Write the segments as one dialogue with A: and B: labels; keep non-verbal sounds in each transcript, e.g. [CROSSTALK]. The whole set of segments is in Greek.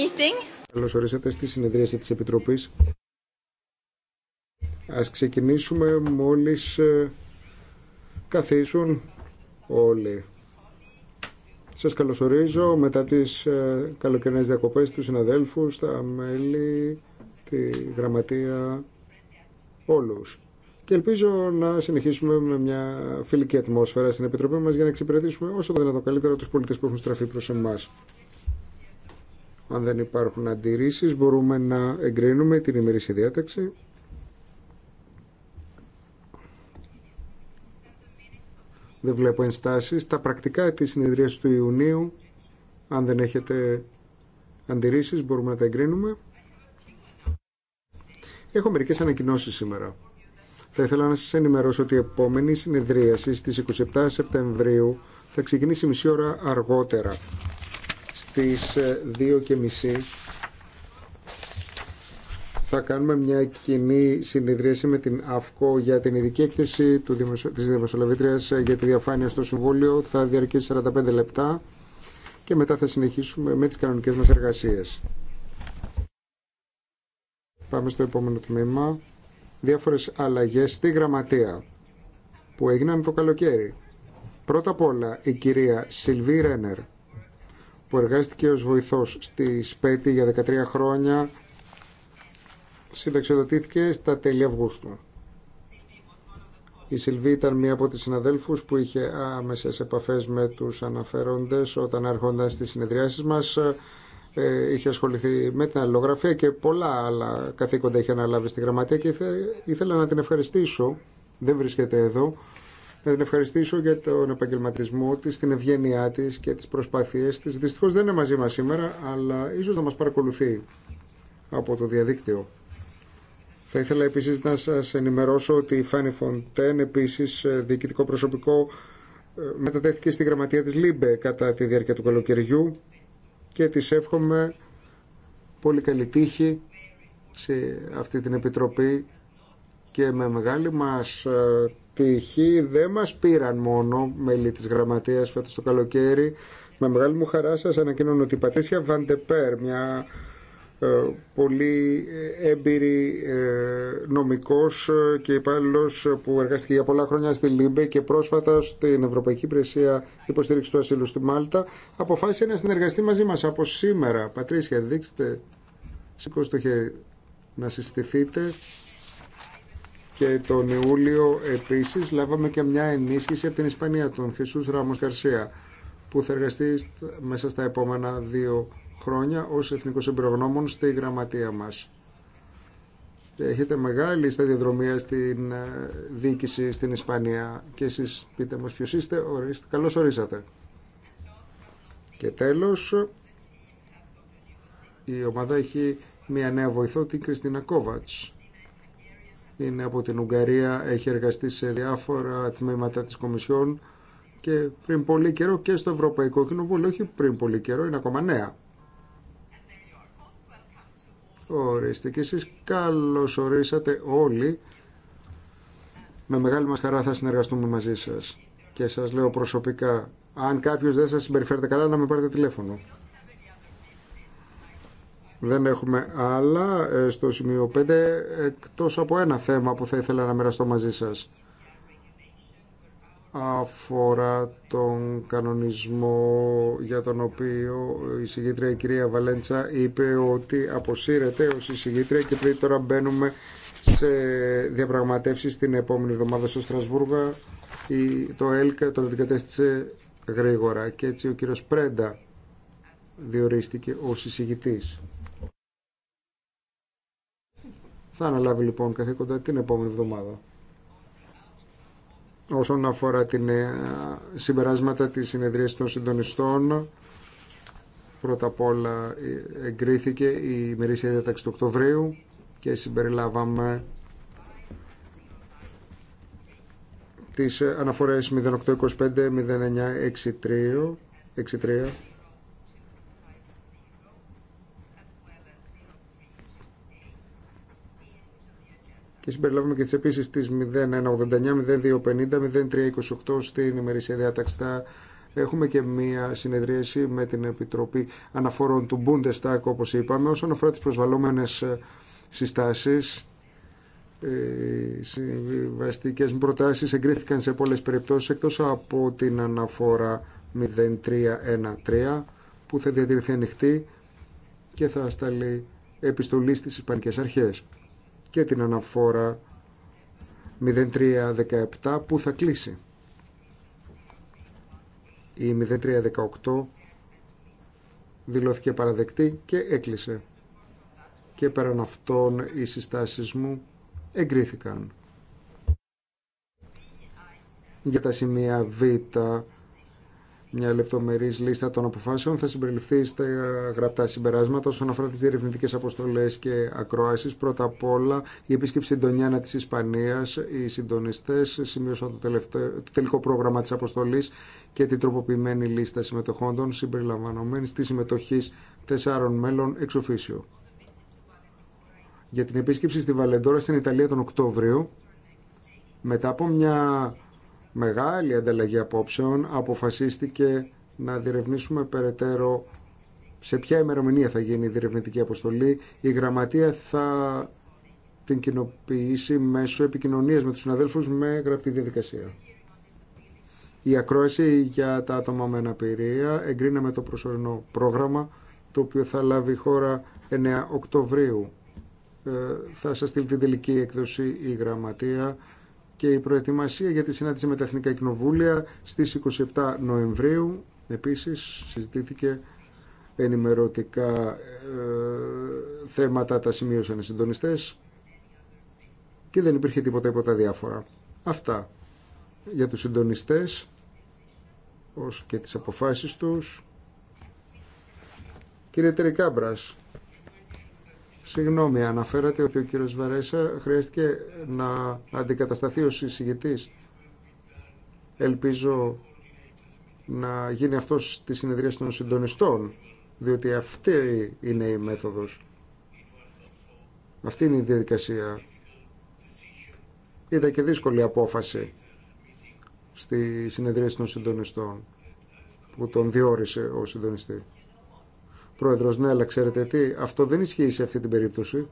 A: meeting.
B: Καλώς ορίσατε στη συνεδρίαση της Επιτροπής. Ας ξεκινήσουμε μόλις ε, καθίσουν όλοι. Σας καλωσορίζω μετά τις ε, καλοκαιρινές διακοπές του συναδέλφου, τα μέλη, τη γραμματεία, όλους. Και ελπίζω να συνεχίσουμε με μια φιλική ατμόσφαιρα στην Επιτροπή μας για να εξυπηρετήσουμε όσο το δυνατόν καλύτερα τους πολίτες που έχουν στραφεί προς εμάς. Αν δεν υπάρχουν αντιρρήσεις μπορούμε να εγκρίνουμε την ημερήσια διάταξη. Δεν βλέπω ενστάσεις. Τα πρακτικά της συνεδρίας του Ιουνίου, αν δεν έχετε αντιρρήσεις, μπορούμε να τα εγκρίνουμε. Έχω μερικές ανακοινώσεις σήμερα. Θα ήθελα να σας ενημερώσω ότι η επόμενη συνεδρίαση στις 27 Σεπτεμβρίου θα ξεκινήσει μισή ώρα αργότερα στις 2.30 ε, θα κάνουμε μια κοινή συνειδρίαση με την ΑΦΚΟ για την ειδική έκθεση του δημοσιο... της Δημοσιολαβήτριας για τη διαφάνεια στο Συμβούλιο. Θα διαρκέσει 45 λεπτά και μετά θα συνεχίσουμε με τις κανονικές μας εργασίες. Πάμε στο επόμενο τμήμα. Διάφορες αλλαγές στη γραμματεία που έγιναν το καλοκαίρι. Πρώτα απ' όλα η κυρία Σιλβί Ρένερ που εργάστηκε ως βοηθός στη ΣΠΕΤΗ για 13 χρόνια συνταξιοδοτήθηκε στα τέλη Αυγούστου. Η Σιλβή ήταν μία από τις συναδέλφους που είχε άμεσες επαφές με τους αναφέροντες όταν έρχονταν στις συνεδριάσεις μας. Ε, είχε ασχοληθεί με την αλληλογραφία και πολλά άλλα καθήκοντα είχε αναλάβει στη γραμματεία και ήθελα να την ευχαριστήσω. Δεν βρίσκεται εδώ να την ευχαριστήσω για τον επαγγελματισμό της, την ευγένειά της και τις προσπάθειές της. Δυστυχώς δεν είναι μαζί μας σήμερα, αλλά ίσως να μας παρακολουθεί από το διαδίκτυο. Θα ήθελα επίσης να σας ενημερώσω ότι η Φάνη Φοντέν, επίσης ε, διοικητικό προσωπικό, ε, μετατέθηκε στη γραμματεία της ΛΥΜΠΕ κατά τη διάρκεια του καλοκαιριού και της εύχομαι πολύ καλή τύχη σε αυτή την επιτροπή και με μεγάλη μας ε, δεν μας πήραν μόνο μέλη της γραμματείας φέτος το καλοκαίρι. Με μεγάλη μου χαρά σας ανακοίνω ότι η Πατρίσια Βαντεπέρ, μια ε, πολύ ε, έμπειρη ε, νομικός ε, και υπάλληλο που εργάστηκε για πολλά χρόνια στη Λίμπε και πρόσφατα στην Ευρωπαϊκή Πρεσία Υποστήριξη του Ασύλου στη Μάλτα, αποφάσισε να συνεργαστεί μαζί μας από σήμερα. Πατρίσια, δείξτε, σηκώστε το χέρι να συστηθείτε. Και τον Ιούλιο επίσης λάβαμε και μια ενίσχυση από την Ισπανία, τον Χεσούς Ράμος Καρσία, που θα εργαστεί μέσα στα επόμενα δύο χρόνια ως εθνικός εμπειρογνώμων στη γραμματεία μας. Έχετε μεγάλη σταδιοδρομία στην ε, διοίκηση στην Ισπανία και εσείς πείτε μας ποιος είστε, ορίστε, καλώς ορίσατε. Και τέλος, η ομάδα έχει μια νέα βοηθό, την Κριστίνα Κόβατς είναι από την Ουγγαρία, έχει εργαστεί σε διάφορα τμήματα της Κομισιόν και πριν πολύ καιρό και στο Ευρωπαϊκό Κοινοβούλιο, όχι πριν πολύ καιρό, είναι ακόμα νέα. Ορίστε και εσείς καλώς ορίσατε όλοι. Με μεγάλη μας χαρά θα συνεργαστούμε μαζί σας. Και σας λέω προσωπικά, αν κάποιος δεν σας συμπεριφέρεται καλά, να με πάρετε τηλέφωνο. Δεν έχουμε άλλα ε, στο σημείο 5 εκτός από ένα θέμα που θα ήθελα να μοιραστώ μαζί σας. Αφορά τον κανονισμό για τον οποίο η συγγήτρια η κυρία Βαλέντσα είπε ότι αποσύρεται ως η συγγήτρια και τώρα μπαίνουμε σε διαπραγματεύσεις την επόμενη εβδομάδα στο Στρασβούργο. Το ΕΛΚΑ τον αντικατέστησε γρήγορα και έτσι ο κύριος Πρέντα διορίστηκε ως εισηγητής. Θα αναλάβει λοιπόν καθήκοντα την επόμενη εβδομάδα. Όσον αφορά την ε, συμπεράσματα της συνεδρίας των συντονιστών, πρώτα απ' όλα ε, εγκρίθηκε η ημερήσια διάταξη του Οκτωβρίου και συμπεριλάβαμε τις ε, αναφορές 0825, 0963, και συμπεριλάβουμε και τι επίσης τις 0189, 0250, 0328 στην ημερήσια διάταξη. Έχουμε και μία συνεδρίαση με την Επιτροπή Αναφορών του Bundestag, όπως είπαμε, όσον αφορά τις προσβαλόμενες συστάσεις. Οι ε, συμβιβαστικέ προτάσει εγκρίθηκαν σε πολλέ περιπτώσει εκτό από την αναφορά 0313 που θα διατηρηθεί ανοιχτή και θα σταλεί επιστολή στι Ισπανικέ Αρχέ και την αναφορά 0317 που θα κλείσει. Η 0318 δηλώθηκε παραδεκτή και έκλεισε. Και πέραν αυτών οι συστάσεις μου εγκρίθηκαν. Για τα σημεία Β μια λεπτομερής λίστα των αποφάσεων θα συμπεριληφθεί στα γραπτά συμπεράσματα όσον αφορά τι διερευνητικέ αποστολέ και ακρόασει. Πρώτα απ' όλα η επίσκεψη συντονιάνα τη Ισπανία, οι συντονιστές σημείωσαν το, τελικό πρόγραμμα της αποστολή και την τροποποιημένη λίστα συμμετοχόντων συμπεριλαμβανομένη τη συμμετοχή τεσσάρων μέλων οφήσιο. Για την επίσκεψη στη Βαλεντόρα στην Ιταλία τον Οκτώβριο, μετά από μια μεγάλη ανταλλαγή απόψεων αποφασίστηκε να διερευνήσουμε περαιτέρω σε ποια ημερομηνία θα γίνει η διερευνητική αποστολή. Η γραμματεία θα την κοινοποιήσει μέσω επικοινωνίας με τους συναδέλφους με γραπτή διαδικασία. Η ακρόαση για τα άτομα με αναπηρία εγκρίναμε το προσωρινό πρόγραμμα το οποίο θα λάβει η χώρα 9 Οκτωβρίου. Ε, θα σας στείλει την τελική έκδοση η γραμματεία και η προετοιμασία για τη συνάντηση με τα Εθνικά Κοινοβούλια στις 27 Νοεμβρίου. Επίσης συζητήθηκε ενημερωτικά ε, θέματα, τα σημείωσαν οι συντονιστές και δεν υπήρχε τίποτα υπό τα διάφορα. Αυτά για τους συντονιστές ως και τις αποφάσεις τους. Κύριε Τερικάμπρας, Συγγνώμη, αναφέρατε ότι ο κύριος Βαρέσα χρειάστηκε να αντικατασταθεί ως εισηγητής. Ελπίζω να γίνει αυτό στη συνεδρία των συντονιστών, διότι αυτή είναι η μέθοδος. Αυτή είναι η διαδικασία. Ήταν και δύσκολη απόφαση στη συνεδρία των συντονιστών που τον διόρισε ο συντονιστής. Πρόεδρος, ναι, αλλά ξέρετε τι, αυτό δεν ισχύει σε αυτή την περίπτωση.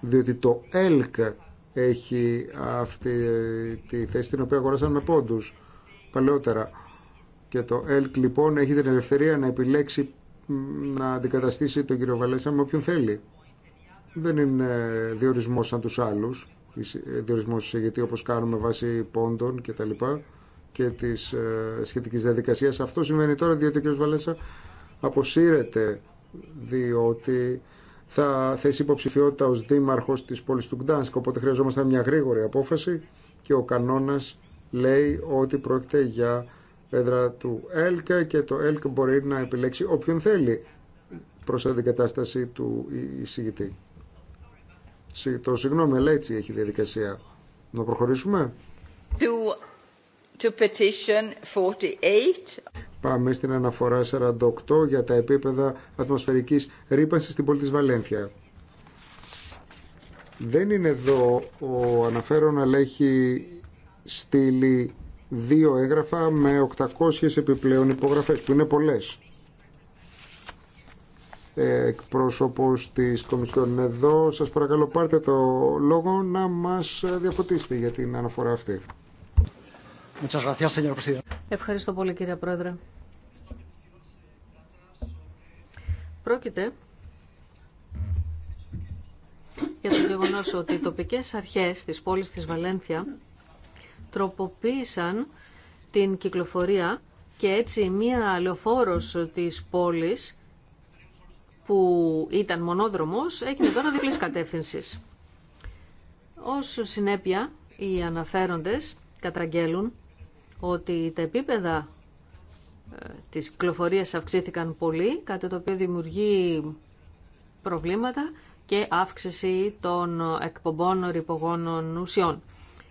B: Διότι το ΕΛΚ έχει αυτή τη θέση την οποία αγοράσαν με πόντους παλαιότερα. Και το ΕΛΚ λοιπόν έχει την ελευθερία να επιλέξει να αντικαταστήσει τον κύριο Βαλέσσα με όποιον θέλει. Δεν είναι διορισμός σαν τους άλλους, διορισμός γιατί όπως κάνουμε βάσει πόντων κτλ. Και, και της ε, σχετικής διαδικασίας. Αυτό σημαίνει τώρα διότι ο κύριος Βαλέσσα αποσύρεται διότι θα θέσει υποψηφιότητα ως δήμαρχος της πόλης του Γκτάνσκ οπότε χρειαζόμαστε μια γρήγορη απόφαση και ο κανόνας λέει ότι πρόκειται για έδρα του ΕΛΚ και το ΕΛΚ μπορεί να επιλέξει όποιον θέλει προς κατάσταση του εισηγητή. Το συγγνώμη, αλλά έτσι έχει διαδικασία. Να προχωρήσουμε. Πάμε στην αναφορά 48 για τα επίπεδα ατμοσφαιρικής ρήπανσης στην πόλη της Βαλένθια. Δεν είναι εδώ ο αναφέρον, αλλά έχει στείλει δύο έγγραφα με 800 επιπλέον υπογραφές, που είναι πολλές. Εκπρόσωπος της Κομισιόν εδώ. Σας παρακαλώ πάρτε το λόγο να μας διαφωτίσετε για την αναφορά αυτή. Muchas gracias, señor presidente.
A: Ευχαριστώ πολύ κύριε Πρόεδρε. Πρόκειται για το γεγονό ότι οι τοπικές αρχές της πόλης της Βαλένθια τροποποίησαν την κυκλοφορία και έτσι μία λεωφόρος της πόλης που ήταν μονόδρομος έγινε τώρα διπλής κατεύθυνσης. Ως συνέπεια οι αναφέροντες καταγγέλουν ότι τα επίπεδα ε, της κυκλοφορίας αυξήθηκαν πολύ, κάτι το οποίο δημιουργεί προβλήματα και αύξηση των εκπομπών ρηπογόνων ουσιών.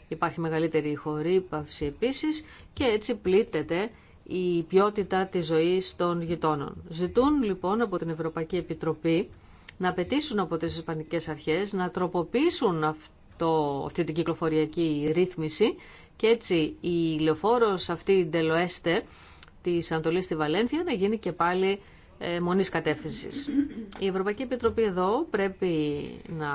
A: Υπάρχει μεγαλύτερη χορύπαυση επίσης και έτσι πλήττεται η ποιότητα της ζωής των γειτόνων. Ζητούν λοιπόν από την Ευρωπαϊκή Επιτροπή να απαιτήσουν από τις Ισπανικές Αρχές να τροποποιήσουν αυτό, αυτή την κυκλοφοριακή ρύθμιση και έτσι η λεωφόρος αυτή η Ντελοέστε της Ανατολής στη Βαλένθια να γίνει και πάλι ε, μονής κατεύθυνσης. Η Ευρωπαϊκή Επιτροπή εδώ πρέπει να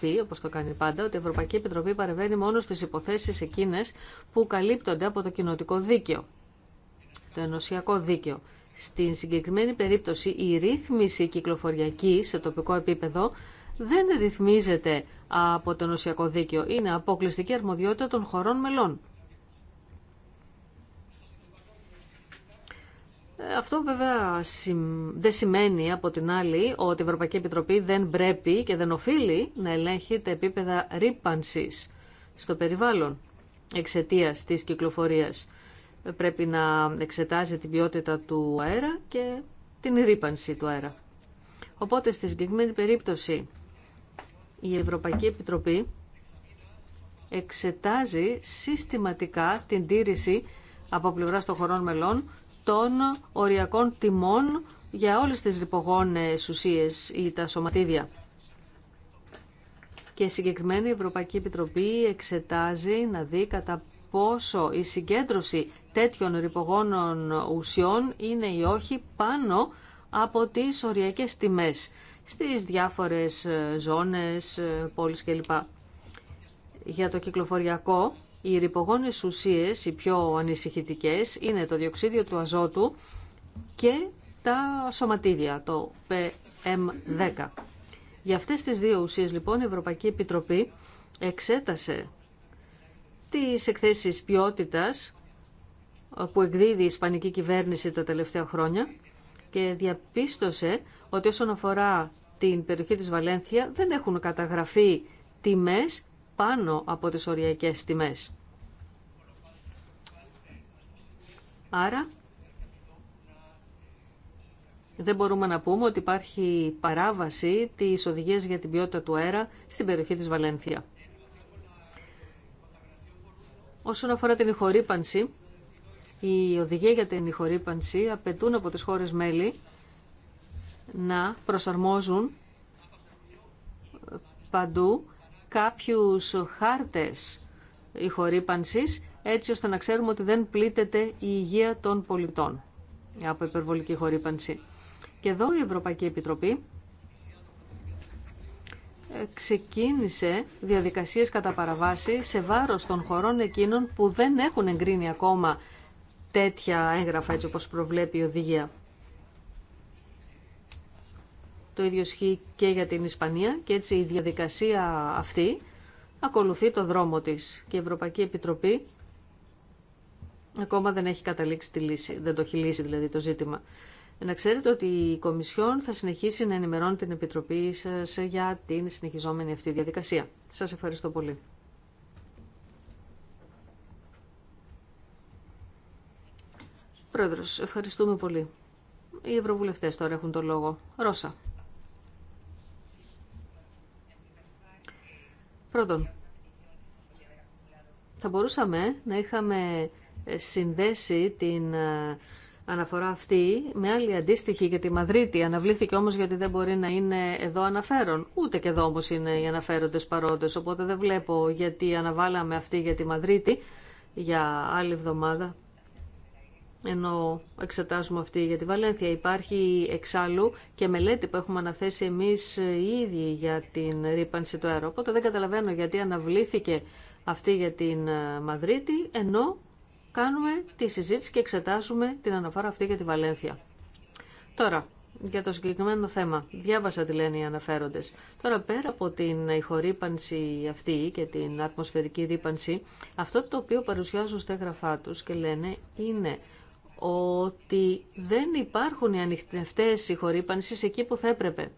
A: πει, όπως το κάνει πάντα, ότι η Ευρωπαϊκή Επιτροπή παρεμβαίνει μόνο στις υποθέσεις εκείνες που καλύπτονται από το κοινοτικό δίκαιο, το ενωσιακό δίκαιο. Στην συγκεκριμένη περίπτωση η ρύθμιση κυκλοφοριακή σε τοπικό επίπεδο δεν ρυθμίζεται από το ενωσιακό δίκαιο. Είναι αποκλειστική αρμοδιότητα των χωρών μελών. Ε, αυτό βέβαια δεν σημαίνει από την άλλη ότι η Ευρωπαϊκή Επιτροπή δεν πρέπει και δεν οφείλει να ελέγχει τα επίπεδα ρήπανση στο περιβάλλον εξαιτία τη κυκλοφορία. Ε, πρέπει να εξετάζει την ποιότητα του αέρα και την ρήπανση του αέρα. Οπότε στη συγκεκριμένη περίπτωση η Ευρωπαϊκή Επιτροπή εξετάζει συστηματικά την τήρηση από πλευρά των χωρών μελών των οριακών τιμών για όλες τις ρηπογόνες ουσίες ή τα σωματίδια. Και συγκεκριμένα η Ευρωπαϊκή συγκεκριμένη η ευρωπαικη εξετάζει να δει κατά πόσο η συγκέντρωση τέτοιων ρηπογόνων ουσιών είναι ή όχι πάνω από τις οριακές τιμές στις διάφορες ζώνες, πόλεις κλπ. Για το κυκλοφοριακό οι ρηπογόνες ουσίες, οι πιο ανησυχητικές, είναι το διοξίδιο του αζότου και τα σωματίδια, το PM10. Για αυτές τις δύο ουσίες λοιπόν η Ευρωπαϊκή Επιτροπή εξέτασε τις εκθέσεις ποιότητας ε, που εκδίδει η Ισπανική κυβέρνηση τα τελευταία χρόνια και διαπίστωσε ότι όσον αφορά την περιοχή της Βαλένθια δεν έχουν καταγραφεί τιμές πάνω από τις οριακές τιμές. Άρα δεν μπορούμε να πούμε ότι υπάρχει παράβαση της οδηγίας για την ποιότητα του αέρα στην περιοχή της Βαλένθια. Όσον αφορά την ηχορύπανση, η οδηγία για την ηχορύπανση απαιτούν από τις χώρες μέλη να προσαρμόζουν παντού κάποιους χάρτες ηχορύπανσης έτσι ώστε να ξέρουμε ότι δεν πλήττεται η υγεία των πολιτών από υπερβολική χορύπανση. Και εδώ η Ευρωπαϊκή Επιτροπή ε, ξεκίνησε διαδικασίες κατά παραβάση σε βάρος των χωρών εκείνων που δεν έχουν εγκρίνει ακόμα τέτοια έγγραφα έτσι όπως προβλέπει η οδηγία. Το ίδιο ισχύει και για την Ισπανία και έτσι η διαδικασία αυτή ακολουθεί το δρόμο της και η Ευρωπαϊκή Επιτροπή ακόμα δεν έχει καταλήξει τη λύση, δεν το έχει λύσει δηλαδή το ζήτημα. Να ξέρετε ότι η Κομισιόν θα συνεχίσει να ενημερώνει την Επιτροπή σας για την συνεχιζόμενη αυτή διαδικασία. Σας ευχαριστώ πολύ. Πρόεδρος, ευχαριστούμε πολύ. Οι Ευρωβουλευτές τώρα έχουν το λόγο. Ρώσα. Πρώτον, θα μπορούσαμε να είχαμε ε, συνδέσει την ε, αναφορά αυτή με άλλη αντίστοιχη για τη Μαδρίτη. Αναβλήθηκε όμως γιατί δεν μπορεί να είναι εδώ αναφέρον. Ούτε και εδώ όμως είναι οι αναφέροντες παρόντες, οπότε δεν βλέπω γιατί αναβάλαμε αυτή για τη Μαδρίτη για άλλη εβδομάδα ενώ εξετάζουμε αυτή για τη Βαλένθια. Υπάρχει εξάλλου και μελέτη που έχουμε αναθέσει εμείς οι ίδιοι για την ρήπανση του αέρα. Οπότε δεν καταλαβαίνω γιατί αναβλήθηκε αυτή για την ε, Μαδρίτη, ενώ κάνουμε τη συζήτηση και εξετάζουμε την αναφορά αυτή για τη Βαλένθια. Τώρα, για το συγκεκριμένο θέμα. Διάβασα τι λένε οι αναφέροντες. Τώρα πέρα από την ηχορύπανση αυτή και την ατμοσφαιρική ρήπανση, αυτό το οποίο παρουσιάζουν στα έγγραφά τους και λένε είναι ότι δεν υπάρχουν οι ανοιχτευτές συγχωρήπανσεις εκεί που θα έπρεπε.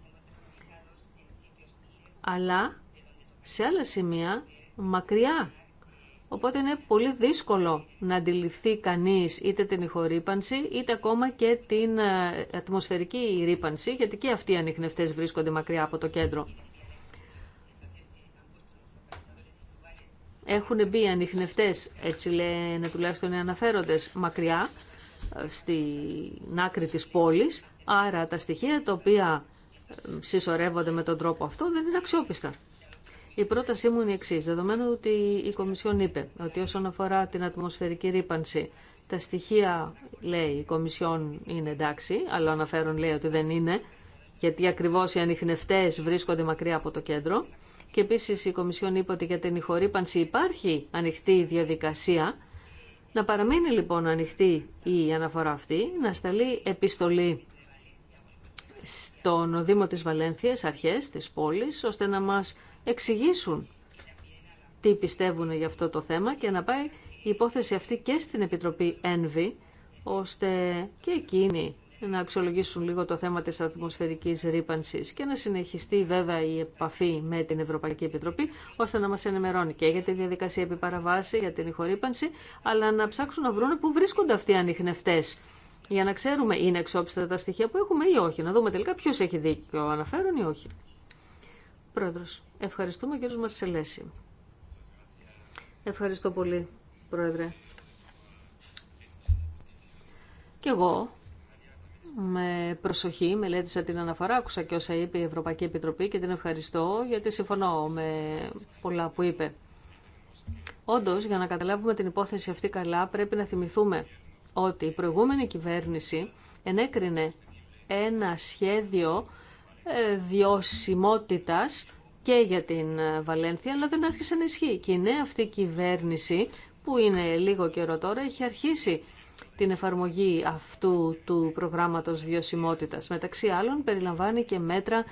A: Αλλά σε άλλα σημεία μακριά. Οπότε είναι πολύ δύσκολο να αντιληφθεί κανείς είτε την ηχορύπανση είτε ακόμα και την ε, ατμοσφαιρική ρύπανση, γιατί και αυτοί οι ανιχνευτές βρίσκονται μακριά από το κέντρο. Έχουν μπει ανιχνευτές, έτσι λένε τουλάχιστον οι αναφέροντες, μακριά στην άκρη της πόλης, άρα τα στοιχεία τα οποία ε, συσσωρεύονται με τον τρόπο αυτό δεν είναι αξιόπιστα. Η πρότασή μου είναι η εξή. Δεδομένου ότι η Κομισιόν είπε ότι όσον αφορά την ατμοσφαιρική ρήπανση, τα στοιχεία, λέει, η Κομισιόν είναι εντάξει, αλλά αναφέρον λέει ότι δεν είναι, γιατί ακριβώ οι ανιχνευτέ βρίσκονται μακριά από το κέντρο. Και επίση η Κομισιόν είπε ότι για την ηχορύπανση υπάρχει ανοιχτή διαδικασία να παραμείνει λοιπόν ανοιχτή η αναφορά αυτή, να σταλεί επιστολή στον Δήμο της Βαλένθιας, αρχές της πόλης, ώστε να μας εξηγήσουν τι πιστεύουν για αυτό το θέμα και να πάει η υπόθεση αυτή και στην Επιτροπή ΕΝΒΗ, ώστε και εκείνη να αξιολογήσουν λίγο το θέμα της ατμοσφαιρικής ρήπανσης και να συνεχιστεί βέβαια η επαφή με την Ευρωπαϊκή Επιτροπή ώστε να μας ενημερώνει και για τη διαδικασία επιπαραβάση, για την ηχορύπανση, αλλά να ψάξουν να βρουν πού βρίσκονται αυτοί οι ανιχνευτές για να ξέρουμε είναι εξόπιστα τα στοιχεία που έχουμε ή όχι, να δούμε τελικά ποιο έχει δίκιο, αναφέρον ή όχι. Πρόεδρος, ευχαριστούμε κύριο Μαρσελέση. Ευχαριστώ πολύ, Πρόεδρε. Και εγώ με προσοχή μελέτησα την αναφορά, άκουσα και όσα είπε η Ευρωπαϊκή Επιτροπή και την ευχαριστώ γιατί συμφωνώ με πολλά που είπε. Όντω, για να καταλάβουμε την υπόθεση αυτή καλά, πρέπει να θυμηθούμε ότι η προηγούμενη κυβέρνηση ενέκρινε ένα σχέδιο ε, βιωσιμότητας και για την ε, Βαλένθια, αλλά δεν άρχισε να ισχύει. Και η νέα αυτή κυβέρνηση, που είναι λίγο καιρό τώρα, έχει αρχίσει την εφαρμογή αυτού του προγράμματος βιωσιμότητας. Μεταξύ άλλων περιλαμβάνει και μέτρα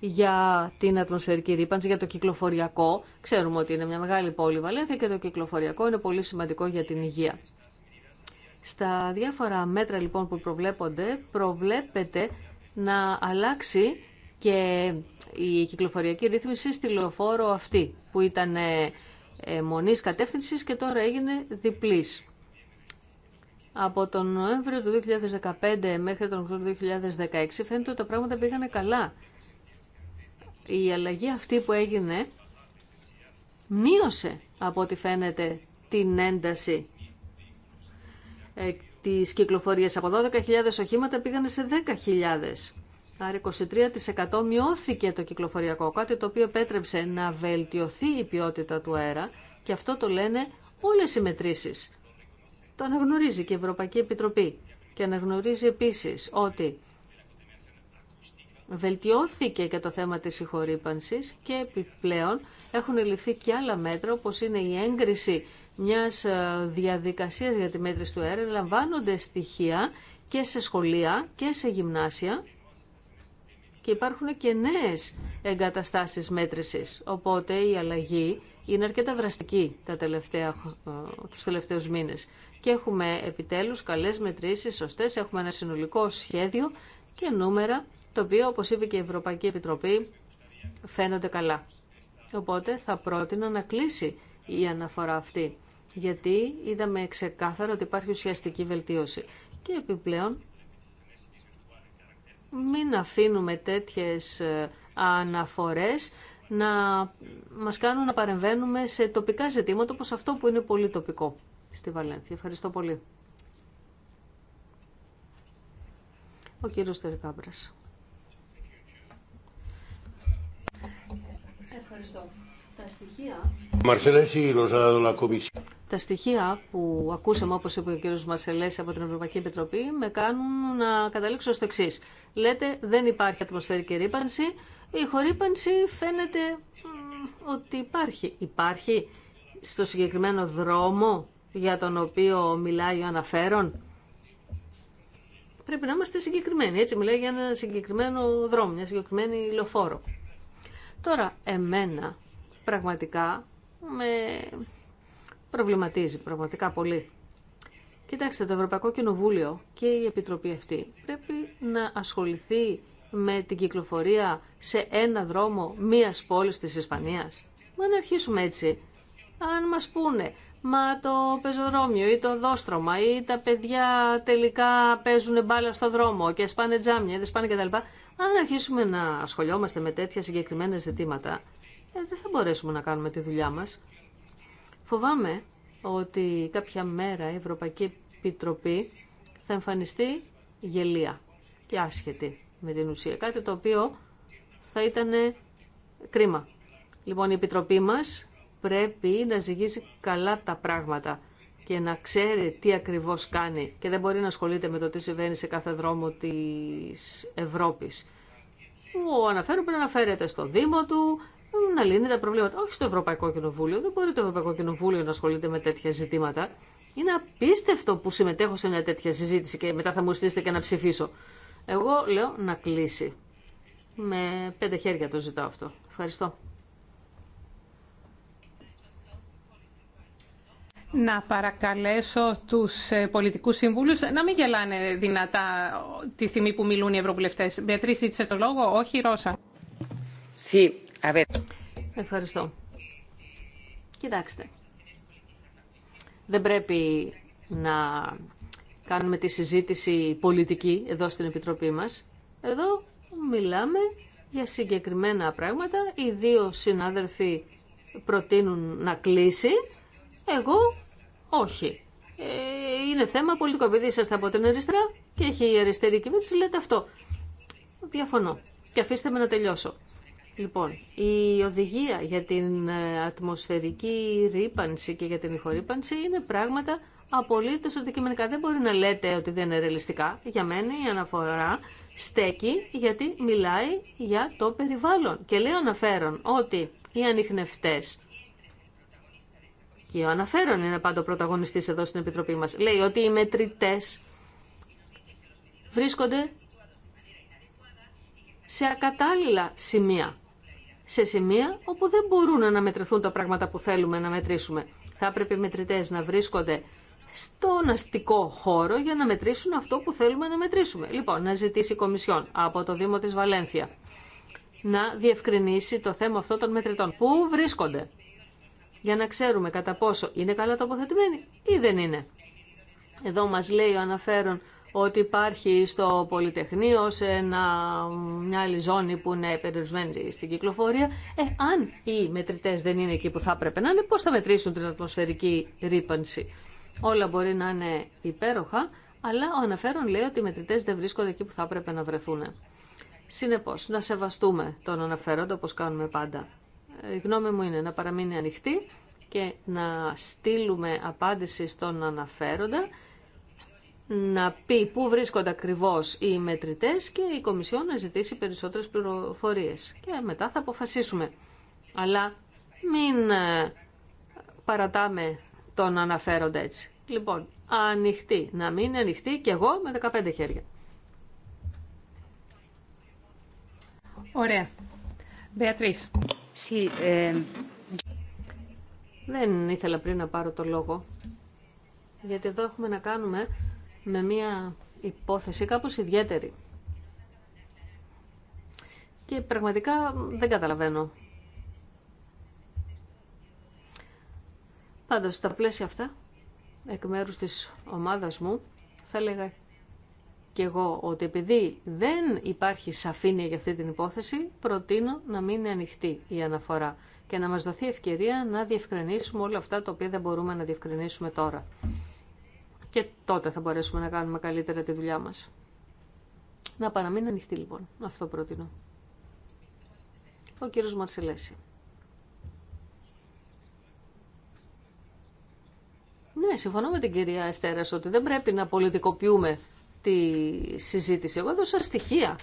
A: για την ατμοσφαιρική ρήπανση, για το κυκλοφοριακό. Ξέρουμε ότι είναι μια μεγάλη πόλη Βαλένθια και το κυκλοφοριακό είναι πολύ σημαντικό για την υγεία. Στα διάφορα μέτρα λοιπόν που προβλέπονται, προβλέπεται να αλλάξει και η κυκλοφοριακή ρύθμιση στη λεωφόρο αυτή, που ήταν ε, ε, μονής κατεύθυνσης και τώρα έγινε διπλής. Από τον Νοέμβριο του 2015 μέχρι τον Οκτώβριο του 2016 φαίνεται ότι τα πράγματα πήγανε καλά. Η αλλαγή αυτή που έγινε μείωσε από ό,τι φαίνεται την ένταση ε, της κυκλοφορίας. Από 12.000 οχήματα πήγανε σε 10.000. Άρα 23% μειώθηκε το κυκλοφοριακό, κάτι το οποίο επέτρεψε να βελτιωθεί η ποιότητα του αέρα και αυτό το λένε όλες οι μετρήσεις. Το αναγνωρίζει και η Ευρωπαϊκή Επιτροπή και αναγνωρίζει επίσης ότι βελτιώθηκε και το θέμα της συγχωρήπανσης και επιπλέον έχουν ληφθεί και άλλα μέτρα όπως είναι η έγκριση μιας ε, διαδικασίας για τη μέτρηση του αέρα, λαμβάνονται στοιχεία και σε σχολεία και σε γυμνάσια και υπάρχουν και νέες εγκαταστάσεις μέτρησης. Οπότε η αλλαγή είναι αρκετά δραστική τα τελευταία, ε, τους τελευταίους μήνες και έχουμε επιτέλους καλές μετρήσεις, σωστές, έχουμε ένα συνολικό σχέδιο και νούμερα, το οποίο, όπως είπε και η Ευρωπαϊκή Επιτροπή, φαίνονται καλά. Οπότε θα πρότεινα να κλείσει η αναφορά αυτή, γιατί είδαμε ξεκάθαρο ότι υπάρχει ουσιαστική βελτίωση. Και επιπλέον, μην αφήνουμε τέτοιες ε, αναφορές να μας κάνουν να παρεμβαίνουμε σε τοπικά ζητήματα όπως αυτό που είναι πολύ τοπικό στη Βαλένθια. Ευχαριστώ πολύ. Ο κύριος Τερικάμπρας. Ευχαριστώ. Τα
C: στοιχεία...
A: Τα στοιχεία που ακούσαμε, όπως είπε ο κύριος Μαρσελέση από την Ευρωπαϊκή Επιτροπή, με κάνουν να καταλήξω στο εξή. Λέτε, δεν υπάρχει ατμοσφαιρική ρήπανση. Η χορύπανση φαίνεται ότι υπάρχει. Υπάρχει στο συγκεκριμένο δρόμο για τον οποίο μιλάει ο αναφέρον. Πρέπει να είμαστε συγκεκριμένοι. Έτσι μιλάει για ένα συγκεκριμένο δρόμο, μια συγκεκριμένη λεωφόρο. Τώρα, εμένα πραγματικά με προβληματίζει πραγματικά πολύ. Κοιτάξτε, το Ευρωπαϊκό Κοινοβούλιο και η Επιτροπή αυτή πρέπει να ασχοληθεί με την κυκλοφορία σε ένα δρόμο μίας πόλης της Ισπανίας. Μα να αρχίσουμε έτσι. Αν μας πούνε Μα το πεζοδρόμιο ή το δόστρωμα ή τα παιδιά τελικά παίζουν μπάλα στο δρόμο και σπάνε τζάμια, δεν σπάνε κτλ. Αν αρχίσουμε να ασχολιόμαστε με τέτοια συγκεκριμένα ζητήματα, ε, δεν θα μπορέσουμε να κάνουμε τη δουλειά μας. Φοβάμαι ότι κάποια μέρα η Ευρωπαϊκή Επιτροπή θα εμφανιστεί γελία και άσχετη με την ουσία. Κάτι το οποίο θα ήταν κρίμα. Λοιπόν, η Επιτροπή μας πρέπει να ζυγίζει καλά τα πράγματα και να ξέρει τι ακριβώς κάνει και δεν μπορεί να ασχολείται με το τι συμβαίνει σε κάθε δρόμο της Ευρώπης. Ο αναφέρον πρέπει να αναφέρεται στο Δήμο του, να λύνει τα προβλήματα. Όχι στο Ευρωπαϊκό Κοινοβούλιο. Δεν μπορεί το Ευρωπαϊκό Κοινοβούλιο να ασχολείται με τέτοια ζητήματα. Είναι απίστευτο που συμμετέχω σε μια τέτοια συζήτηση και μετά θα μου στήσετε και να ψηφίσω. Εγώ λέω να κλείσει. Με πέντε χέρια το ζητάω αυτό. Ευχαριστώ. να
D: παρακαλέσω τους ε, πολιτικούς σύμβουλους να μην γελάνε δυνατά τη στιγμή που μιλούν οι ευρωβουλευτές. Μετρήσει ζήτησε το λόγο, όχι η
A: Ρώσα. Sí, Ευχαριστώ. Κοιτάξτε, δεν πρέπει να κάνουμε τη συζήτηση πολιτική εδώ στην Επιτροπή μας. Εδώ μιλάμε για συγκεκριμένα πράγματα. Οι δύο συνάδελφοι προτείνουν να κλείσει. Εγώ όχι. Ε, είναι θέμα πολιτικό. Επειδή είσαστε από την αριστερά και έχει η αριστερή κυβέρνηση, λέτε αυτό. Διαφωνώ. Και αφήστε με να τελειώσω. Λοιπόν, η οδηγία για την ε, ατμοσφαιρική ρήπανση και για την ηχορύπανση είναι πράγματα απολύτω αντικειμενικά. Δεν μπορεί να λέτε ότι δεν είναι ρεαλιστικά. Για μένα η αναφορά στέκει γιατί μιλάει για το περιβάλλον. Και να αναφέρον ότι οι ανιχνευτές και ο αναφέρον είναι πάντα ο πρωταγωνιστής εδώ στην Επιτροπή μας. Λέει ότι οι μετρητές βρίσκονται σε ακατάλληλα σημεία. Σε σημεία όπου δεν μπορούν να μετρηθούν τα πράγματα που θέλουμε να μετρήσουμε. Θα έπρεπε οι μετρητές να βρίσκονται στον αστικό χώρο για να μετρήσουν αυτό που θέλουμε να μετρήσουμε. Λοιπόν, να ζητήσει η Κομισιόν από το Δήμο της Βαλένθια να διευκρινίσει το θέμα αυτό των μετρητών. Πού βρίσκονται για να ξέρουμε κατά πόσο είναι καλά τοποθετημένοι ή δεν είναι. Εδώ μας λέει ο αναφέρον ότι υπάρχει στο Πολυτεχνείο, σε μια άλλη ζώνη που είναι περιορισμένη στην κυκλοφορία. Ε, αν οι μετρητές δεν είναι εκεί που θα έπρεπε να είναι, πώς θα μετρήσουν την ατμοσφαιρική ρήπανση. Όλα μπορεί να είναι υπέροχα, αλλά ο αναφέρον λέει ότι οι μετρητές δεν βρίσκονται εκεί που θα έπρεπε να βρεθούν. Συνεπώς, να σεβαστούμε τον αναφέροντα όπως κάνουμε πάντα η γνώμη μου είναι να παραμείνει ανοιχτή και να στείλουμε απάντηση στον αναφέροντα να πει πού βρίσκονται ακριβώς οι μετρητές και η Κομισιό να ζητήσει περισσότερες πληροφορίες. Και μετά θα αποφασίσουμε. Αλλά μην ε, παρατάμε τον αναφέροντα έτσι. Λοιπόν, ανοιχτή. Να μην είναι ανοιχτή και εγώ με 15 χέρια. Ωραία. Eh, δεν ήθελα πριν να πάρω το λόγο, γιατί εδώ έχουμε να κάνουμε με μια υπόθεση κάπως ιδιαίτερη. Και πραγματικά δεν καταλαβαίνω. Πάντως, στα πλαίσια αυτά, εκ μέρους της ομάδας μου, θα έλεγα και εγώ ότι επειδή δεν υπάρχει σαφήνεια για αυτή την υπόθεση, προτείνω να μην είναι ανοιχτή η αναφορά και να μας δοθεί ευκαιρία να διευκρινίσουμε όλα αυτά τα οποία δεν μπορούμε να διευκρινίσουμε τώρα. Και τότε θα μπορέσουμε να κάνουμε καλύτερα τη δουλειά μας. Να παραμείνει ανοιχτή λοιπόν. Αυτό προτείνω. Ο κύριος Μαρσελέση. Ναι, συμφωνώ με την κυρία Εστέρας ότι δεν πρέπει να πολιτικοποιούμε τη συζήτηση. Εγώ έδωσα στοιχεία.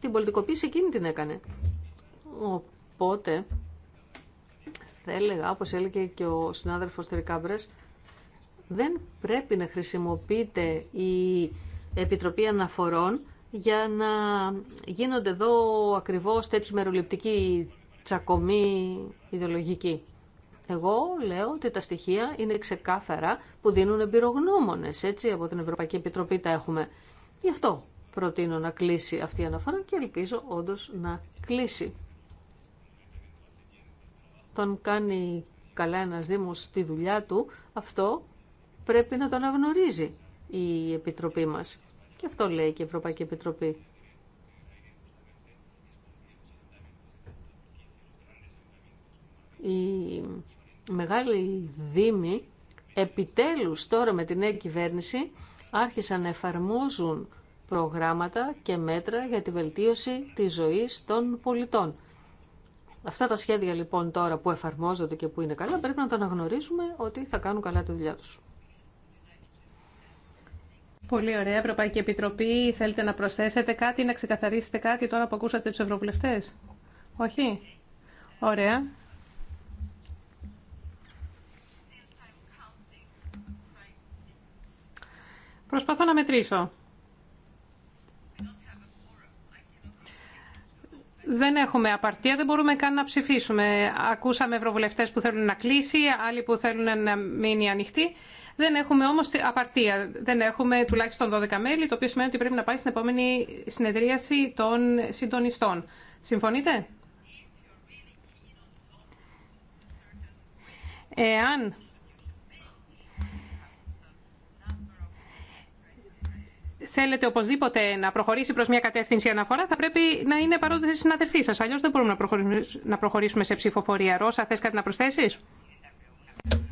A: Την πολιτικοποίηση εκείνη την έκανε. Οπότε, θα έλεγα, όπως έλεγε και ο συνάδελφος Τερικάμπρες, δεν πρέπει να χρησιμοποιείται η Επιτροπή Αναφορών για να γίνονται εδώ ακριβώς τέτοιοι μεροληπτικοί τσακωμοί ιδεολογικοί. Εγώ λέω ότι τα στοιχεία είναι ξεκάθαρα που δίνουν εμπειρογνώμονες, έτσι, από την Ευρωπαϊκή Επιτροπή τα έχουμε. Γι' αυτό προτείνω να κλείσει αυτή η αναφορά και ελπίζω όντω να κλείσει. Τον κάνει καλά ένας Δήμος τη δουλειά του, αυτό πρέπει να τον αγνωρίζει η Επιτροπή μας. Και αυτό λέει και η Ευρωπαϊκή Επιτροπή. Η μεγάλοι δήμοι επιτέλους τώρα με την νέα κυβέρνηση άρχισαν να εφαρμόζουν προγράμματα και μέτρα για τη βελτίωση της ζωής των πολιτών. Αυτά τα σχέδια λοιπόν τώρα που εφαρμόζονται και που είναι καλά πρέπει να τα αναγνωρίσουμε ότι θα κάνουν καλά τη δουλειά τους.
D: Πολύ ωραία. Ευρωπαϊκή Επιτροπή, θέλετε να προσθέσετε κάτι, να ξεκαθαρίσετε κάτι τώρα που ακούσατε τους ευρωβουλευτές. Όχι. Ωραία. Προσπαθώ να μετρήσω. Δεν έχουμε απαρτία, δεν μπορούμε καν να ψηφίσουμε. Ακούσαμε ευρωβουλευτέ που θέλουν να κλείσει, άλλοι που θέλουν να μείνει ανοιχτή. Δεν έχουμε όμω απαρτία. Δεν έχουμε τουλάχιστον 12 μέλη, το οποίο σημαίνει ότι πρέπει να πάει στην επόμενη συνεδρίαση των συντονιστών. Συμφωνείτε? Εάν θέλετε οπωσδήποτε να προχωρήσει προς μια κατεύθυνση αναφορά, θα πρέπει να είναι παρόντε οι συναδελφοί σα. Αλλιώς δεν μπορούμε να προχωρήσουμε σε ψηφοφορία. Ρώσα, θες κάτι να προσθέσει.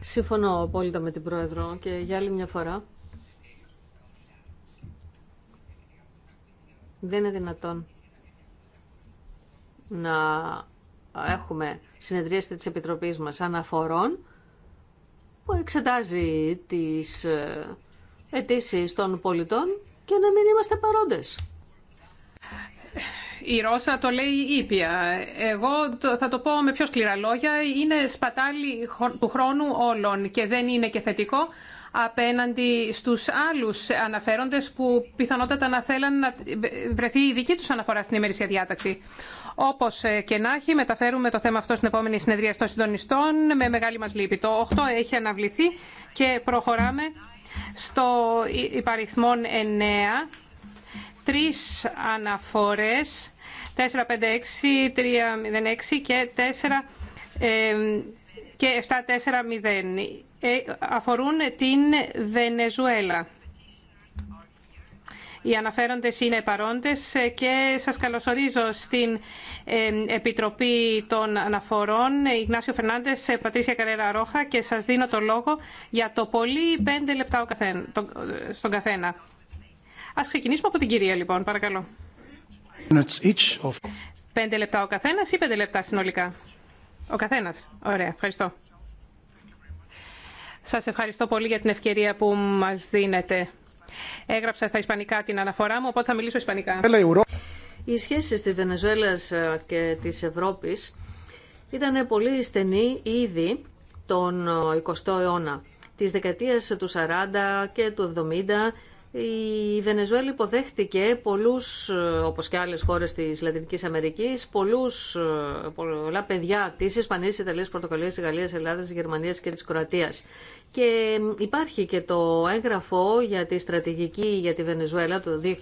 A: Συμφωνώ απόλυτα με την Πρόεδρο και για άλλη μια φορά. Δεν είναι δυνατόν να έχουμε συνεδρίαση της Επιτροπής μας αναφορών που εξετάζει τις ε, αιτήσει των πολιτών και να μην είμαστε παρόντες. Η Ρώσα
D: το λέει ήπια. Εγώ θα το πω με πιο σκληρά λόγια. Είναι σπατάλι του χρόνου όλων και δεν είναι και θετικό απέναντι στους άλλους αναφέροντες που πιθανότατα να θέλαν να βρεθεί η δική τους αναφορά στην ημερήσια διάταξη. Όπω ε, και να έχει, μεταφέρουμε το θέμα αυτό στην επόμενη συνεδρία των συντονιστών. Με μεγάλη μας λύπη. Το 8 έχει αναβληθεί και προχωράμε στο υπαριθμό 9, τρεις αναφορές, 4, 5, 6, 3, 0, και 4, ε, και 7, 4, 0. αφορούν την Βενεζουέλα. Οι αναφέροντες είναι παρόντες και σας καλωσορίζω στην ε, Επιτροπή των Αναφορών Ιγνάσιο Φερνάντες, Πατρίσια Καρέρα Ρόχα και σας δίνω το λόγο για το πολύ πέντε λεπτά στον καθένα. Ας ξεκινήσουμε από την κυρία λοιπόν, παρακαλώ. Πέντε λεπτά ο καθένας ή πέντε λεπτά συνολικά. Ο καθένας. Ωραία, ευχαριστώ. Σα ευχαριστώ πολύ για την ευκαιρία που μας δίνετε.
A: Έγραψα στα ισπανικά την αναφορά μου, οπότε θα μιλήσω ισπανικά. Οι σχέσεις της Βενεζουέλας ε, και της Ευρώπης ήταν πολύ στενή ήδη τον 20ο ε, αιώνα. Τις δεκαετίας του 40 και του 70 η Βενεζουέλα υποδέχτηκε πολλούς, ε, όπως και άλλες χώρες της Λατινικής Αμερικής, πολλούς, πολλά παιδιά της Ισπανίας, Ιταλίας, Πορτοκαλίας, της Γαλλίας, Ελλάδας, Γερμανίας και της Κροατίας. Και υπάρχει και το έγγραφο για τη στρατηγική για τη Βενεζουέλα το 2007-2013,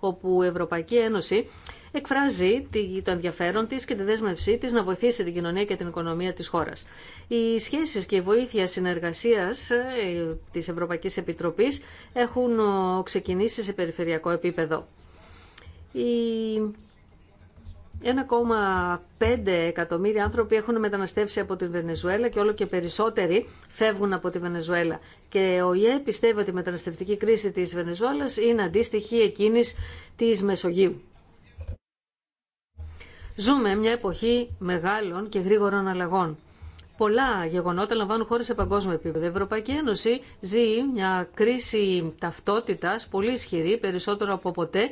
A: όπου η Ευρωπαϊκή Ένωση εκφράζει το ενδιαφέρον της και τη δέσμευσή της να βοηθήσει την κοινωνία και την οικονομία της χώρας. Οι σχέσεις και η βοήθεια συνεργασίας ε, της Ευρωπαϊκής Επιτροπής έχουν ξεκινήσει σε περιφερειακό επίπεδο. Η 1,5 εκατομμύρια άνθρωποι έχουν μεταναστεύσει από την Βενεζουέλα και όλο και περισσότεροι φεύγουν από τη Βενεζουέλα. Και ο ΙΕ πιστεύει ότι η μεταναστευτική κρίση της Βενεζουέλας είναι αντίστοιχη εκείνης της Μεσογείου. Ζούμε μια εποχή μεγάλων και γρήγορων αλλαγών. Πολλά γεγονότα λαμβάνουν χώρε σε παγκόσμιο επίπεδο. Η Ευρωπαϊκή Ένωση ζει μια κρίση ταυτότητα πολύ ισχυρή, περισσότερο από ποτέ,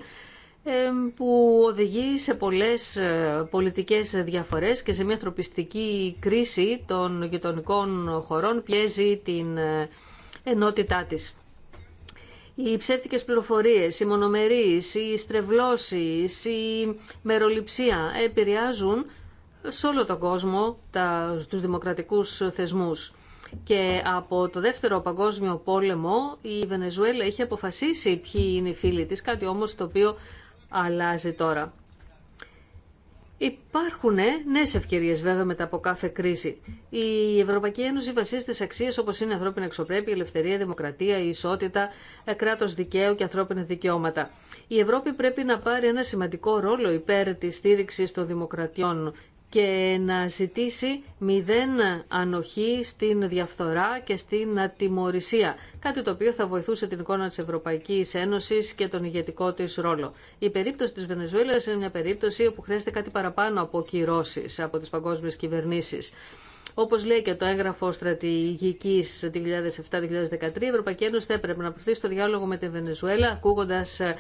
A: που οδηγεί σε πολλές ε, πολιτικές διαφορές και σε μια ανθρωπιστική κρίση των γειτονικών χωρών πιέζει την ε, ενότητά της. Οι ψεύτικες πληροφορίες, οι μονομερείς, οι στρεβλώσεις, η μεροληψία επηρεάζουν σε όλο τον κόσμο τα, τους δημοκρατικούς θεσμούς. Και από το δεύτερο παγκόσμιο πόλεμο η Βενεζουέλα είχε αποφασίσει ποιοι είναι οι φίλοι της, κάτι όμως το οποίο αλλάζει τώρα. Υπάρχουν ε, νέε ευκαιρίε βέβαια μετά από κάθε κρίση. Η Ευρωπαϊκή Ένωση βασίζεται σε αξίε όπω είναι η ανθρώπινη εξωπρέπεια, η ελευθερία, η δημοκρατία, η ισότητα, ε, κράτο δικαίου και ανθρώπινα δικαιώματα. Η Ευρώπη πρέπει να πάρει ένα σημαντικό ρόλο υπέρ τη στήριξη των δημοκρατιών και να ζητήσει μηδέν ανοχή στην διαφθορά και στην ατιμορρησία, κάτι το οποίο θα βοηθούσε την εικόνα της Ευρωπαϊκής Ένωσης και τον ηγετικό της ρόλο. Η περίπτωση της Βενεζουέλας είναι μια περίπτωση όπου χρειάζεται κάτι παραπάνω από κυρώσεις από τις παγκόσμιες κυβερνήσεις. Όπω λέει και το εγγραφο στρατηγικη στρατηγικής 2007-2013, η Ευρωπαϊκή Ένωση θα έπρεπε να προωθήσει το διάλογο με τη Βενεζουέλα, ακούγοντα ε,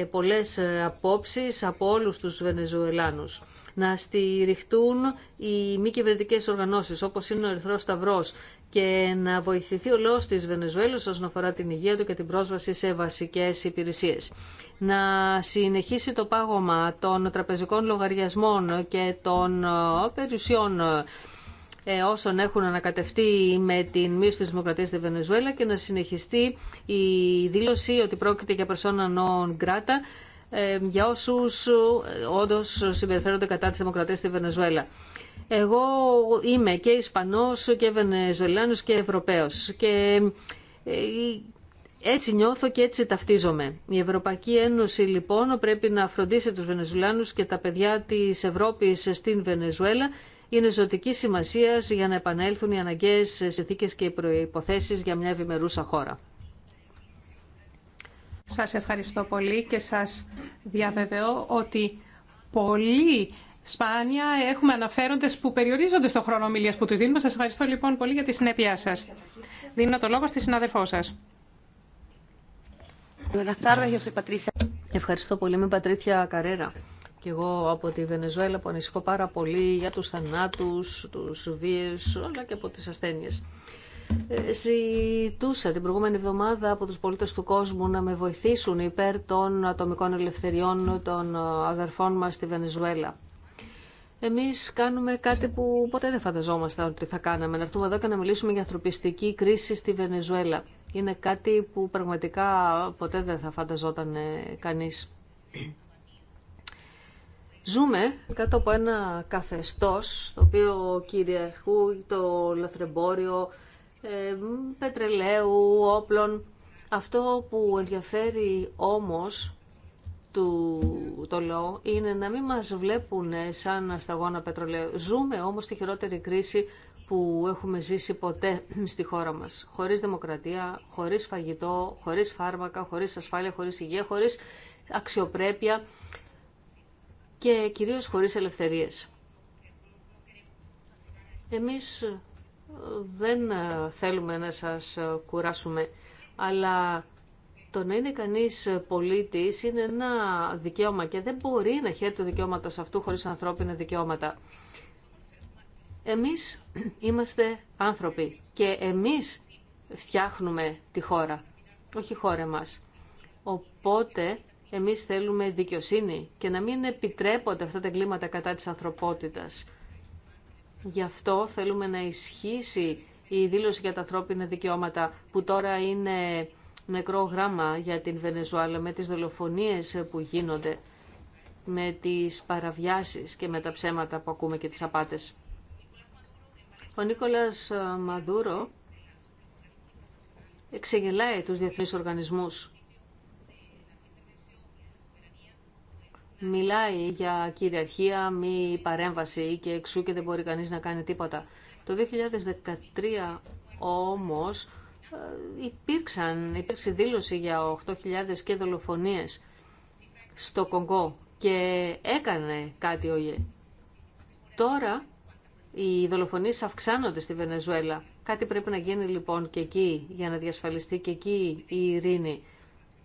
A: ε, πολλέ ε, απόψει από όλου του Βενεζουελάνου. Να στηριχτούν οι μη κυβερνητικέ οργανώσει, όπω είναι ο Ερυθρό Σταυρό, και να βοηθηθεί ο τη της Βενεζουέλας όσον αφορά την υγεία του και την πρόσβαση σε βασικέ υπηρεσίε. Να συνεχίσει το πάγωμα των τραπεζικών λογαριασμών και των περιουσιών ε, όσων έχουν ανακατευτεί με την μείωση της δημοκρατία στη Βενεζουέλα και να συνεχιστεί η δήλωση ότι πρόκειται για persona non grata ε, για όσους ε, όντω συμπεριφέρονται κατά τη δημοκρατίας στη Βενεζουέλα. Εγώ είμαι και Ισπανός και Βενεζουελάνος και Ευρωπαίος και έτσι νιώθω και έτσι ταυτίζομαι. Η Ευρωπαϊκή Ένωση λοιπόν πρέπει να φροντίσει τους Βενεζουλάνους και τα παιδιά της Ευρώπης στην Βενεζουέλα είναι ζωτική σημασία για να επανέλθουν οι αναγκαίε συνθήκε και οι προποθέσει για μια ευημερούσα χώρα. Σας ευχαριστώ πολύ και σας διαβεβαιώ ότι
D: πολύ σπάνια έχουμε αναφέροντε που περιορίζονται στο χρόνο ομιλία που τους δίνουμε. Σας ευχαριστώ λοιπόν πολύ για τη συνέπειά σας. Δίνω το λόγο στη συναδελφό σα.
A: Ευχαριστώ πολύ. Με Πατρίθια Καρέρα. Και εγώ από τη Βενεζουέλα που ανησυχώ πάρα πολύ για τους θανάτους, τους βίες, όλα και από τις ασθένειες. Ε, ζητούσα την προηγούμενη εβδομάδα από τους πολίτες του κόσμου να με βοηθήσουν υπέρ των ατομικών ελευθεριών των αδερφών μας στη Βενεζουέλα. Εμείς κάνουμε κάτι που ποτέ δεν φανταζόμασταν ότι θα κάναμε. Να έρθουμε εδώ και να μιλήσουμε για ανθρωπιστική κρίση στη Βενεζουέλα. Είναι κάτι που πραγματικά ποτέ δεν θα φανταζόταν κανείς. Ζούμε κάτω από ένα καθεστώς, το οποίο κυριαρχού το λαθρεμπόριο, ε, πετρελαίου, όπλων. Αυτό που ενδιαφέρει όμως του, το λαό είναι να μην μας βλέπουν σαν σταγόνα πετρελαίου. Ζούμε όμως τη χειρότερη κρίση που έχουμε ζήσει ποτέ [CLEARS THROAT] στη χώρα μας. Χωρίς δημοκρατία, χωρίς φαγητό, χωρίς φάρμακα, χωρίς ασφάλεια, χωρίς υγεία, χωρίς αξιοπρέπεια και κυρίως χωρίς ελευθερίες. Εμείς ε, δεν ε, θέλουμε να σας ε, κουράσουμε, αλλά το να είναι κανείς πολίτης είναι ένα δικαίωμα και δεν μπορεί να χαίρει το δικαιώματο αυτού χωρίς ανθρώπινα δικαιώματα. Εμείς [CLEARS THROAT] είμαστε άνθρωποι και εμείς φτιάχνουμε τη χώρα, όχι η χώρα μας. Οπότε εμείς θέλουμε δικαιοσύνη και να μην επιτρέπονται αυτά τα εγκλήματα κατά της ανθρωπότητας. Γι' αυτό θέλουμε να ισχύσει η δήλωση για τα ανθρώπινα δικαιώματα που τώρα είναι νεκρό γράμμα για την Βενεζουάλα με τις δολοφονίες που γίνονται, με τις παραβιάσεις και με τα ψέματα που ακούμε και τις απάτες. Ο Νίκολας ε, Μαδούρο εξεγελάει τους διεθνείς οργανισμούς μιλάει για κυριαρχία, μη παρέμβαση και εξού και δεν μπορεί κανείς να κάνει τίποτα. Το 2013 όμως ε, υπήρξαν, υπήρξε δήλωση για 8.000 και δολοφονίες στο Κονγκό και έκανε κάτι ο Τώρα οι δολοφονίες αυξάνονται στη Βενεζουέλα. Κάτι πρέπει να γίνει λοιπόν και εκεί για να διασφαλιστεί και εκεί η ειρήνη.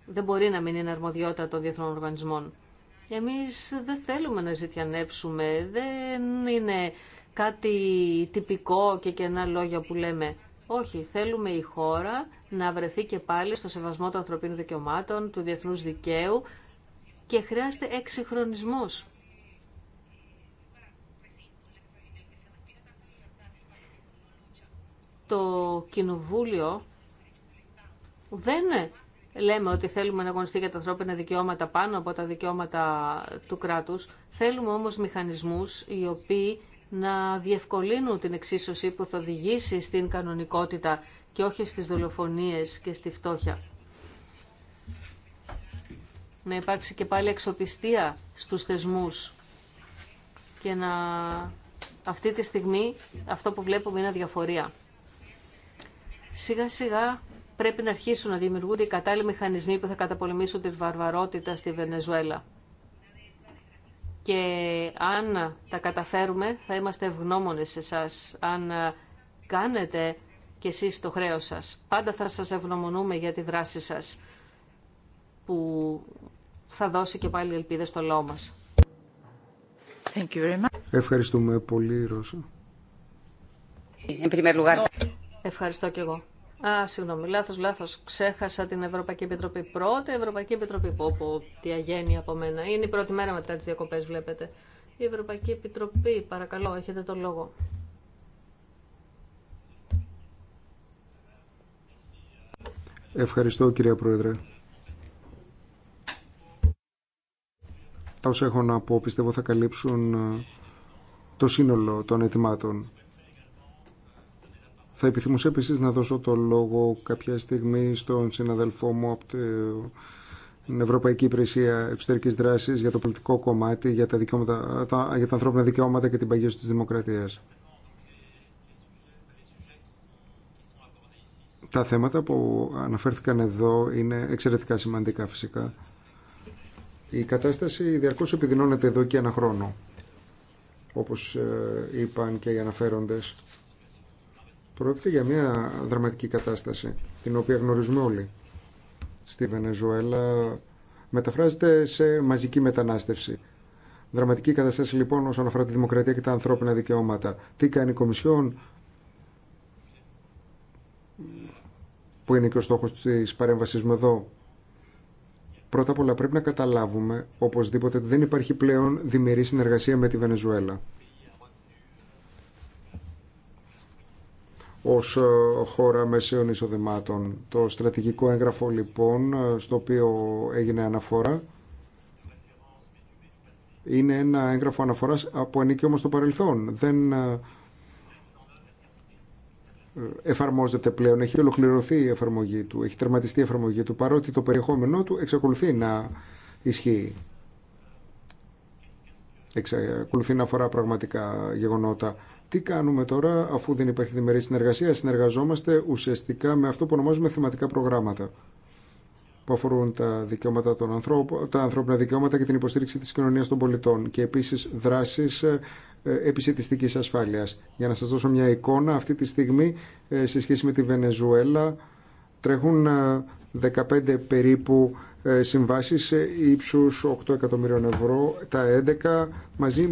A: Δεν μπορεί να μην είναι αρμοδιότητα των διεθνών οργανισμών. Εμείς δεν θέλουμε να ζητιανέψουμε, δεν είναι κάτι τυπικό και κενά λόγια που λέμε. Όχι, θέλουμε η χώρα να βρεθεί και πάλι στο σεβασμό των ανθρωπίνων δικαιωμάτων, του διεθνούς δικαίου και χρειάζεται εξυγχρονισμός. Το Κοινοβούλιο δεν λέμε ότι θέλουμε να αγωνιστεί για τα ανθρώπινα δικαιώματα πάνω από τα δικαιώματα του κράτους, θέλουμε όμως μηχανισμούς οι οποίοι να διευκολύνουν την εξίσωση που θα οδηγήσει στην κανονικότητα και όχι στις δολοφονίες και στη φτώχεια. Να υπάρξει και πάλι εξοπιστία στους θεσμούς και να αυτή τη στιγμή αυτό που βλέπουμε είναι αδιαφορία. Σιγά σιγά πρέπει να αρχίσουν να δημιουργούνται οι κατάλληλοι μηχανισμοί που θα καταπολεμήσουν τη βαρβαρότητα στη Βενεζουέλα. Και αν τα καταφέρουμε, θα είμαστε ευγνώμονες σε εσάς. Αν κάνετε και εσείς το χρέος σας. Πάντα θα σας ευγνωμονούμε για τη δράση σας που θα δώσει και πάλι ελπίδες στο λαό μας.
E: Thank you very much.
B: Ευχαριστούμε πολύ, Ρώσο.
A: Ε, Ευχαριστώ κι εγώ. Α, συγγνώμη, λάθος, λάθος. Ξέχασα την Ευρωπαϊκή Επιτροπή πρώτη, Ευρωπαϊκή Επιτροπή. Πω, πω, τι αγένεια από μένα. Είναι η πρώτη μέρα μετά τι διακοπές, βλέπετε. Η Ευρωπαϊκή Επιτροπή, παρακαλώ, έχετε το λόγο.
B: Ευχαριστώ, κυρία Πρόεδρε. Τα όσα έχω να πω, πιστεύω, θα καλύψουν ε, το σύνολο των ετοιμάτων θα επιθυμούσα επίσης να δώσω το λόγο κάποια στιγμή στον συναδελφό μου από την Ευρωπαϊκή Υπηρεσία Εξωτερικής Δράσης για το πολιτικό κομμάτι, για τα, δικαιώματα, για τα ανθρώπινα δικαιώματα και την παγίωση τη Δημοκρατία. Τα θέματα που αναφέρθηκαν εδώ είναι εξαιρετικά σημαντικά φυσικά. Η κατάσταση διαρκώς επιδεινώνεται εδώ και ένα χρόνο, όπως ε, είπαν και οι αναφέροντες. Πρόκειται για μια δραματική κατάσταση, την οποία γνωρίζουμε όλοι. Στη Βενεζουέλα μεταφράζεται σε μαζική μετανάστευση. Δραματική κατάσταση λοιπόν όσον αφορά τη δημοκρατία και τα ανθρώπινα δικαιώματα. Τι κάνει η Κομισιόν, που είναι και ο στόχος της παρέμβασης μου εδώ. Πρώτα απ' όλα πρέπει να καταλάβουμε οπωσδήποτε ότι δεν υπάρχει πλέον δημιουργή συνεργασία με τη Βενεζουέλα. ως ε, χώρα μεσαίων εισοδημάτων. Το στρατηγικό έγγραφο λοιπόν ε, στο οποίο έγινε αναφορά είναι ένα έγγραφο αναφοράς από ανήκει όμως στο παρελθόν. Δεν ε, εφαρμόζεται πλέον, έχει ολοκληρωθεί η εφαρμογή του, έχει τερματιστεί η εφαρμογή του, παρότι το περιεχόμενό του εξακολουθεί να ισχύει. Εξακολουθεί να αφορά πραγματικά γεγονότα. Τι κάνουμε τώρα, αφού δεν υπάρχει διμερή συνεργασία, συνεργαζόμαστε ουσιαστικά με αυτό που ονομάζουμε θεματικά προγράμματα που αφορούν τα, δικαιώματα των ανθρώπων, τα ανθρώπινα δικαιώματα και την υποστήριξη της κοινωνίας των πολιτών και επίσης δράσεις ε, επισητιστικής ασφάλειας. Για να σας δώσω μια εικόνα, αυτή τη στιγμή ε, σε σχέση με τη Βενεζουέλα τρέχουν 15 ε, περίπου ε, συμβάσεις ύψου 8 εκατομμυρίων ευρώ τα 11 μαζί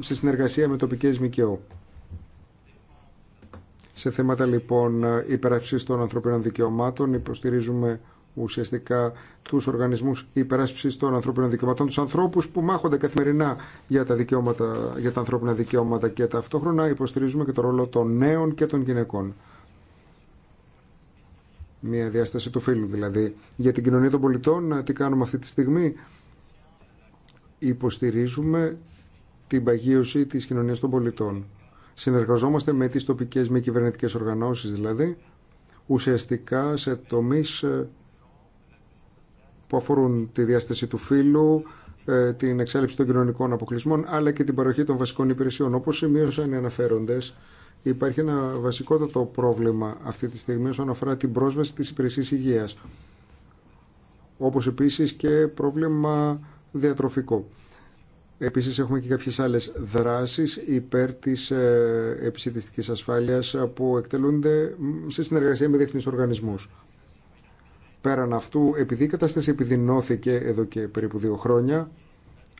B: σε συνεργασία με τοπικέ ΜΚΟ. Σε θέματα λοιπόν υπεράσπιση των ανθρωπίνων δικαιωμάτων υποστηρίζουμε ουσιαστικά τους οργανισμούς υπεράσπιση των ανθρωπίνων δικαιωμάτων, του ανθρώπου που μάχονται καθημερινά για τα, δικαιώματα, για τα ανθρώπινα δικαιώματα και ταυτόχρονα υποστηρίζουμε και το ρόλο των νέων και των γυναικών μια διάσταση του φίλου δηλαδή. Για την κοινωνία των πολιτών, τι κάνουμε αυτή τη στιγμή. Υποστηρίζουμε την παγίωση της κοινωνίας των πολιτών. Συνεργαζόμαστε με τις τοπικές μη κυβερνητικές οργανώσεις δηλαδή, ουσιαστικά σε τομείς ε, που αφορούν τη διάσταση του φύλου, ε, την εξάλληψη των κοινωνικών αποκλεισμών, αλλά και την παροχή των βασικών υπηρεσιών. Όπως σημείωσαν οι αναφέροντες, υπάρχει ένα βασικότατο πρόβλημα αυτή τη στιγμή όσον αφορά την πρόσβαση της υπηρεσίας υγείας. Όπως επίσης και πρόβλημα διατροφικό. Επίσης έχουμε και κάποιες άλλες δράσεις υπέρ της ε, επιστημιστικής ασφάλειας που εκτελούνται σε συνεργασία με διεθνείς οργανισμούς. Πέραν αυτού, επειδή η κατάσταση επιδεινώθηκε εδώ και περίπου δύο χρόνια,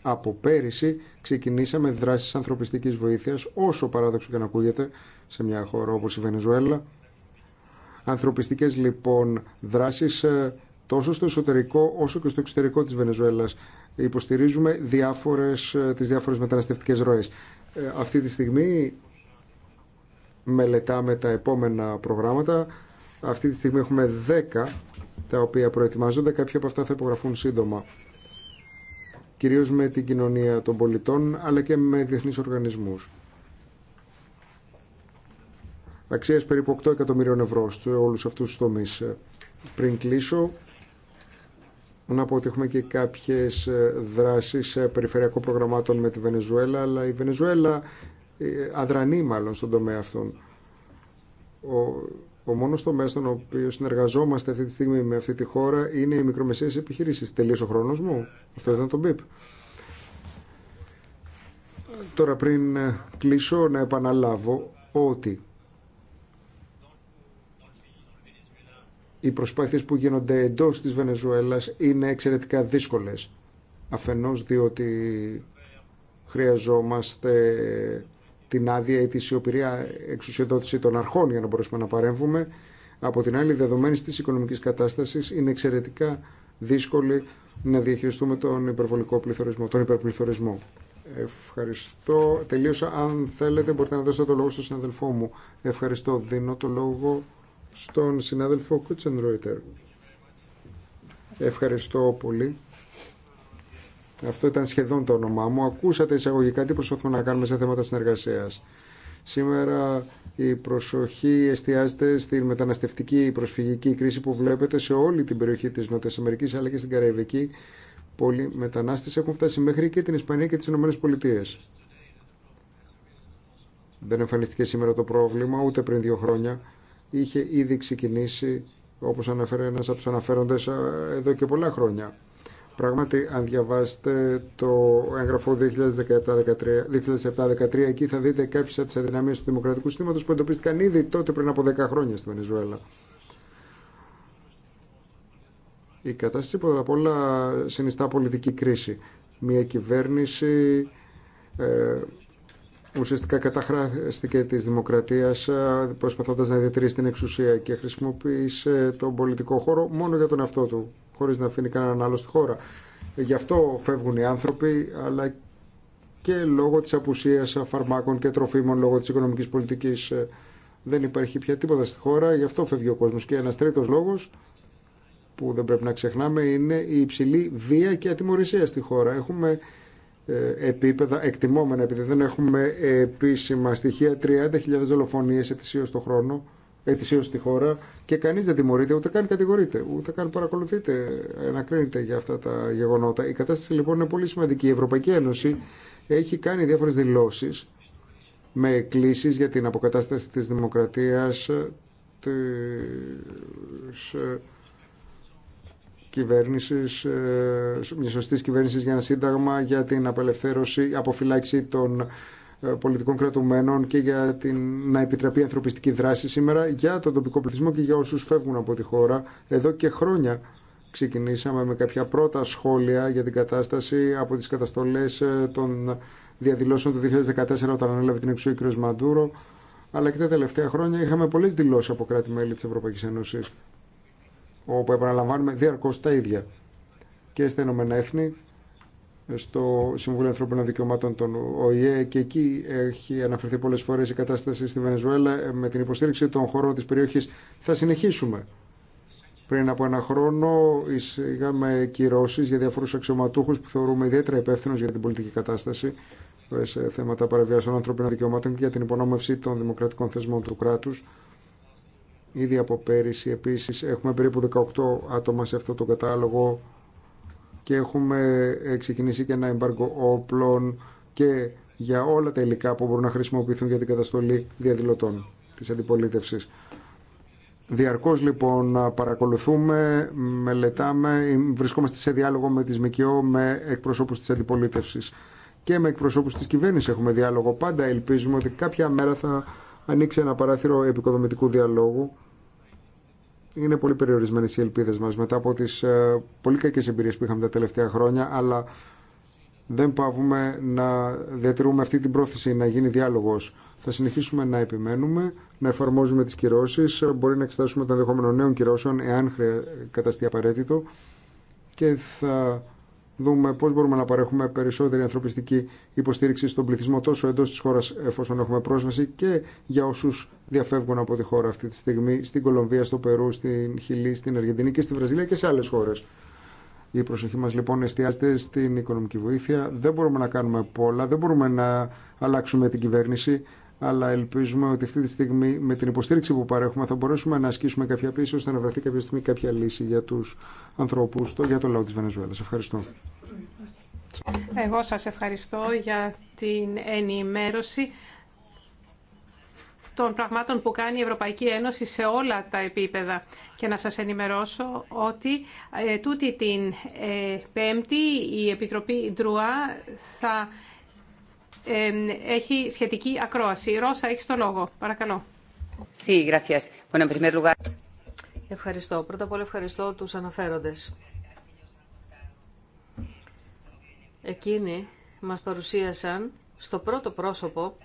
B: από πέρυσι ξεκινήσαμε δράσεις ανθρωπιστικής βοήθειας, όσο παράδοξο και να ακούγεται, σε μια χώρα όπως η Βενεζουέλα. Ανθρωπιστικές λοιπόν δράσεις ε, τόσο στο εσωτερικό όσο και στο εξωτερικό της Βενεζουέλας. Υποστηρίζουμε διάφορες, ε, τις διάφορες μεταναστευτικές ροές. Ε, αυτή τη στιγμή μελετάμε τα επόμενα προγράμματα. Αυτή τη στιγμή έχουμε 10 τα οποία προετοιμάζονται. Κάποια από αυτά θα υπογραφούν σύντομα κυρίως με την κοινωνία των πολιτών, αλλά και με διεθνείς οργανισμούς. Αξίας περίπου 8 εκατομμυρίων ευρώ σε όλους αυτούς τους τομείς. Πριν κλείσω, να πω ότι έχουμε και κάποιες δράσεις περιφερειακών προγραμμάτων με τη Βενεζουέλα, αλλά η Βενεζουέλα ε, αδρανεί μάλλον στον τομέα αυτόν. Ο μόνο τομέα στον οποίο συνεργαζόμαστε αυτή τη στιγμή με αυτή τη χώρα είναι οι μικρομεσαίε επιχειρήσει. Τελείωσε ο χρόνο μου. Αυτό ήταν το BIP. Τώρα πριν ε, κλείσω να επαναλάβω ότι οι προσπάθειες που γίνονται εντός της Βενεζουέλας είναι εξαιρετικά δύσκολες. Αφενός διότι χρειαζόμαστε την άδεια ή τη σιωπηρή εξουσιοδότηση των αρχών για να μπορέσουμε να παρέμβουμε. Από την άλλη, δεδομένη τη οικονομική κατάσταση, είναι εξαιρετικά δύσκολη να διαχειριστούμε τον υπερβολικό πληθωρισμό, τον υπερπληθωρισμό. Ευχαριστώ. Τελείωσα. Αν θέλετε, μπορείτε να δώσετε το λόγο στον συναδελφό μου. Ευχαριστώ. Δίνω το λόγο στον συνάδελφο Κούτσεν Ευχαριστώ πολύ. Αυτό ήταν σχεδόν το όνομά μου. Ακούσατε εισαγωγικά τι προσπαθούμε να κάνουμε σε θέματα συνεργασία. Σήμερα η προσοχή εστιάζεται στη μεταναστευτική προσφυγική κρίση που βλέπετε σε όλη την περιοχή τη Νότια Αμερική, αλλά και στην Καραϊβική. Πολλοί μετανάστε έχουν φτάσει μέχρι και την Ισπανία και τι Ηνωμένες Πολιτείες. Δεν εμφανίστηκε σήμερα το πρόβλημα, ούτε πριν δύο χρόνια. Είχε ήδη ξεκινήσει, όπω αναφέρει ένα από του αναφέροντε, ε, εδώ και πολλά χρόνια. Πράγματι, αν διαβάσετε το έγγραφο 2017-2013, εκεί θα δείτε κάποιε από τι αδυναμίε του δημοκρατικού συστήματο που εντοπίστηκαν ήδη τότε πριν από 10 χρόνια στη Βενεζουέλα. Η κατάσταση πρώτα απ' όλα συνιστά πολιτική κρίση. Μια κυβέρνηση ε, ουσιαστικά καταχράστηκε της δημοκρατίας ε, προσπαθώντας να διατηρήσει την εξουσία και χρησιμοποίησε τον πολιτικό χώρο μόνο για τον εαυτό του χωρίς να αφήνει κανέναν άλλο στη χώρα. Γι' αυτό φεύγουν οι άνθρωποι, αλλά και λόγω της απουσίας φαρμάκων και τροφίμων, λόγω της οικονομικής πολιτικής ε, δεν υπάρχει πια τίποτα στη χώρα, γι' αυτό φεύγει ο κόσμος. Και ένας τρίτος λόγος που δεν πρέπει να ξεχνάμε είναι η υψηλή βία και ατιμορρησία στη χώρα. Έχουμε ε, επίπεδα εκτιμόμενα, επειδή δεν έχουμε επίσημα στοιχεία, 30.000 δολοφονίες ετησίως το χρόνο ετησίω στη χώρα και κανεί δεν τιμωρείται, ούτε καν κατηγορείται, ούτε καν παρακολουθείται, ανακρίνεται για αυτά τα γεγονότα. Η κατάσταση λοιπόν είναι πολύ σημαντική. Η Ευρωπαϊκή Ένωση έχει κάνει διάφορε δηλώσει με κλήσει για την αποκατάσταση τη δημοκρατία, τη ε, κυβέρνησης, ε, μια σωστή κυβέρνηση για ένα σύνταγμα, για την απελευθέρωση, αποφυλάξη των ε, πολιτικών κρατουμένων και για την, να επιτραπεί ανθρωπιστική δράση σήμερα για τον τοπικό πληθυσμό και για όσους φεύγουν από τη χώρα. Εδώ και χρόνια ξεκινήσαμε με κάποια πρώτα σχόλια για την κατάσταση από τις καταστολές ε, των διαδηλώσεων του 2014 όταν ανέλαβε την εξουσία ο κ. Μαντούρο αλλά και τα τελευταία χρόνια είχαμε πολλές δηλώσεις από κράτη-μέλη της Ευρωπαϊκής Ένωσης όπου επαναλαμβάνουμε διαρκώς τα ίδια και στα Ηνωμένα Έθνη στο Συμβούλιο Ανθρώπινων Δικαιωμάτων των ΟΗΕ και εκεί έχει αναφερθεί πολλές φορές η κατάσταση στη Βενεζουέλα ε, με την υποστήριξη των χωρών της περιοχής. Θα συνεχίσουμε. Πριν από ένα χρόνο είχαμε κυρώσει για διαφορούς αξιωματούχους που θεωρούμε ιδιαίτερα υπεύθυνου για την πολιτική κατάσταση σε θέματα παραβιάσεων ανθρωπίνων δικαιωμάτων και για την υπονόμευση των δημοκρατικών θεσμών του κράτους. Ήδη από πέρυσι επίσης έχουμε περίπου 18 άτομα σε αυτό το κατάλογο και έχουμε ε, ξεκινήσει και ένα εμπάργκο όπλων και για όλα τα υλικά που μπορούν να χρησιμοποιηθούν για την καταστολή διαδηλωτών της αντιπολίτευσης. Διαρκώς λοιπόν παρακολουθούμε, μελετάμε, βρισκόμαστε σε διάλογο με τις ΜΚΟ, με εκπροσώπους της αντιπολίτευσης και με εκπροσώπους της κυβέρνησης έχουμε διάλογο. Πάντα ελπίζουμε ότι κάποια μέρα θα ανοίξει ένα παράθυρο επικοδομητικού διαλόγου είναι πολύ περιορισμένες οι ελπίδε μα μετά από τις ε, πολύ κακέ εμπειρίες που είχαμε τα τελευταία χρόνια, αλλά δεν πάβουμε να διατηρούμε αυτή την πρόθεση να γίνει διάλογος. Θα συνεχίσουμε να επιμένουμε, να εφαρμόζουμε τις κυρώσει, μπορεί να εξετάσουμε το ενδεχόμενο νέων κυρώσεων εάν καταστεί απαραίτητο και θα δούμε πώς μπορούμε να παρέχουμε περισσότερη ανθρωπιστική υποστήριξη στον πληθυσμό τόσο εντό τη χώρα εφόσον έχουμε πρόσβαση και για όσους διαφεύγουν από τη χώρα αυτή τη στιγμή στην Κολομβία, στο Περού, στην Χιλή, στην Αργεντινή και στη Βραζιλία και σε άλλες χώρες. Η προσοχή μας λοιπόν εστιάζεται στην οικονομική βοήθεια. Δεν μπορούμε να κάνουμε πολλά, δεν μπορούμε να αλλάξουμε την κυβέρνηση αλλά ελπίζουμε ότι αυτή τη στιγμή με την υποστήριξη που παρέχουμε θα μπορέσουμε να ασκήσουμε κάποια πίσω ώστε να βρεθεί κάποια στιγμή κάποια λύση για τους ανθρώπους, για το λαό της Βενεζουέλας. Ευχαριστώ.
D: Εγώ σας ευχαριστώ για την ενημέρωση των πραγμάτων που κάνει η Ευρωπαϊκή Ένωση σε όλα τα επίπεδα. Και να σας ενημερώσω ότι ε, τούτη την ε, Πέμπτη η Επιτροπή Ντρουά θα έχει σχετική ακρόαση. Ρώσα, έχει το λόγο. Παρακαλώ.
A: Ευχαριστώ. Πρώτα απ' όλα ευχαριστώ τους αναφέροντες. Εκείνοι μας παρουσίασαν στο πρώτο πρόσωπο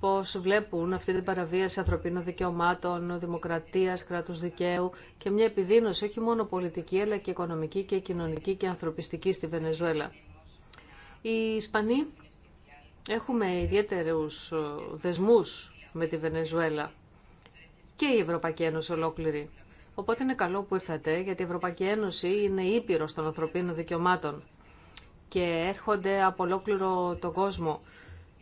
A: πώς βλέπουν αυτή την παραβίαση ανθρωπίνων δικαιωμάτων, δημοκρατίας, κράτους δικαίου και μια επιδείνωση όχι μόνο πολιτική αλλά και οικονομική και κοινωνική και ανθρωπιστική στη Βενεζουέλα. Οι Ισπανοί Έχουμε ιδιαίτερους ε, δεσμούς με τη Βενεζουέλα και η Ευρωπαϊκή Ένωση ολόκληρη. Οπότε είναι καλό που ήρθατε, γιατί η Ευρωπαϊκή Ένωση είναι ήπειρος των ανθρωπίνων δικαιωμάτων και έρχονται από ολόκληρο τον κόσμο.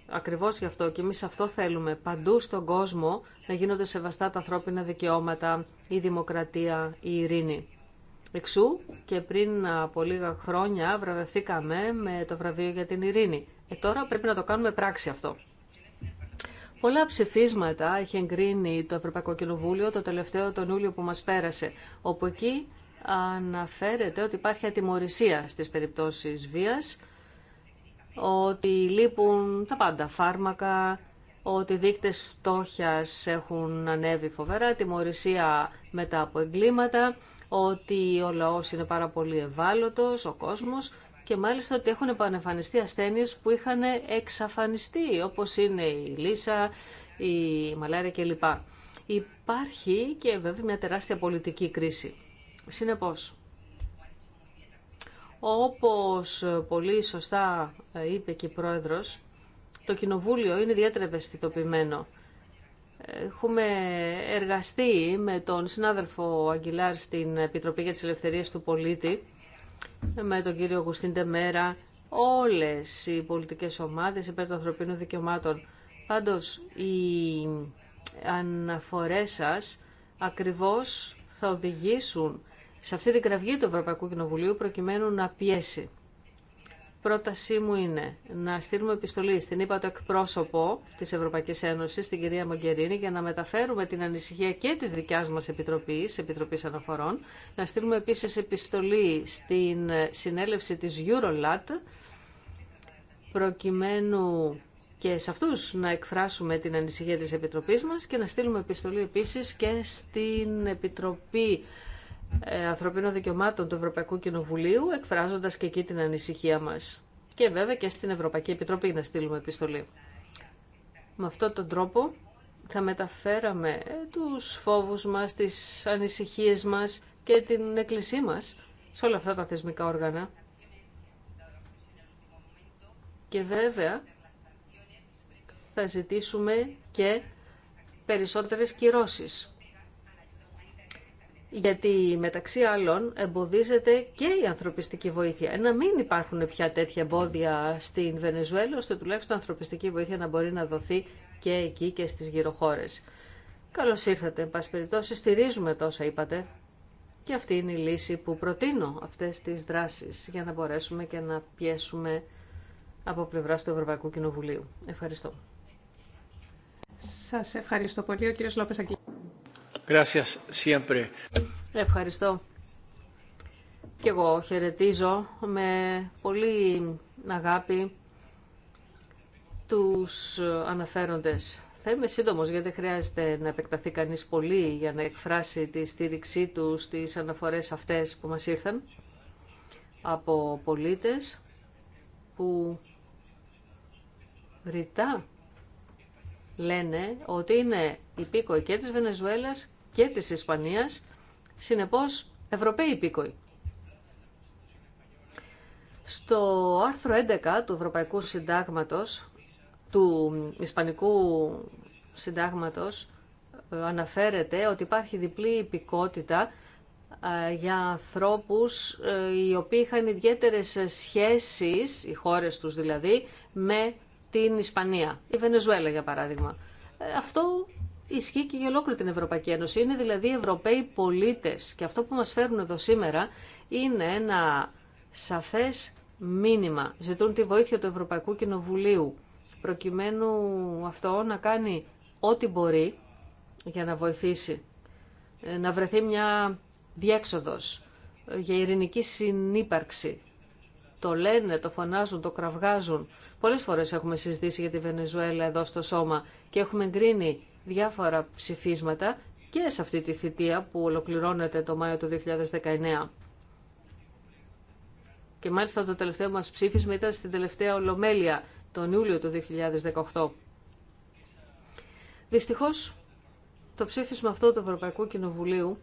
A: Ακριβώς γι' αυτό και εμείς αυτό θέλουμε παντού στον κόσμο να γίνονται σεβαστά τα ανθρώπινα δικαιώματα, η δημοκρατία, η ειρήνη. Εξού και πριν από λίγα χρόνια βραβευθήκαμε με το βραβείο για την ειρήνη. Και ε, τώρα πρέπει να το κάνουμε πράξη αυτό. Πολλά ψηφίσματα έχει εγκρίνει το Ευρωπαϊκό Κοινοβούλιο το τελευταίο τον Ιούλιο που μας πέρασε, όπου εκεί αναφέρεται ότι υπάρχει ατιμορρησία στις περιπτώσεις βίας, ότι λείπουν τα πάντα φάρμακα, ότι δείκτες φτώχειας έχουν ανέβει φοβερά, τιμωρησία μετά από εγκλήματα, ότι ο λαός είναι πάρα πολύ ευάλωτος, ο κόσμος και μάλιστα ότι έχουν επανεμφανιστεί ασθένειες που είχαν εξαφανιστεί, όπως είναι η λύσα, η μαλάρια κλπ. Υπάρχει και βέβαια μια τεράστια πολιτική κρίση. Συνεπώς, όπως πολύ σωστά είπε και η Πρόεδρος, το Κοινοβούλιο είναι ιδιαίτερα ευαισθητοποιημένο. Έχουμε εργαστεί με τον συνάδελφο Αγγιλάρ στην Επιτροπή για τις Ελευθερίες του Πολίτη με τον κύριο Αγουστίν Μέρα, όλες οι πολιτικές ομάδες υπέρ των ανθρωπίνων δικαιωμάτων. Πάντως, οι αναφορές σας ακριβώς θα οδηγήσουν σε αυτή την κραυγή του Ευρωπαϊκού Κοινοβουλίου προκειμένου να πιέσει πρότασή μου είναι να στείλουμε επιστολή στην είπα το εκπρόσωπο της Ευρωπαϊκής Ένωσης, την κυρία Μογκερίνη, για να μεταφέρουμε την ανησυχία και της δικιάς μας Επιτροπής, Επιτροπής Αναφορών, να στείλουμε επίσης επιστολή στην συνέλευση της Eurolat, προκειμένου και σε αυτούς να εκφράσουμε την ανησυχία της Επιτροπής μας και να στείλουμε επιστολή επίσης και στην Επιτροπή ε, ανθρωπίνων Δικαιωμάτων του Ευρωπαϊκού Κοινοβουλίου, εκφράζοντας και εκεί την ανησυχία μας. Και βέβαια και στην Ευρωπαϊκή Επιτροπή να στείλουμε επιστολή. Με αυτόν τον τρόπο θα μεταφέραμε ε, τους φόβους μας, τις ανησυχίες μας και την εκκλησία μας σε όλα αυτά τα θεσμικά όργανα. Και βέβαια θα ζητήσουμε και περισσότερες κυρώσεις γιατί μεταξύ άλλων εμποδίζεται και η ανθρωπιστική βοήθεια. Να μην υπάρχουν πια τέτοια εμπόδια στην Βενεζουέλα, ώστε τουλάχιστον ανθρωπιστική βοήθεια να μπορεί να δοθεί και εκεί και στις γύρω χώρες. Καλώς ήρθατε, εν πάση περιπτώσει, στηρίζουμε τόσα είπατε. Και αυτή είναι η λύση που προτείνω αυτές τις δράσεις για να μπορέσουμε και να πιέσουμε από πλευρά του Ευρωπαϊκού Κοινοβουλίου. Ευχαριστώ. Σας ευχαριστώ πολύ. Ο κύριος Λόπες Ευχαριστώ. Και εγώ χαιρετίζω με πολύ αγάπη τους αναφέροντες. Θα είμαι σύντομος γιατί χρειάζεται να επεκταθεί κανείς πολύ για να εκφράσει τη στήριξή του στις αναφορές αυτές που μας ήρθαν από πολίτες που ρητά λένε ότι είναι υπήκοοι και της Βενεζουέλας και της Ισπανίας, συνεπώς Ευρωπαίοι υπήκοοι. Στο άρθρο 11 του Ευρωπαϊκού Συντάγματος, του Ισπανικού Συντάγματος, ε, αναφέρεται ότι υπάρχει διπλή υπηκότητα ε, για ανθρώπους ε, οι οποίοι είχαν ιδιαίτερες σχέσεις, οι χώρες τους δηλαδή, με την Ισπανία, η Βενεζουέλα για παράδειγμα. Αυτό ισχύει και για ολόκληρη την Ευρωπαϊκή Ένωση. Είναι δηλαδή οι Ευρωπαίοι πολίτε και αυτό που μα φέρουν εδώ σήμερα είναι ένα σαφέ μήνυμα. Ζητούν τη βοήθεια του Ευρωπαϊκού Κοινοβουλίου προκειμένου αυτό να κάνει ό,τι μπορεί για να βοηθήσει, ε, να βρεθεί μια διέξοδος ε, για ειρηνική συνύπαρξη. Το λένε, το φωνάζουν, το κραυγάζουν. Πολλές φορές έχουμε συζητήσει για τη Βενεζουέλα εδώ στο σώμα και έχουμε εγκρίνει διάφορα ψηφίσματα και σε αυτή τη θητεία που ολοκληρώνεται το Μάιο του 2019. Και μάλιστα το τελευταίο μας ψήφισμα ήταν στην τελευταία Ολομέλεια τον Ιούλιο του 2018. Δυστυχώς το ψήφισμα αυτό του Ευρωπαϊκού Κοινοβουλίου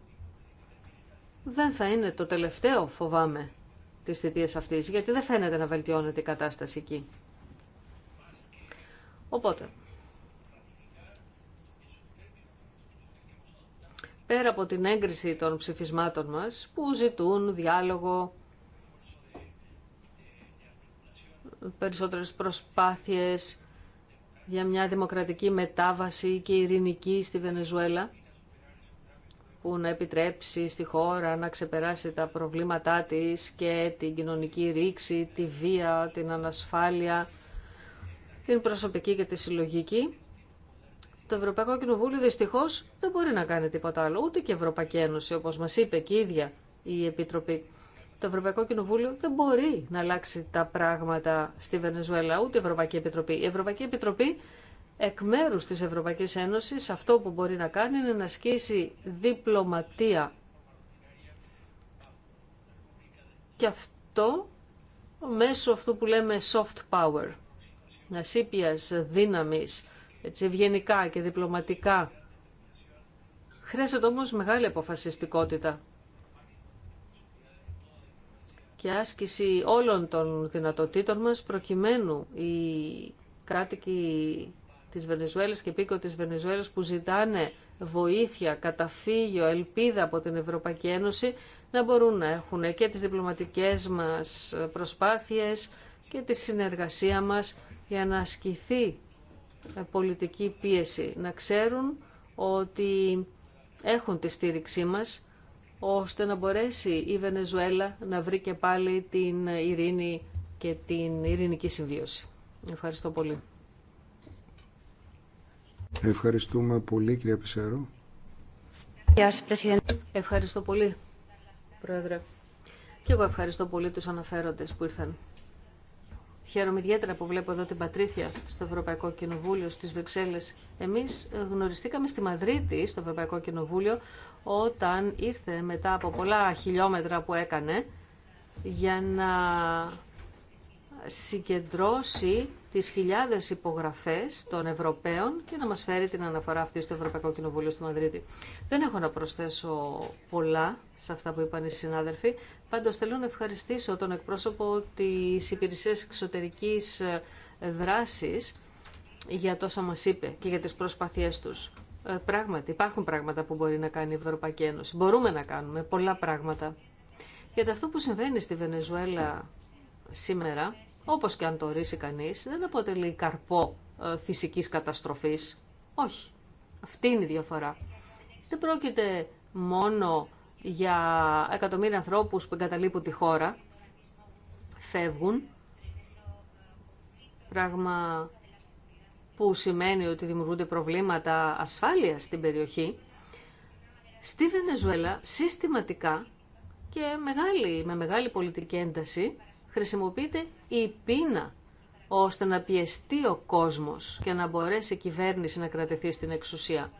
A: δεν θα είναι το τελευταίο, φοβάμαι, της θητείας αυτής, γιατί δεν φαίνεται να βελτιώνεται η κατάσταση εκεί. Οπότε, πέρα από την έγκριση των ψηφισμάτων μας που ζητούν διάλογο, περισσότερες προσπάθειες για μια δημοκρατική μετάβαση και ειρηνική στη Βενεζουέλα που να επιτρέψει στη χώρα να ξεπεράσει τα προβλήματά της και την κοινωνική ρήξη, τη βία, την ανασφάλεια, την προσωπική και τη συλλογική το Ευρωπαϊκό Κοινοβούλιο δυστυχώ δεν μπορεί να κάνει τίποτα άλλο, ούτε και η Ευρωπαϊκή Ένωση, όπω μα είπε και η ίδια η Επιτροπή. Το Ευρωπαϊκό Κοινοβούλιο δεν μπορεί να αλλάξει τα πράγματα στη Βενεζουέλα, ούτε η Ευρωπαϊκή Επιτροπή. Η Ευρωπαϊκή Επιτροπή εκ μέρου τη Ευρωπαϊκή Ένωση αυτό που μπορεί να κάνει είναι να ασκήσει διπλωματία. Και αυτό μέσω αυτού που λέμε soft power, ασύπιας δύναμη έτσι ευγενικά και διπλωματικά. Χρειάζεται όμως μεγάλη αποφασιστικότητα και άσκηση όλων των δυνατοτήτων μας προκειμένου οι κάτοικοι της Βενεζουέλας και πίκο της Βενεζουέλας που ζητάνε βοήθεια, καταφύγιο, ελπίδα από την Ευρωπαϊκή Ένωση να μπορούν να έχουν και τις διπλωματικές μας προσπάθειες και τη συνεργασία μας για να ασκηθεί ε, πολιτική πίεση. Να ξέρουν ότι έχουν τη στήριξή μας ώστε να μπορέσει η Βενεζουέλα να βρει και πάλι την ειρήνη και την ειρηνική συμβίωση. Ευχαριστώ πολύ.
B: Ευχαριστούμε πολύ κυρία Πισέρο.
A: Ευχαριστώ πολύ, Πρόεδρε. Και εγώ ευχαριστώ πολύ τους αναφέροντες που ήρθαν. Χαίρομαι ιδιαίτερα που βλέπω εδώ την Πατρίθια στο Ευρωπαϊκό Κοινοβούλιο στις Βρυξέλλε. Εμείς ε, γνωριστήκαμε στη Μαδρίτη στο Ευρωπαϊκό Κοινοβούλιο όταν ήρθε μετά από πολλά χιλιόμετρα που έκανε για να συγκεντρώσει τις χιλιάδες υπογραφές των Ευρωπαίων και να μας φέρει την αναφορά αυτή στο Ευρωπαϊκό Κοινοβούλιο στη Μαδρίτη. Δεν έχω να προσθέσω πολλά σε αυτά που είπαν οι συνάδελφοι. Πάντω, θέλω να ευχαριστήσω τον εκπρόσωπο τη υπηρεσία Εξωτερικής ε, Δράσης για τόσα μας είπε και για τις προσπαθίες τους. Ε, πράγματι, υπάρχουν πράγματα που μπορεί να κάνει η Ευρωπαϊκή Ένωση. Μπορούμε να κάνουμε πολλά πράγματα. Γιατί αυτό που συμβαίνει στη Βενεζουέλα σήμερα, όπως και αν το ορίσει κανείς, δεν αποτελεί καρπό ε, φυσικής καταστροφής. Όχι. Αυτή είναι η διαφορά. Δεν πρόκειται μόνο για εκατομμύρια ανθρώπους που εγκαταλείπουν τη χώρα, φεύγουν, πράγμα που σημαίνει ότι δημιουργούνται προβλήματα ασφάλειας στην περιοχή, στη Βενεζουέλα συστηματικά και μεγάλη, με μεγάλη πολιτική ένταση χρησιμοποιείται η πείνα ώστε να πιεστεί ο κόσμος και να μπορέσει η κυβέρνηση να κρατηθεί στην εξουσία.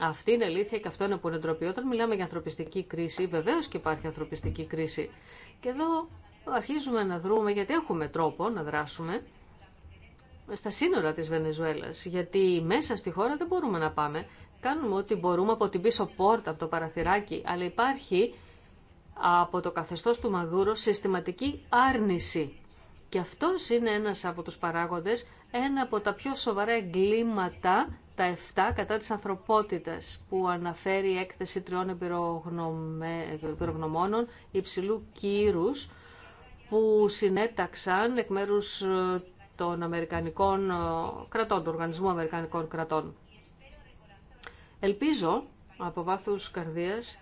A: Αυτή είναι αλήθεια και αυτό είναι που είναι ντροπή. Όταν μιλάμε για ανθρωπιστική κρίση, βεβαίω και υπάρχει ανθρωπιστική κρίση. Και εδώ αρχίζουμε να δρούμε, γιατί έχουμε τρόπο να δράσουμε, στα σύνορα της Βενεζουέλας, γιατί μέσα στη χώρα δεν μπορούμε να πάμε. Κάνουμε ό,τι μπορούμε από την πίσω πόρτα, από το παραθυράκι, αλλά υπάρχει από το καθεστώς του Μαδούρο συστηματική άρνηση. Και αυτό είναι ένας από τους παράγοντες, ένα από τα πιο σοβαρά εγκλήματα τα 7 κατά της ανθρωπότητας που αναφέρει η έκθεση τριών εμπειρογνωμόνων υψηλού κύρους που συνέταξαν εκ μέρους ε, των Αμερικανικών ε, κρατών, του Οργανισμού Αμερικανικών Κρατών. Ελπίζω από βάθους καρδίας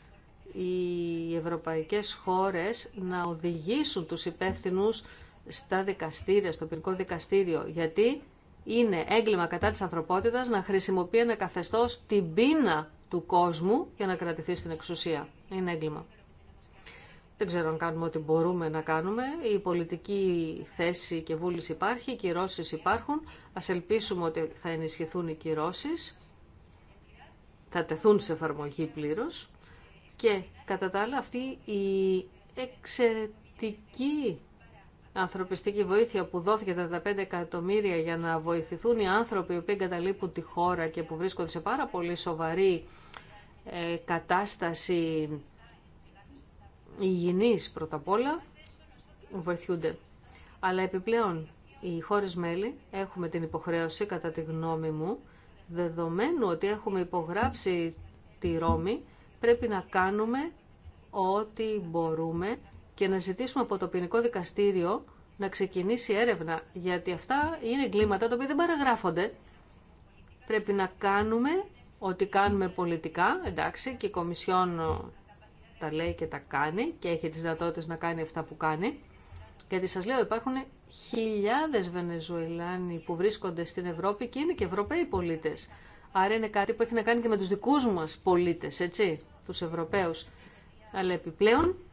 A: οι ευρωπαϊκές χώρες να οδηγήσουν τους υπεύθυνους στα δικαστήρια, στο πυρικό δικαστήριο, γιατί είναι έγκλημα κατά της ανθρωπότητας να χρησιμοποιεί ένα καθεστώς την πείνα του κόσμου για να κρατηθεί στην εξουσία. Είναι έγκλημα. Δεν ξέρω αν κάνουμε ό,τι μπορούμε να κάνουμε. Η πολιτική θέση και βούληση υπάρχει, οι κυρώσεις υπάρχουν. Ας ελπίσουμε ότι θα ενισχυθούν οι κυρώσεις, θα τεθούν σε εφαρμογή πλήρως. Και κατά τα άλλα αυτή η εξαιρετική ανθρωπιστική βοήθεια που δόθηκε τα 5 εκατομμύρια για να βοηθηθούν οι άνθρωποι που εγκαταλείπουν τη χώρα και που βρίσκονται σε πάρα πολύ σοβαρή ε, κατάσταση υγιεινής πρώτα απ' όλα, βοηθούνται. Αλλά επιπλέον οι χώρες μέλη έχουμε την υποχρέωση κατά τη γνώμη μου, δεδομένου ότι έχουμε υπογράψει τη Ρώμη, πρέπει να κάνουμε ό,τι μπορούμε και να ζητήσουμε από το ποινικό δικαστήριο να ξεκινήσει έρευνα, γιατί αυτά είναι εγκλήματα τα οποία δεν παραγράφονται. Πρέπει να κάνουμε ό,τι κάνουμε πολιτικά, εντάξει, και η Κομισιόν ε, τα λέει και τα κάνει και έχει τις δυνατότητες να κάνει αυτά που κάνει. Γιατί σας λέω υπάρχουν χιλιάδες Βενεζουελάνοι που βρίσκονται στην Ευρώπη και είναι και Ευρωπαίοι πολίτες. Άρα είναι κάτι που έχει να κάνει και με τους δικούς μας πολίτες, έτσι, τους Ευρωπαίους. Αλλά επιπλέον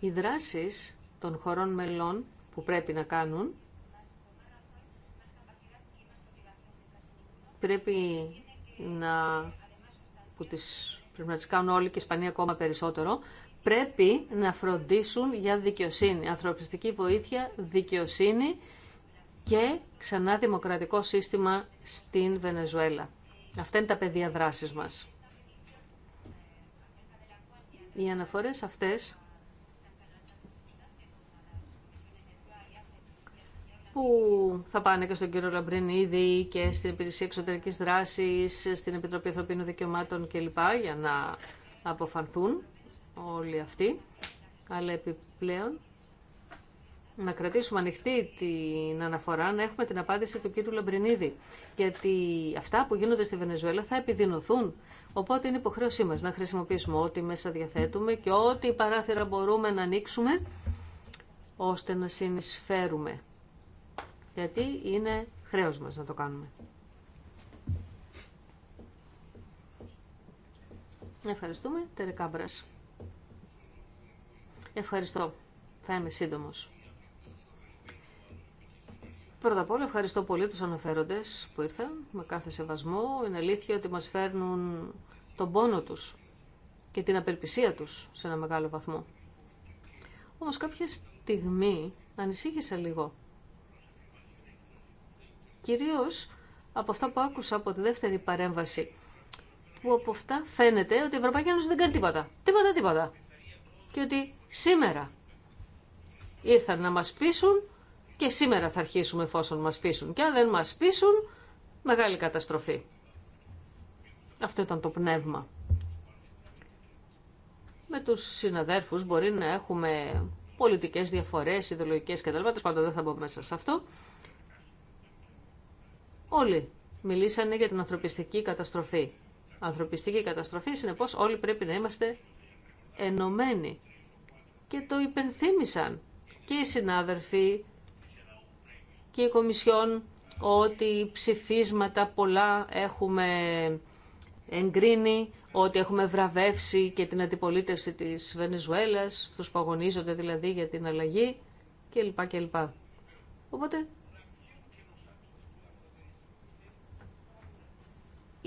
A: Οι δράσεις των χωρών μελών που πρέπει να κάνουν πρέπει να, που τις, πρέπει να τις κάνουν όλοι και Ισπανία ακόμα περισσότερο, πρέπει να φροντίσουν για δικαιοσύνη, ανθρωπιστική βοήθεια, δικαιοσύνη και ξανά δημοκρατικό σύστημα στην Βενεζουέλα. Αυτά είναι τα πεδία δράσης μας. Οι αναφορές αυτές που θα πάνε και στον κύριο Λαμπρινίδη και στην Υπηρεσία Εξωτερικής Δράσης, στην Επιτροπή Ανθρωπίνων Δικαιωμάτων κλπ. για να αποφανθούν όλοι αυτοί. Αλλά επιπλέον να κρατήσουμε ανοιχτή την αναφορά, να έχουμε την απάντηση του κύριου Λαμπρινίδη. Γιατί αυτά που γίνονται στη Βενεζουέλα θα επιδεινωθούν. Οπότε είναι υποχρέωσή μας να χρησιμοποιήσουμε ό,τι μέσα διαθέτουμε και ό,τι παράθυρα μπορούμε να ανοίξουμε ώστε να συνεισφέρουμε γιατί είναι χρέος μας να το κάνουμε. Ευχαριστούμε, Τερεκάμπρας. Ευχαριστώ. Θα είμαι σύντομος. Πρώτα απ' όλα ευχαριστώ πολύ τους αναφέροντες που ήρθαν με κάθε σεβασμό. Είναι αλήθεια ότι μας φέρνουν τον πόνο τους και την απελπισία τους σε ένα μεγάλο βαθμό. Όμως κάποια στιγμή ανησύχησα λίγο κυρίως από αυτά που άκουσα από τη δεύτερη παρέμβαση, που από αυτά φαίνεται ότι η Ευρωπαϊκή Ένωση δεν κάνει τίποτα. Τίποτα, τίποτα. Και ότι σήμερα ήρθαν να μας πείσουν και σήμερα θα αρχίσουμε εφόσον μας πείσουν. Και αν δεν μας πείσουν, μεγάλη καταστροφή. Αυτό ήταν το πνεύμα. Με τους συναδέρφους μπορεί να έχουμε πολιτικές διαφορές, ιδεολογικές κτλ. Τους δεν θα μπω μέσα σε αυτό. Όλοι μιλήσανε για την ανθρωπιστική καταστροφή. Ανθρωπιστική καταστροφή, συνεπώ όλοι πρέπει να είμαστε ενωμένοι. Και το υπενθύμησαν και οι συνάδελφοι και η Κομισιόν ότι ψηφίσματα πολλά έχουμε εγκρίνει, ότι έχουμε βραβεύσει και την αντιπολίτευση της Βενεζουέλας, αυτούς που αγωνίζονται δηλαδή για την αλλαγή κλπ. Οπότε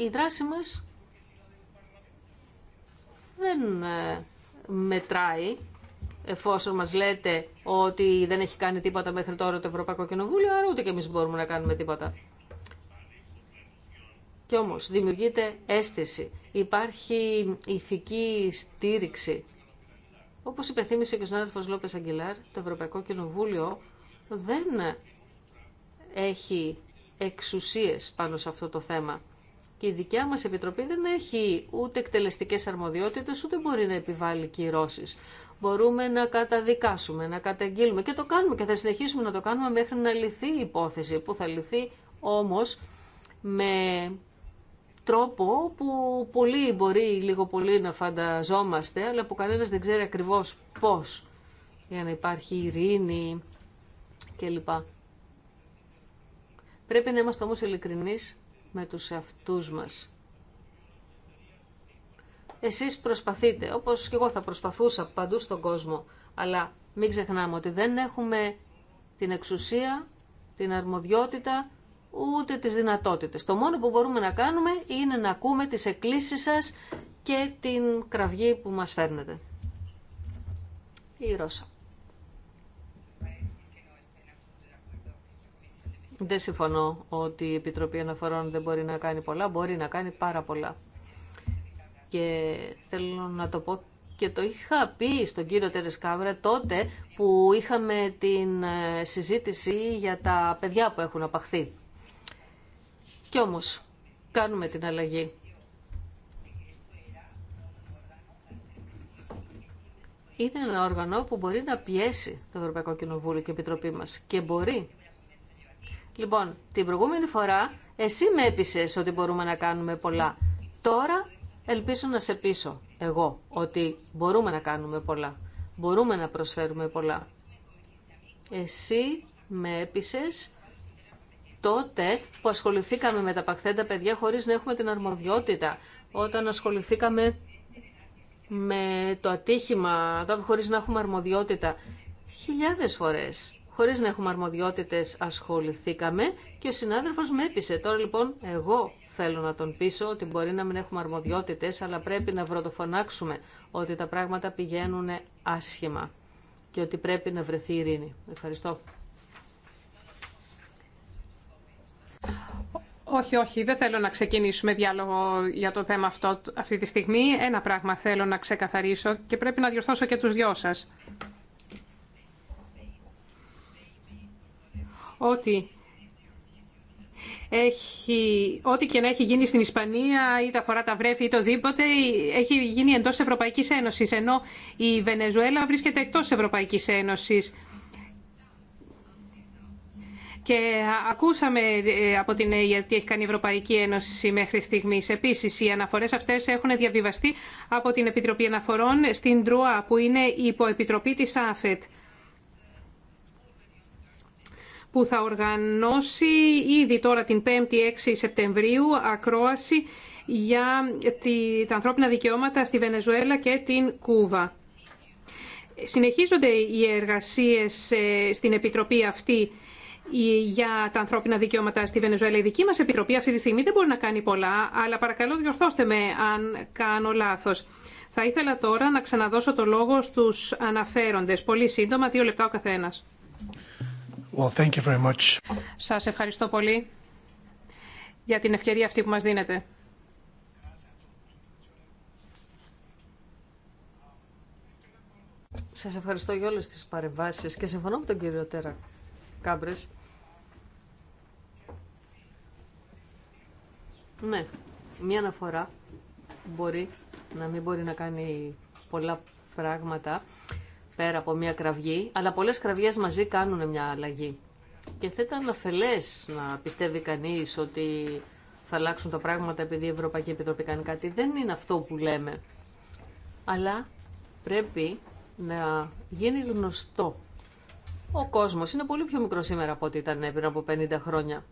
A: η δράση μας δεν ε, μετράει εφόσον μας λέτε ότι δεν έχει κάνει τίποτα μέχρι τώρα το Ευρωπαϊκό Κοινοβούλιο, άρα ούτε και εμείς μπορούμε να κάνουμε τίποτα. Κι όμως δημιουργείται αίσθηση, υπάρχει ηθική στήριξη. Όπως υπενθύμισε και ο συνάδελφος Λόπες Αγγελάρ, το Ευρωπαϊκό Κοινοβούλιο δεν έχει εξουσίες πάνω σε αυτό το θέμα. Και η δικιά μας Επιτροπή δεν έχει ούτε εκτελεστικές αρμοδιότητες, ούτε μπορεί να επιβάλλει κυρώσεις. Μπορούμε να καταδικάσουμε, να καταγγείλουμε και το κάνουμε και θα συνεχίσουμε να το κάνουμε μέχρι να λυθεί η υπόθεση, που θα λυθεί όμως με τρόπο που πολύ μπορεί λίγο πολύ να φανταζόμαστε, αλλά που κανένας δεν ξέρει ακριβώς πώς για να υπάρχει ειρήνη κλπ. Πρέπει να είμαστε όμως ειλικρινείς με τους εαυτούς μας. Εσείς προσπαθείτε, όπως και εγώ θα προσπαθούσα παντού στον κόσμο, αλλά μην ξεχνάμε ότι δεν έχουμε την εξουσία, την αρμοδιότητα, ούτε τις δυνατότητες. Το μόνο που μπορούμε να κάνουμε είναι να ακούμε τις εκκλήσεις σας και την κραυγή που μας φέρνετε. Η Ρώσα. Δεν συμφωνώ ότι η Επιτροπή Αναφορών δεν μπορεί να κάνει πολλά, μπορεί να κάνει πάρα πολλά. Και θέλω να το πω και το είχα πει στον κύριο Τερεσκάβρα τότε που είχαμε την ε, συζήτηση για τα παιδιά που έχουν απαχθεί. Κι όμως κάνουμε την αλλαγή. Είναι ένα όργανο που μπορεί να πιέσει το Ευρωπαϊκό Κοινοβούλιο και η Επιτροπή μας και μπορεί Λοιπόν, την προηγούμενη φορά εσύ με έπεισε ότι μπορούμε να κάνουμε πολλά. Τώρα ελπίζω να σε πείσω εγώ ότι μπορούμε να κάνουμε πολλά. Μπορούμε να προσφέρουμε πολλά. Εσύ με έπεισε τότε που ασχοληθήκαμε με τα παχθέντα παιδιά χωρίς να έχουμε την αρμοδιότητα. Όταν ασχοληθήκαμε με το ατύχημα, χωρίς να έχουμε αρμοδιότητα. Χιλιάδες φορές χωρίς να έχουμε αρμοδιότητες ασχοληθήκαμε και ο συνάδελφος με έπεισε. Τώρα λοιπόν εγώ θέλω να τον πείσω ότι μπορεί να μην έχουμε αρμοδιότητες, αλλά πρέπει να βρωτοφωνάξουμε ότι τα πράγματα πηγαίνουν άσχημα και ότι πρέπει να βρεθεί ειρήνη. Ευχαριστώ.
D: Όχι, όχι, δεν θέλω να ξεκινήσουμε διάλογο για το θέμα αυτό αυτή τη στιγμή. Ένα πράγμα θέλω να ξεκαθαρίσω και πρέπει να διορθώσω και τους δυο σας. ότι έχει, ό,τι και να έχει γίνει στην Ισπανία, είτε αφορά τα βρέφη είτε διποτε έχει γίνει εντός Ευρωπαϊκής Ένωσης, ενώ η Βενεζουέλα βρίσκεται εκτός Ευρωπαϊκής Ένωσης. Και ακούσαμε ε, από την ΕΕ τι έχει κάνει η Ευρωπαϊκή Ένωση μέχρι στιγμή. Επίση, οι αναφορέ αυτέ έχουν διαβιβαστεί από την Επιτροπή Αναφορών στην ΤΡΟΑ, που είναι η υποεπιτροπή τη ΑΦΕΤ που θα οργανώσει ήδη τώρα την 5η 6 Σεπτεμβρίου ακρόαση για τα ανθρώπινα δικαιώματα στη Βενεζουέλα και την Κούβα. Συνεχίζονται οι εργασίες ε, στην Επιτροπή αυτή για τα ανθρώπινα δικαιώματα στη Βενεζουέλα. Η δική μας Επιτροπή αυτή τη στιγμή δεν μπορεί να κάνει πολλά, αλλά παρακαλώ διορθώστε με αν κάνω λάθος. Θα ήθελα τώρα να ξαναδώσω το λόγο στους αναφέροντες. Πολύ σύντομα, δύο λεπτά ο καθένας. Well, thank you very much. Σας ευχαριστώ πολύ για την ευκαιρία αυτή που μας δίνετε.
A: Σας ευχαριστώ για όλες τις παρεμβάσεις και συμφωνώ με τον κύριο Τέρα Κάμπρες. Ναι, μία αναφορά μπορεί να μην μπορεί να κάνει πολλά πράγματα πέρα από μια κραυγή, αλλά πολλές κραυγές μαζί κάνουν μια αλλαγή. Και θα ήταν αφελές να πιστεύει κανείς ότι θα αλλάξουν τα πράγματα επειδή η Ευρωπαϊκή Επιτροπή κάνει κάτι. Δεν είναι αυτό που λέμε. Αλλά πρέπει να γίνει γνωστό. Ο κόσμος είναι πολύ πιο μικρό σήμερα από ό,τι ήταν πριν από 50 χρόνια.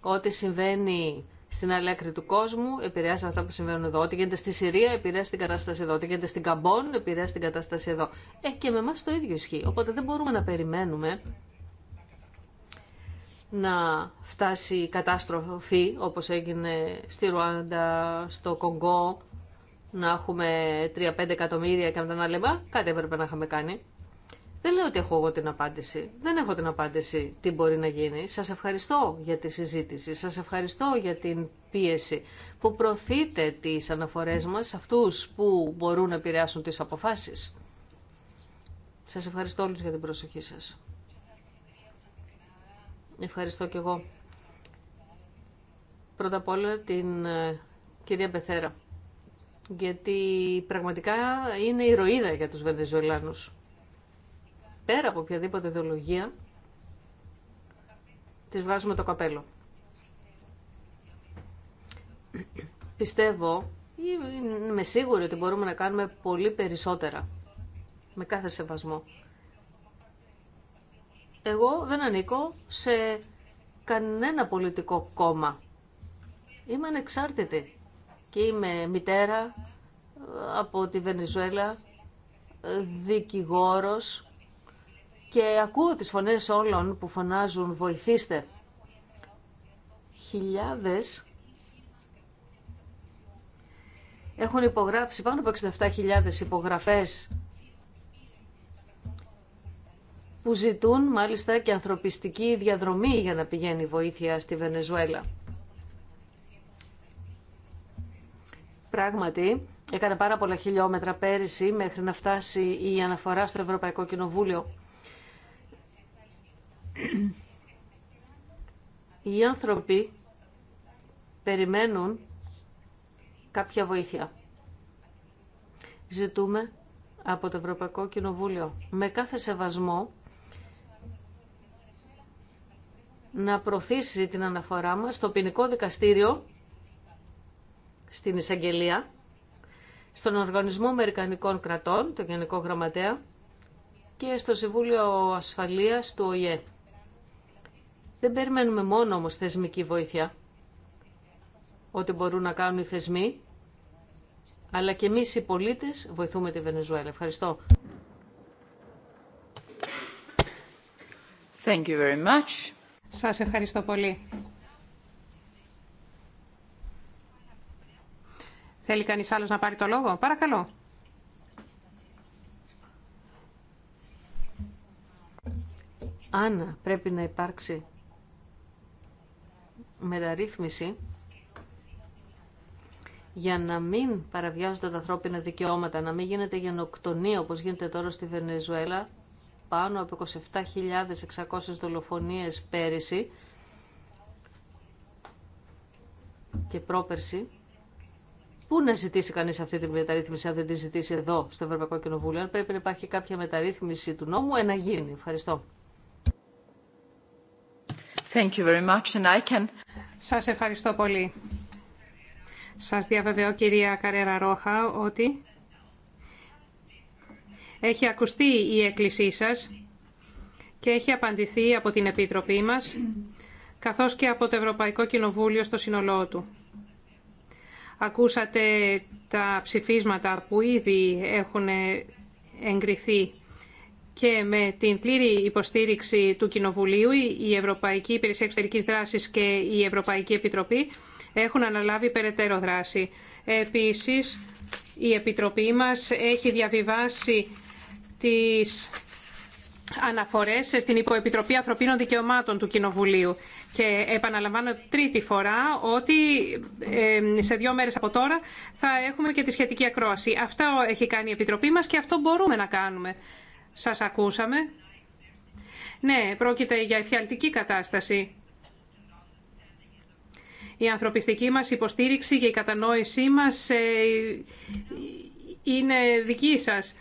A: Ό,τι συμβαίνει στην άλλη άκρη του κόσμου, επηρεάζει αυτά που συμβαίνουν εδώ. Ό,τι γίνεται στη Συρία, επηρεάζει την κατάσταση εδώ. Ό,τι γίνεται στην Καμπόν, επηρεάζει την κατάσταση εδώ. Ε, και με εμά το ίδιο ισχύει. Οπότε δεν μπορούμε να περιμένουμε να φτάσει η κατάστροφη όπως έγινε στη Ρουάντα, στο Κονγκό, να έχουμε 3-5 εκατομμύρια και μετά να λέμε κάτι έπρεπε να είχαμε κάνει. Δεν λέω ότι έχω εγώ την απάντηση. Δεν έχω την απάντηση τι μπορεί να γίνει. Σας ευχαριστώ για τη συζήτηση. Σας ευχαριστώ για την πίεση που προωθείτε τις αναφορές μας αυτούς που μπορούν να επηρεάσουν τις αποφάσεις. Σας ευχαριστώ όλους για την προσοχή σας. Ευχαριστώ και εγώ. Πρώτα απ' όλα την ε, κυρία Μπεθέρα. Γιατί πραγματικά είναι ηρωίδα για τους Βενεζουελάνους πέρα από οποιαδήποτε ιδεολογία, τις βγάζουμε το καπέλο. Πιστεύω, ή είμαι σίγουρη ότι μπορούμε να κάνουμε πολύ περισσότερα, με κάθε σεβασμό. Εγώ δεν ανήκω σε κανένα πολιτικό κόμμα. Είμαι ανεξάρτητη και είμαι μητέρα ε, από τη Βενεζουέλα, ε, δικηγόρος και ακούω τις φωνές όλων που φωνάζουν «Βοηθήστε». Χιλιάδες έχουν υπογράψει πάνω από 67.000 υπογραφές που ζητούν μάλιστα και ανθρωπιστική διαδρομή για να πηγαίνει βοήθεια στη Βενεζουέλα. Πράγματι, έκανε πάρα πολλά χιλιόμετρα πέρυσι μέχρι να φτάσει η αναφορά στο Ευρωπαϊκό Κοινοβούλιο. Οι άνθρωποι περιμένουν κάποια βοήθεια. Ζητούμε από το Ευρωπαϊκό Κοινοβούλιο με κάθε σεβασμό να προθίσει την αναφορά μας στο ποινικό δικαστήριο, στην εισαγγελία, στον Οργανισμό Αμερικανικών Κρατών, το Γενικό Γραμματέα, και στο Συμβούλιο Ασφαλείας του ΟΗΕ. Δεν περιμένουμε μόνο όμως θεσμική βοήθεια. Ό,τι μπορούν να κάνουν οι θεσμοί, αλλά και εμείς οι πολίτες βοηθούμε τη Βενεζουέλα. Ευχαριστώ. Thank you very much. Σας
D: ευχαριστώ πολύ. Θέλει κανείς άλλος να πάρει το λόγο. Παρακαλώ.
A: Άννα, πρέπει να υπάρξει μεταρρύθμιση για να μην παραβιάζονται τα ανθρώπινα δικαιώματα, να μην γίνεται γενοκτονία όπως γίνεται τώρα στη Βενεζουέλα, πάνω από 27.600 δολοφονίες πέρυσι και πρόπερση Πού να ζητήσει κανεί αυτή την μεταρρύθμιση, αν δεν τη ζητήσει εδώ, στο Ευρωπαϊκό Κοινοβούλιο. Αν πρέπει να υπάρχει κάποια μεταρρύθμιση του νόμου, ένα γίνει. Ευχαριστώ. Σας ευχαριστώ πολύ. Σας διαβεβαιώ,
D: κυρία Καρέρα Ρόχα, ότι έχει ακουστεί η έκκλησή σας και έχει απαντηθεί από την Επίτροπή μας, καθώς και από το Ευρωπαϊκό Κοινοβούλιο στο σύνολό του. Ακούσατε τα ψηφίσματα που ήδη έχουν εγκριθεί και με την πλήρη υποστήριξη του Κοινοβουλίου, η Ευρωπαϊκή Υπηρεσία Εξωτερικής Δράσης και η Ευρωπαϊκή Επιτροπή έχουν αναλάβει περαιτέρω δράση. Επίσης, η Επιτροπή μας έχει διαβιβάσει τις αναφορές στην Υποεπιτροπή Ανθρωπίνων Δικαιωμάτων του Κοινοβουλίου. Και επαναλαμβάνω τρίτη φορά ότι σε δύο μέρες από τώρα θα έχουμε και τη σχετική ακρόαση. Αυτό έχει κάνει η Επιτροπή μας και αυτό μπορούμε να κάνουμε. Σας ακούσαμε. Ναι, πρόκειται για εφιαλτική κατάσταση. Η ανθρωπιστική μας υποστήριξη και η κατανόησή μας ε, είναι δική σας.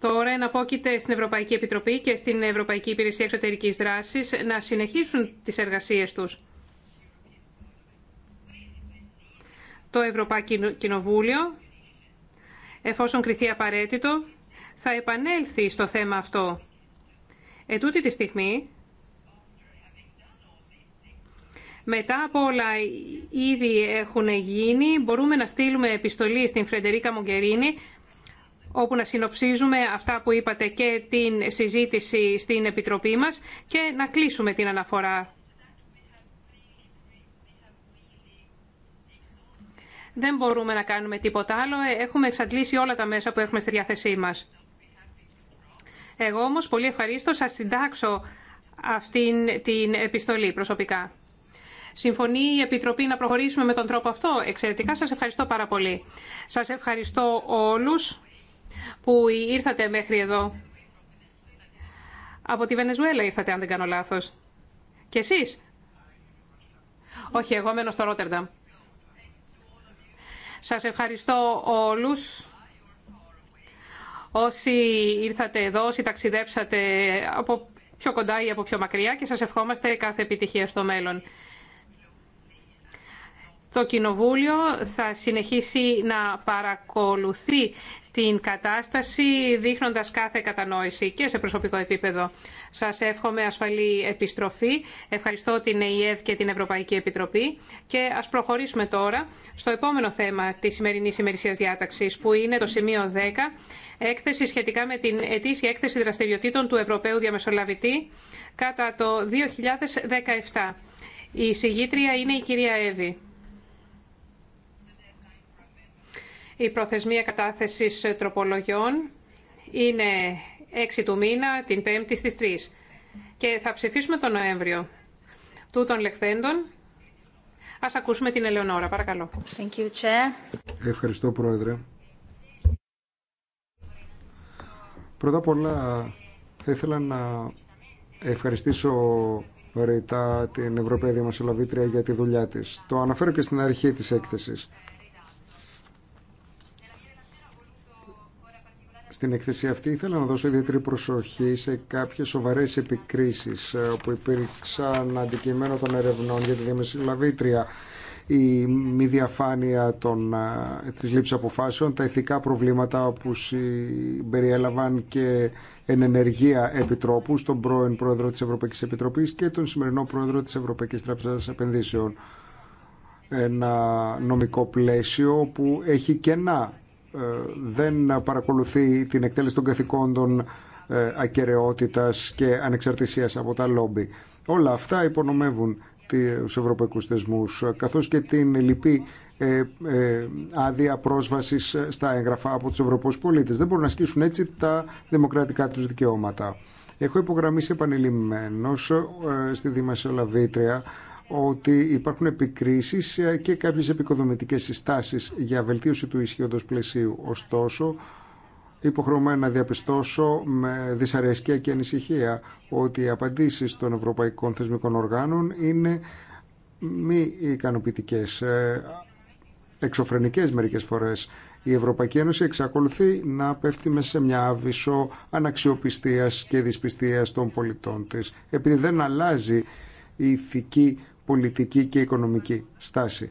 D: Τώρα εναπόκειται στην Ευρωπαϊκή Επιτροπή και στην Ευρωπαϊκή Υπηρεσία Εξωτερικής Δράσης να συνεχίσουν τις εργασίες τους. Το Ευρωπαϊκό Κοινοβούλιο εφόσον κριθεί απαραίτητο, θα επανέλθει στο θέμα αυτό. Ετούτη τη στιγμή, μετά από όλα ήδη έχουν γίνει, μπορούμε να στείλουμε επιστολή στην Φρεντερίκα Μογκερίνη, όπου να συνοψίζουμε αυτά που είπατε και την συζήτηση στην Επιτροπή μας και να κλείσουμε την αναφορά. δεν μπορούμε να κάνουμε τίποτα άλλο. Έχουμε εξαντλήσει όλα τα μέσα που έχουμε στη διάθεσή μας. Εγώ όμως πολύ ευχαρίστω σας συντάξω αυτήν την επιστολή προσωπικά. Συμφωνεί η Επιτροπή να προχωρήσουμε με τον τρόπο αυτό. Εξαιρετικά σας ευχαριστώ πάρα πολύ. Σας ευχαριστώ όλους που ήρθατε μέχρι εδώ. Από τη Βενεζουέλα ήρθατε αν δεν κάνω λάθος. Και εσείς. Όχι, εγώ μένω στο Ρότερνταμ. Σας ευχαριστώ όλους. Όσοι ήρθατε εδώ, όσοι ταξιδέψατε από πιο κοντά ή από πιο μακριά και σας ευχόμαστε κάθε επιτυχία στο μέλλον. Το Κοινοβούλιο θα συνεχίσει να παρακολουθεί την κατάσταση δείχνοντας κάθε κατανόηση και σε προσωπικό επίπεδο. Σας εύχομαι ασφαλή επιστροφή. Ευχαριστώ την ΕΙΕΔ και την Ευρωπαϊκή Επιτροπή και ας προχωρήσουμε τώρα στο επόμενο θέμα τη σημερινή ημερησίας διάταξης που είναι το σημείο 10 έκθεση σχετικά με την ετήσια έκθεση δραστηριοτήτων του Ευρωπαίου Διαμεσολαβητή κατά το 2017. Η συγγήτρια είναι η κυρία Εύη. Η προθεσμία κατάθεσης τροπολογιών είναι 6 του μήνα, την 5η στις 3. Και θα ψηφίσουμε τον Νοέμβριο. Τούτων λεχθέντων, ας ακούσουμε την Ελεονόρα, παρακαλώ. Thank you, Chair.
B: Ευχαριστώ, Πρόεδρε. Πρώτα απ' όλα, θα ήθελα να ευχαριστήσω ρητά την Ευρωπαϊκή Δημοσιολαβήτρια για τη δουλειά της. Το αναφέρω και στην αρχή της έκθεσης. Στην έκθεση αυτή ήθελα να δώσω ιδιαίτερη προσοχή σε κάποιες σοβαρές επικρίσεις ε, που υπήρξαν αντικείμενο των ερευνών για τη διαμεσολαβήτρια η μη διαφάνεια των, ε, της λήψης αποφάσεων, τα ηθικά προβλήματα που περιέλαβαν και εν ενεργεία επιτρόπους, τον πρώην πρόεδρο της Ευρωπαϊκής Επιτροπής και τον σημερινό πρόεδρο της Ευρωπαϊκής Τράπεζας Επενδύσεων. Ένα νομικό πλαίσιο που έχει κενά ε, δεν παρακολουθεί την εκτέλεση των καθηκόντων ε, ακεραιότητας και ανεξαρτησίας από τα λόμπι. Όλα αυτά υπονομεύουν τους ευρωπαϊκούς θεσμούς, καθώς και την λυπή ε, ε άδεια πρόσβασης στα έγγραφα από τους ευρωπαίους πολίτες. Δεν μπορούν να ασκήσουν έτσι τα δημοκρατικά τους δικαιώματα. Έχω υπογραμμίσει επανειλημμένως στη στη Λαβήτρια ότι υπάρχουν επικρίσεις ε, και κάποιες επικοδομητικές συστάσεις για βελτίωση του ισχύοντος πλαισίου. Ωστόσο, υποχρεωμένα να διαπιστώσω με δυσαρέσκεια και ανησυχία ότι οι απαντήσεις των ευρωπαϊκών θεσμικών οργάνων είναι μη ικανοποιητικέ, ε, εξωφρενικές μερικές φορές. Η Ευρωπαϊκή Ένωση εξακολουθεί να πέφτει σε μια άβυσο αναξιοπιστίας και δυσπιστίας των πολιτών της, επειδή δεν αλλάζει η ηθική πολιτική και οικονομική στάση.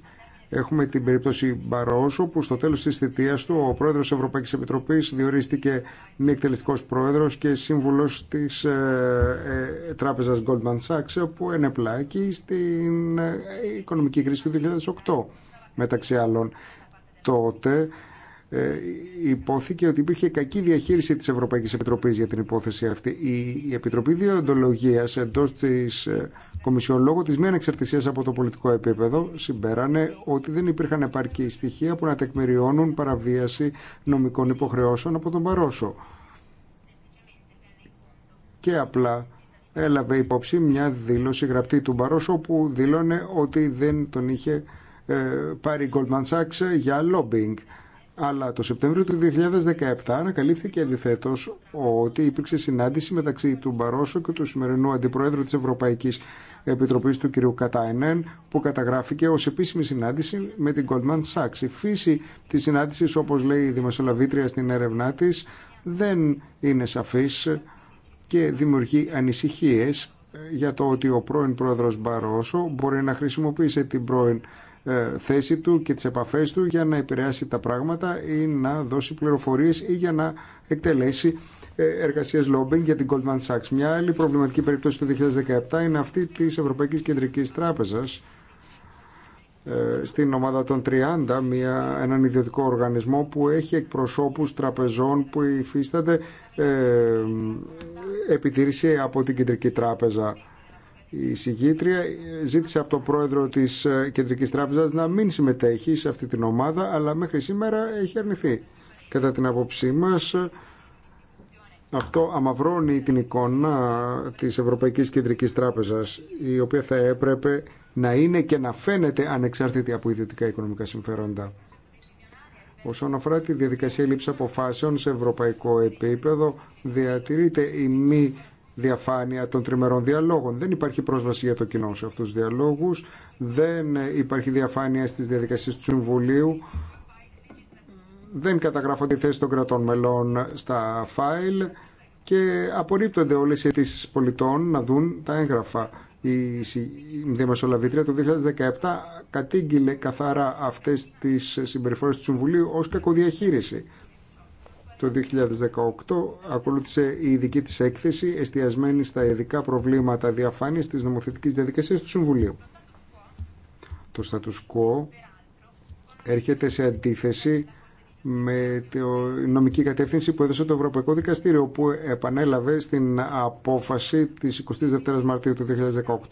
B: Έχουμε την περίπτωση Μπαρόσου που στο τέλος της θητείας του ο πρόεδρος της Ευρωπαϊκής Επιτροπής διορίστηκε μη εκτελεστικός πρόεδρος και σύμβουλος της ε, ε τράπεζας Goldman Sachs που ενεπλάκη στην ε, οικονομική κρίση του 2008 μεταξύ άλλων. Τότε ε, υπόθηκε ότι υπήρχε κακή διαχείριση της Ευρωπαϊκής Επιτροπής για την υπόθεση αυτή. Η, η Επιτροπή Διοντολογίας εντός της Κομισιόν λόγω της μη ανεξαρτησία από το πολιτικό επίπεδο συμπέρανε ότι δεν υπήρχαν επαρκή στοιχεία που να τεκμηριώνουν παραβίαση νομικών υποχρεώσεων από τον Παρόσο και απλά έλαβε υπόψη μια δήλωση γραπτή του Μπαρόσο που δήλωνε ότι δεν τον είχε ε, πάρει η Goldman Sachs για lobbying. Αλλά το Σεπτέμβριο του 2017 ανακαλύφθηκε αντιθέτω ότι υπήρξε συνάντηση μεταξύ του Μπαρόσο και του σημερινού Αντιπρόεδρου τη Ευρωπαϊκή Επιτροπή του κ. Κατάινεν, που καταγράφηκε ω επίσημη συνάντηση με την Goldman Sachs. Η φύση τη συνάντηση, όπω λέει η δημοσιολαβήτρια στην έρευνά τη, δεν είναι σαφή και δημιουργεί ανησυχίε για το ότι ο πρώην πρόεδρος Μπαρόσο μπορεί να χρησιμοποιήσει την πρώην ε, θέση του και τις επαφές του για να επηρεάσει τα πράγματα ή να δώσει πληροφορίες ή για να εκτελέσει ε, εργασίε lobbying για την Goldman Sachs. Μια άλλη προβληματική περίπτωση του 2017 είναι αυτή τη Ευρωπαϊκή Κεντρική Τράπεζα ε, στην ομάδα των 30, μια, έναν ιδιωτικό οργανισμό που έχει εκπροσώπους τραπεζών που υφίστανται ε, επιτήρηση από την Κεντρική Τράπεζα. Η συγκήτρια ζήτησε από τον πρόεδρο της ε, Κεντρικής Τράπεζας να μην συμμετέχει σε αυτή την ομάδα, αλλά μέχρι σήμερα έχει αρνηθεί. Κατά την άποψή μας, ε, αυτό αμαυρώνει την εικόνα ε, της Ευρωπαϊκής Κεντρικής Τράπεζας, η οποία θα έπρεπε να είναι και να φαίνεται ανεξάρτητη από ιδιωτικά οικονομικά συμφέροντα. Όσον αφορά τη διαδικασία λήψη αποφάσεων σε ευρωπαϊκό επίπεδο, διατηρείται η μη διαφάνεια των τριμερών διαλόγων. Δεν υπάρχει πρόσβαση για το κοινό σε αυτούς τους διαλόγους, δεν υπάρχει διαφάνεια στις διαδικασίες του Συμβουλίου, δεν καταγράφονται οι θέσεις των κρατών μελών στα φάιλ και απορρίπτονται όλες οι αιτήσει πολιτών να δουν τα έγγραφα. Η Διαμεσολαβήτρια το 2017 κατήγγειλε καθαρά αυτές τις συμπεριφορές του Συμβουλίου ως κακοδιαχείριση. Το 2018 ακολούθησε η ειδική της έκθεση εστιασμένη στα ειδικά προβλήματα διαφάνειας της νομοθετικής διαδικασίας του Συμβουλίου. Το status quo έρχεται σε αντίθεση με τη νομική κατεύθυνση που έδωσε το Ευρωπαϊκό Δικαστήριο που επανέλαβε στην απόφαση της 22ης Μαρτίου του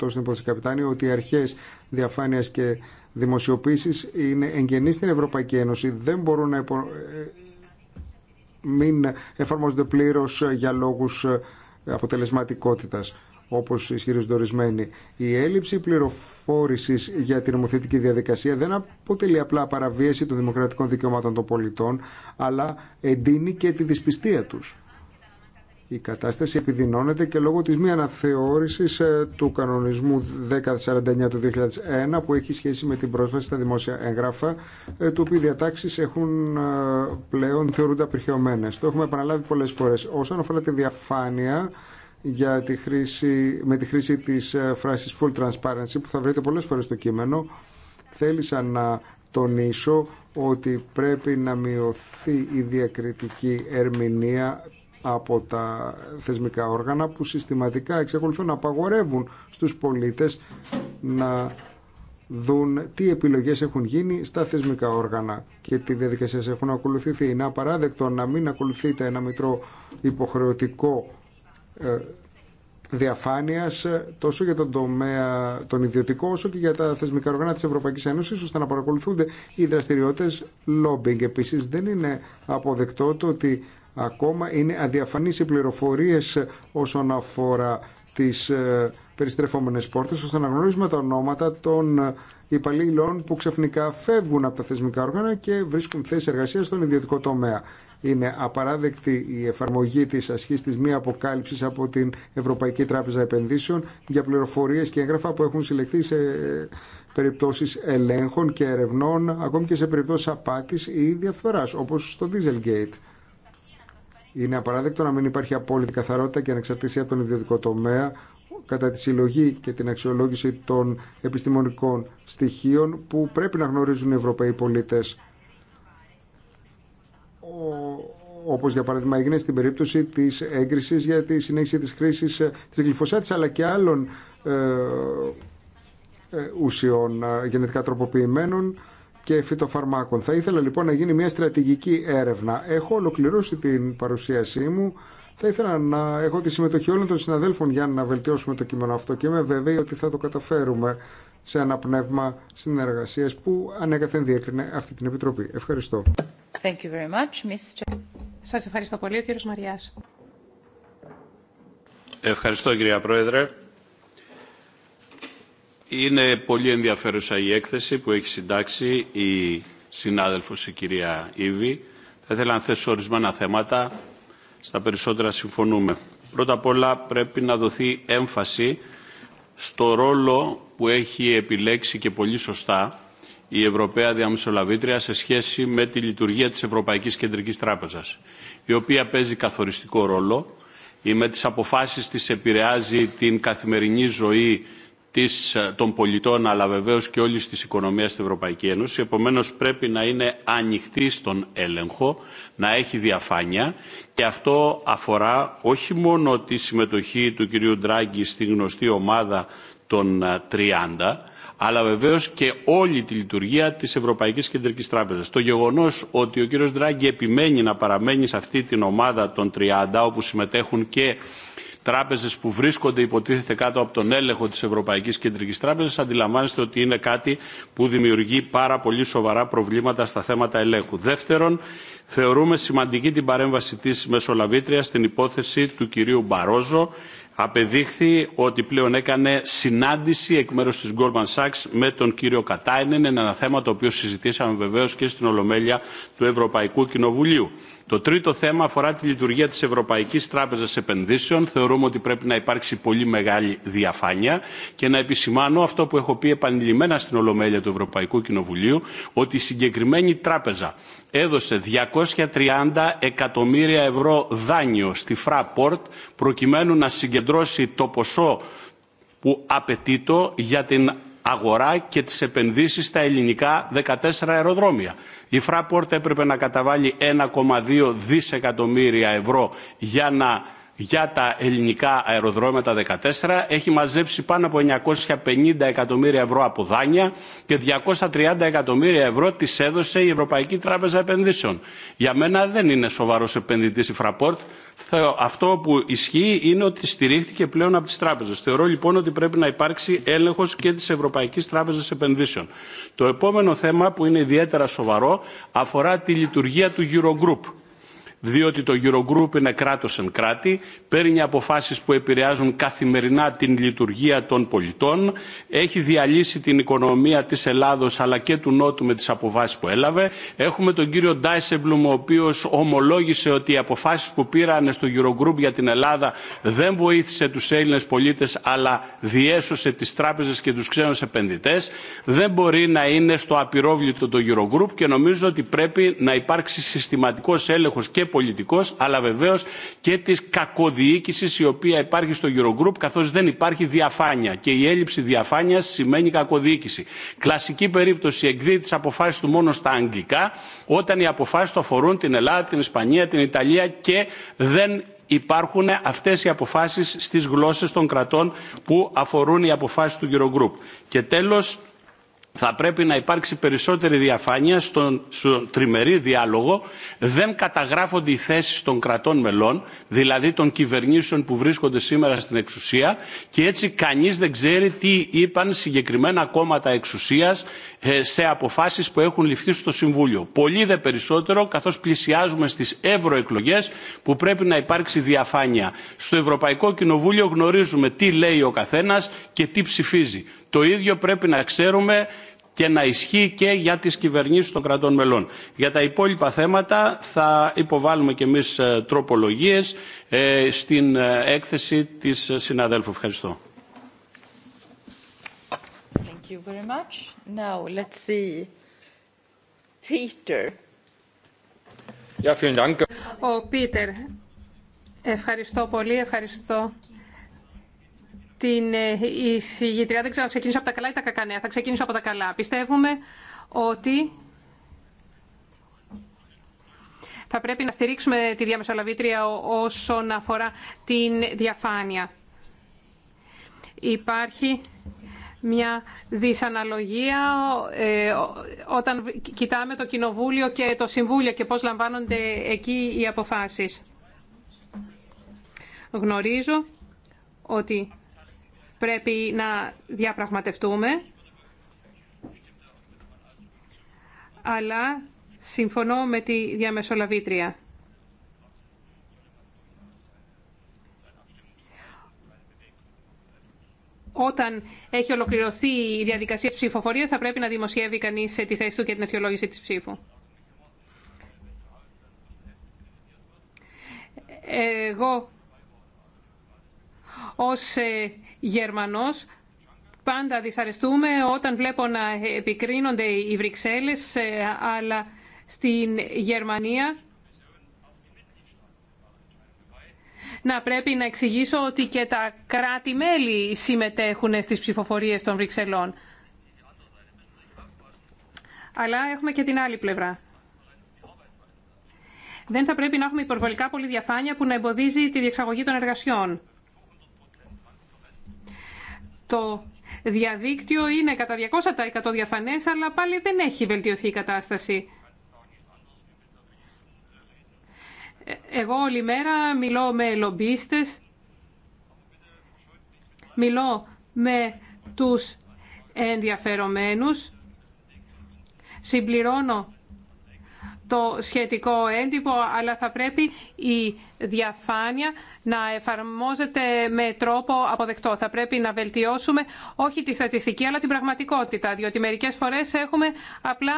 B: 2018 στην υπόθεση Καπιτάνη ότι οι αρχές διαφάνειας και δημοσιοποίησης είναι εγγενείς στην Ευρωπαϊκή Ένωση δεν μπορούν να μην εφαρμόζονται πλήρω για λόγους ε, αποτελεσματικότητας όπως ισχυρίζονται ορισμένοι. Η έλλειψη πληροφόρησης για την νομοθετική διαδικασία δεν αποτελεί απλά παραβίαση των δημοκρατικών δικαιωμάτων των πολιτών, αλλά εντείνει και τη δυσπιστία τους. Η κατάσταση επιδεινώνεται και λόγω της μη αναθεώρησης ε, του κανονισμού 1049 του 2001 που έχει σχέση με την πρόσβαση στα δημόσια έγγραφα, ε, του οποίου οι διατάξεις έχουν ε, πλέον θεωρούνται απερχαιωμένες. Το έχουμε επαναλάβει πολλές φορές. Όσον αφορά τη διαφάνεια, για τη χρήση, με τη χρήση της φράσης full transparency που θα βρείτε πολλές φορές στο κείμενο θέλησα να τονίσω ότι πρέπει να μειωθεί η διακριτική ερμηνεία από τα θεσμικά όργανα που συστηματικά εξακολουθούν να απαγορεύουν στους πολίτες να δουν τι επιλογές έχουν γίνει στα θεσμικά όργανα και τι διαδικασίε έχουν ακολουθηθεί. Είναι απαράδεκτο να μην ακολουθείται ένα μητρό υποχρεωτικό ε, διαφάνειας ε, τόσο για τον τομέα τον ιδιωτικό όσο και για τα θεσμικά οργάνα της Ευρωπαϊκής Ένωσης ώστε να παρακολουθούνται οι δραστηριότητες lobbying. Επίσης δεν είναι αποδεκτό το ότι Ακόμα είναι αδιαφανείς οι πληροφορίες όσον αφορά τις ε, περιστρεφόμενες πόρτες ώστε να γνωρίζουμε τα ονόματα των ε, υπαλλήλων που ξαφνικά φεύγουν από τα θεσμικά όργανα και βρίσκουν θέσεις εργασίας στον ιδιωτικό τομέα. Είναι απαράδεκτη η εφαρμογή τη ασχή τη μη αποκάλυψη από την Ευρωπαϊκή Τράπεζα Επενδύσεων για πληροφορίε και έγγραφα που έχουν συλλεχθεί σε ε, περιπτώσει ελέγχων και ερευνών, ακόμη και σε περιπτώσει απάτη ή διαφθορά, όπω στο Dieselgate. Είναι απαράδεκτο να μην υπάρχει απόλυτη καθαρότητα και ανεξαρτησία από τον ιδιωτικό τομέα κατά τη συλλογή και την αξιολόγηση των επιστημονικών στοιχείων που πρέπει να γνωρίζουν οι Ευρωπαίοι πολίτες. Όπως για παράδειγμα έγινε στην περίπτωση της έγκρισης για τη συνέχιση της χρήσης ε, της γλυφωσάτης αλλά και άλλων ε, ε, ουσιών γενετικά τροποποιημένων και φυτοφαρμάκων. Θα ήθελα λοιπόν να γίνει μια στρατηγική έρευνα. Έχω ολοκληρώσει την παρουσίασή μου. Θα ήθελα να έχω τη συμμετοχή όλων των συναδέλφων για να βελτιώσουμε το κείμενο αυτό και είμαι βέβαιη ότι θα το καταφέρουμε σε ένα πνεύμα συνεργασίας που ανέκαθεν διέκρινε αυτή την Επιτροπή. Ευχαριστώ.
E: Thank ευχαριστώ
D: πολύ, ο
C: Ευχαριστώ, κυρία Πρόεδρε. Είναι πολύ ενδιαφέρουσα η έκθεση που έχει συντάξει η συνάδελφος η κυρία Ήβη. Θα ήθελα να θέσω ορισμένα θέματα. Στα περισσότερα συμφωνούμε. Πρώτα απ' όλα πρέπει να δοθεί έμφαση στο ρόλο που έχει επιλέξει και πολύ σωστά η Ευρωπαία Διαμεσολαβήτρια σε σχέση με τη λειτουργία της Ευρωπαϊκής Κεντρικής Τράπεζας, η οποία παίζει καθοριστικό ρόλο ή με τις αποφάσεις της επηρεάζει την καθημερινή ζωή ε, των πολιτών αλλά βεβαίως και όλης της οικονομίας στην Ευρωπαϊκή Ένωση. Επομένως πρέπει να είναι ανοιχτή στον έλεγχο, να έχει διαφάνεια και αυτό αφορά όχι μόνο τη συμμετοχή του κυρίου Ντράγκη στη γνωστή ομάδα των 30, ε, αλλά βεβαίως και όλη τη λειτουργία της Ευρωπαϊκής Κεντρικής Τράπεζας. Το γεγονός ότι ο κύριος Ντράγκη επιμένει να παραμένει σε αυτή την ομάδα των 30 όπου συμμετέχουν και τράπεζες που βρίσκονται υποτίθεται κάτω από τον έλεγχο της Ευρωπαϊκής Κεντρικής Τράπεζας αντιλαμβάνεστε ότι είναι κάτι που δημιουργεί πάρα πολύ σοβαρά προβλήματα στα θέματα ελέγχου. Δεύτερον, θεωρούμε σημαντική την παρέμβαση της Μεσολαβήτριας στην υπόθεση του κυρίου Μπαρόζο απεδείχθη ότι πλέον έκανε συνάντηση εκ μέρους της Goldman Sachs με τον κύριο Κατάινεν, ένα θέμα το οποίο συζητήσαμε βεβαίως και στην Ολομέλεια του Ευρωπαϊκού Κοινοβουλίου. Το τρίτο θέμα αφορά τη λειτουργία της Ευρωπαϊκής Τράπεζας Επενδύσεων. Θεωρούμε ότι πρέπει να υπάρξει πολύ μεγάλη διαφάνεια και να επισημάνω αυτό που έχω πει επανειλημμένα στην Ολομέλεια του Ευρωπαϊκού Κοινοβουλίου, ότι η συγκεκριμένη τράπεζα έδωσε 230 εκατομμύρια ευρώ δάνειο στη Fraport προκειμένου να συγκεντρώσει το ποσό που απαιτείται για την αγορά και τις επενδύσεις στα ελληνικά 14 αεροδρόμια. Η Fraport έπρεπε να καταβάλει 1,2 δισεκατομμύρια ευρώ για να για τα ελληνικά αεροδρόμια τα 14 έχει μαζέψει πάνω από 950 εκατομμύρια ευρώ από δάνεια και 230 εκατομμύρια ευρώ τη έδωσε η Ευρωπαϊκή Τράπεζα Επενδύσεων. Για μένα δεν είναι σοβαρός επενδυτής η Fraport. Αυτό που ισχύει είναι ότι στηρίχθηκε πλέον από τις τράπεζες. Θεωρώ λοιπόν ότι πρέπει να υπάρξει έλεγχος και της Ευρωπαϊκής Τράπεζας Επενδύσεων. Το επόμενο θέμα που είναι ιδιαίτερα σοβαρό αφορά τη λειτουργία του Eurogroup διότι το Eurogroup είναι κράτο εν κράτη, παίρνει αποφάσει που επηρεάζουν καθημερινά την λειτουργία των πολιτών, έχει διαλύσει την οικονομία τη Ελλάδο, αλλά και του Νότου με τι αποφάσει που έλαβε. Έχουμε τον κύριο Ντάισεμπλουμ ο οποίο ομολόγησε ότι οι αποφάσει που πήραν στο Eurogroup για την Ελλάδα δεν βοήθησε του Έλληνε πολίτε, αλλά διέσωσε τι τράπεζε και του ξένου επενδυτέ. Δεν μπορεί να είναι στο απειρόβλητο το Eurogroup και νομίζω ότι πρέπει να υπάρξει συστηματικό έλεγχο και πολιτικός αλλά βεβαίω και τη κακοδιοίκηση, η οποία υπάρχει στο Eurogroup καθώς δεν υπάρχει διαφάνεια και η έλλειψη διαφάνειας σημαίνει κακοδιοίκηση. Κλασική περίπτωση εκδίδει τις αποφάσεις του μόνο στα αγγλικά όταν οι αποφάσει του αφορούν την Ελλάδα, την Ισπανία, την Ιταλία και δεν υπάρχουν αυτές οι αποφάσεις στις γλώσσες των κρατών που αφορούν οι αποφάσεις του Eurogroup. Και τέλος, θα πρέπει να υπάρξει περισσότερη διαφάνεια στον, τριμερή διάλογο δεν καταγράφονται οι θέσεις των κρατών μελών δηλαδή των κυβερνήσεων που βρίσκονται σήμερα στην εξουσία και έτσι κανείς δεν ξέρει τι είπαν συγκεκριμένα κόμματα εξουσίας ε, σε αποφάσεις που έχουν ληφθεί στο Συμβούλιο. Πολύ δε περισσότερο καθώς πλησιάζουμε στις ευρωεκλογές που πρέπει να υπάρξει διαφάνεια. Στο Ευρωπαϊκό Κοινοβούλιο γνωρίζουμε τι λέει ο καθένας και τι ψηφίζει. Το ίδιο πρέπει να ξέρουμε και να ισχύει και για τις κυβερνήσεις των κρατών μελών. Για τα υπόλοιπα θέματα θα υποβάλουμε και εμείς ε, τροπολογίες ε, στην έκθεση της συναδέλφου. Ευχαριστώ.
E: Thank you very much. Now, let's see. Ο Πίτερ,
D: ευχαριστώ πολύ, ευχαριστώ την εισηγητρία. Δεν ξέρω να ξεκινήσω από τα καλά ή τα κακά Θα ξεκινήσω από τα καλά. Πιστεύουμε ότι θα πρέπει να στηρίξουμε τη διαμεσολαβήτρια όσον αφορά την διαφάνεια. Υπάρχει μια δυσαναλογία ε, όταν κοιτάμε το Κοινοβούλιο και το Συμβούλιο και πώς λαμβάνονται εκεί οι αποφάσεις. Γνωρίζω ότι πρέπει να διαπραγματευτούμε, αλλά συμφωνώ με τη διαμεσολαβήτρια. όταν έχει ολοκληρωθεί η διαδικασία της ψηφοφορίας θα πρέπει να δημοσιεύει κανείς τη θέση του και την αιτιολόγηση της ψήφου. Εγώ ως ε, Γερμανός πάντα δυσαρεστούμε όταν βλέπω να επικρίνονται οι Βρυξέλλες ε, αλλά στην Γερμανία να πρέπει να εξηγήσω ότι και τα κράτη-μέλη συμμετέχουν στις ψηφοφορίες των Βρυξελών. Αλλά έχουμε και την άλλη πλευρά. Δεν θα πρέπει να έχουμε υπερβολικά πολύ διαφάνεια που να εμποδίζει τη διεξαγωγή των εργασιών. Το διαδίκτυο είναι κατά 200% διαφανές, αλλά πάλι δεν έχει βελτιωθεί η κατάσταση. Εγώ όλη μέρα μιλώ με λομπίστες, μιλώ με τους ενδιαφερομένους, συμπληρώνω το σχετικό έντυπο, αλλά θα πρέπει η διαφάνεια να εφαρμόζεται με τρόπο αποδεκτό. Θα πρέπει να βελτιώσουμε όχι τη στατιστική, αλλά την πραγματικότητα, διότι μερικές φορές έχουμε απλά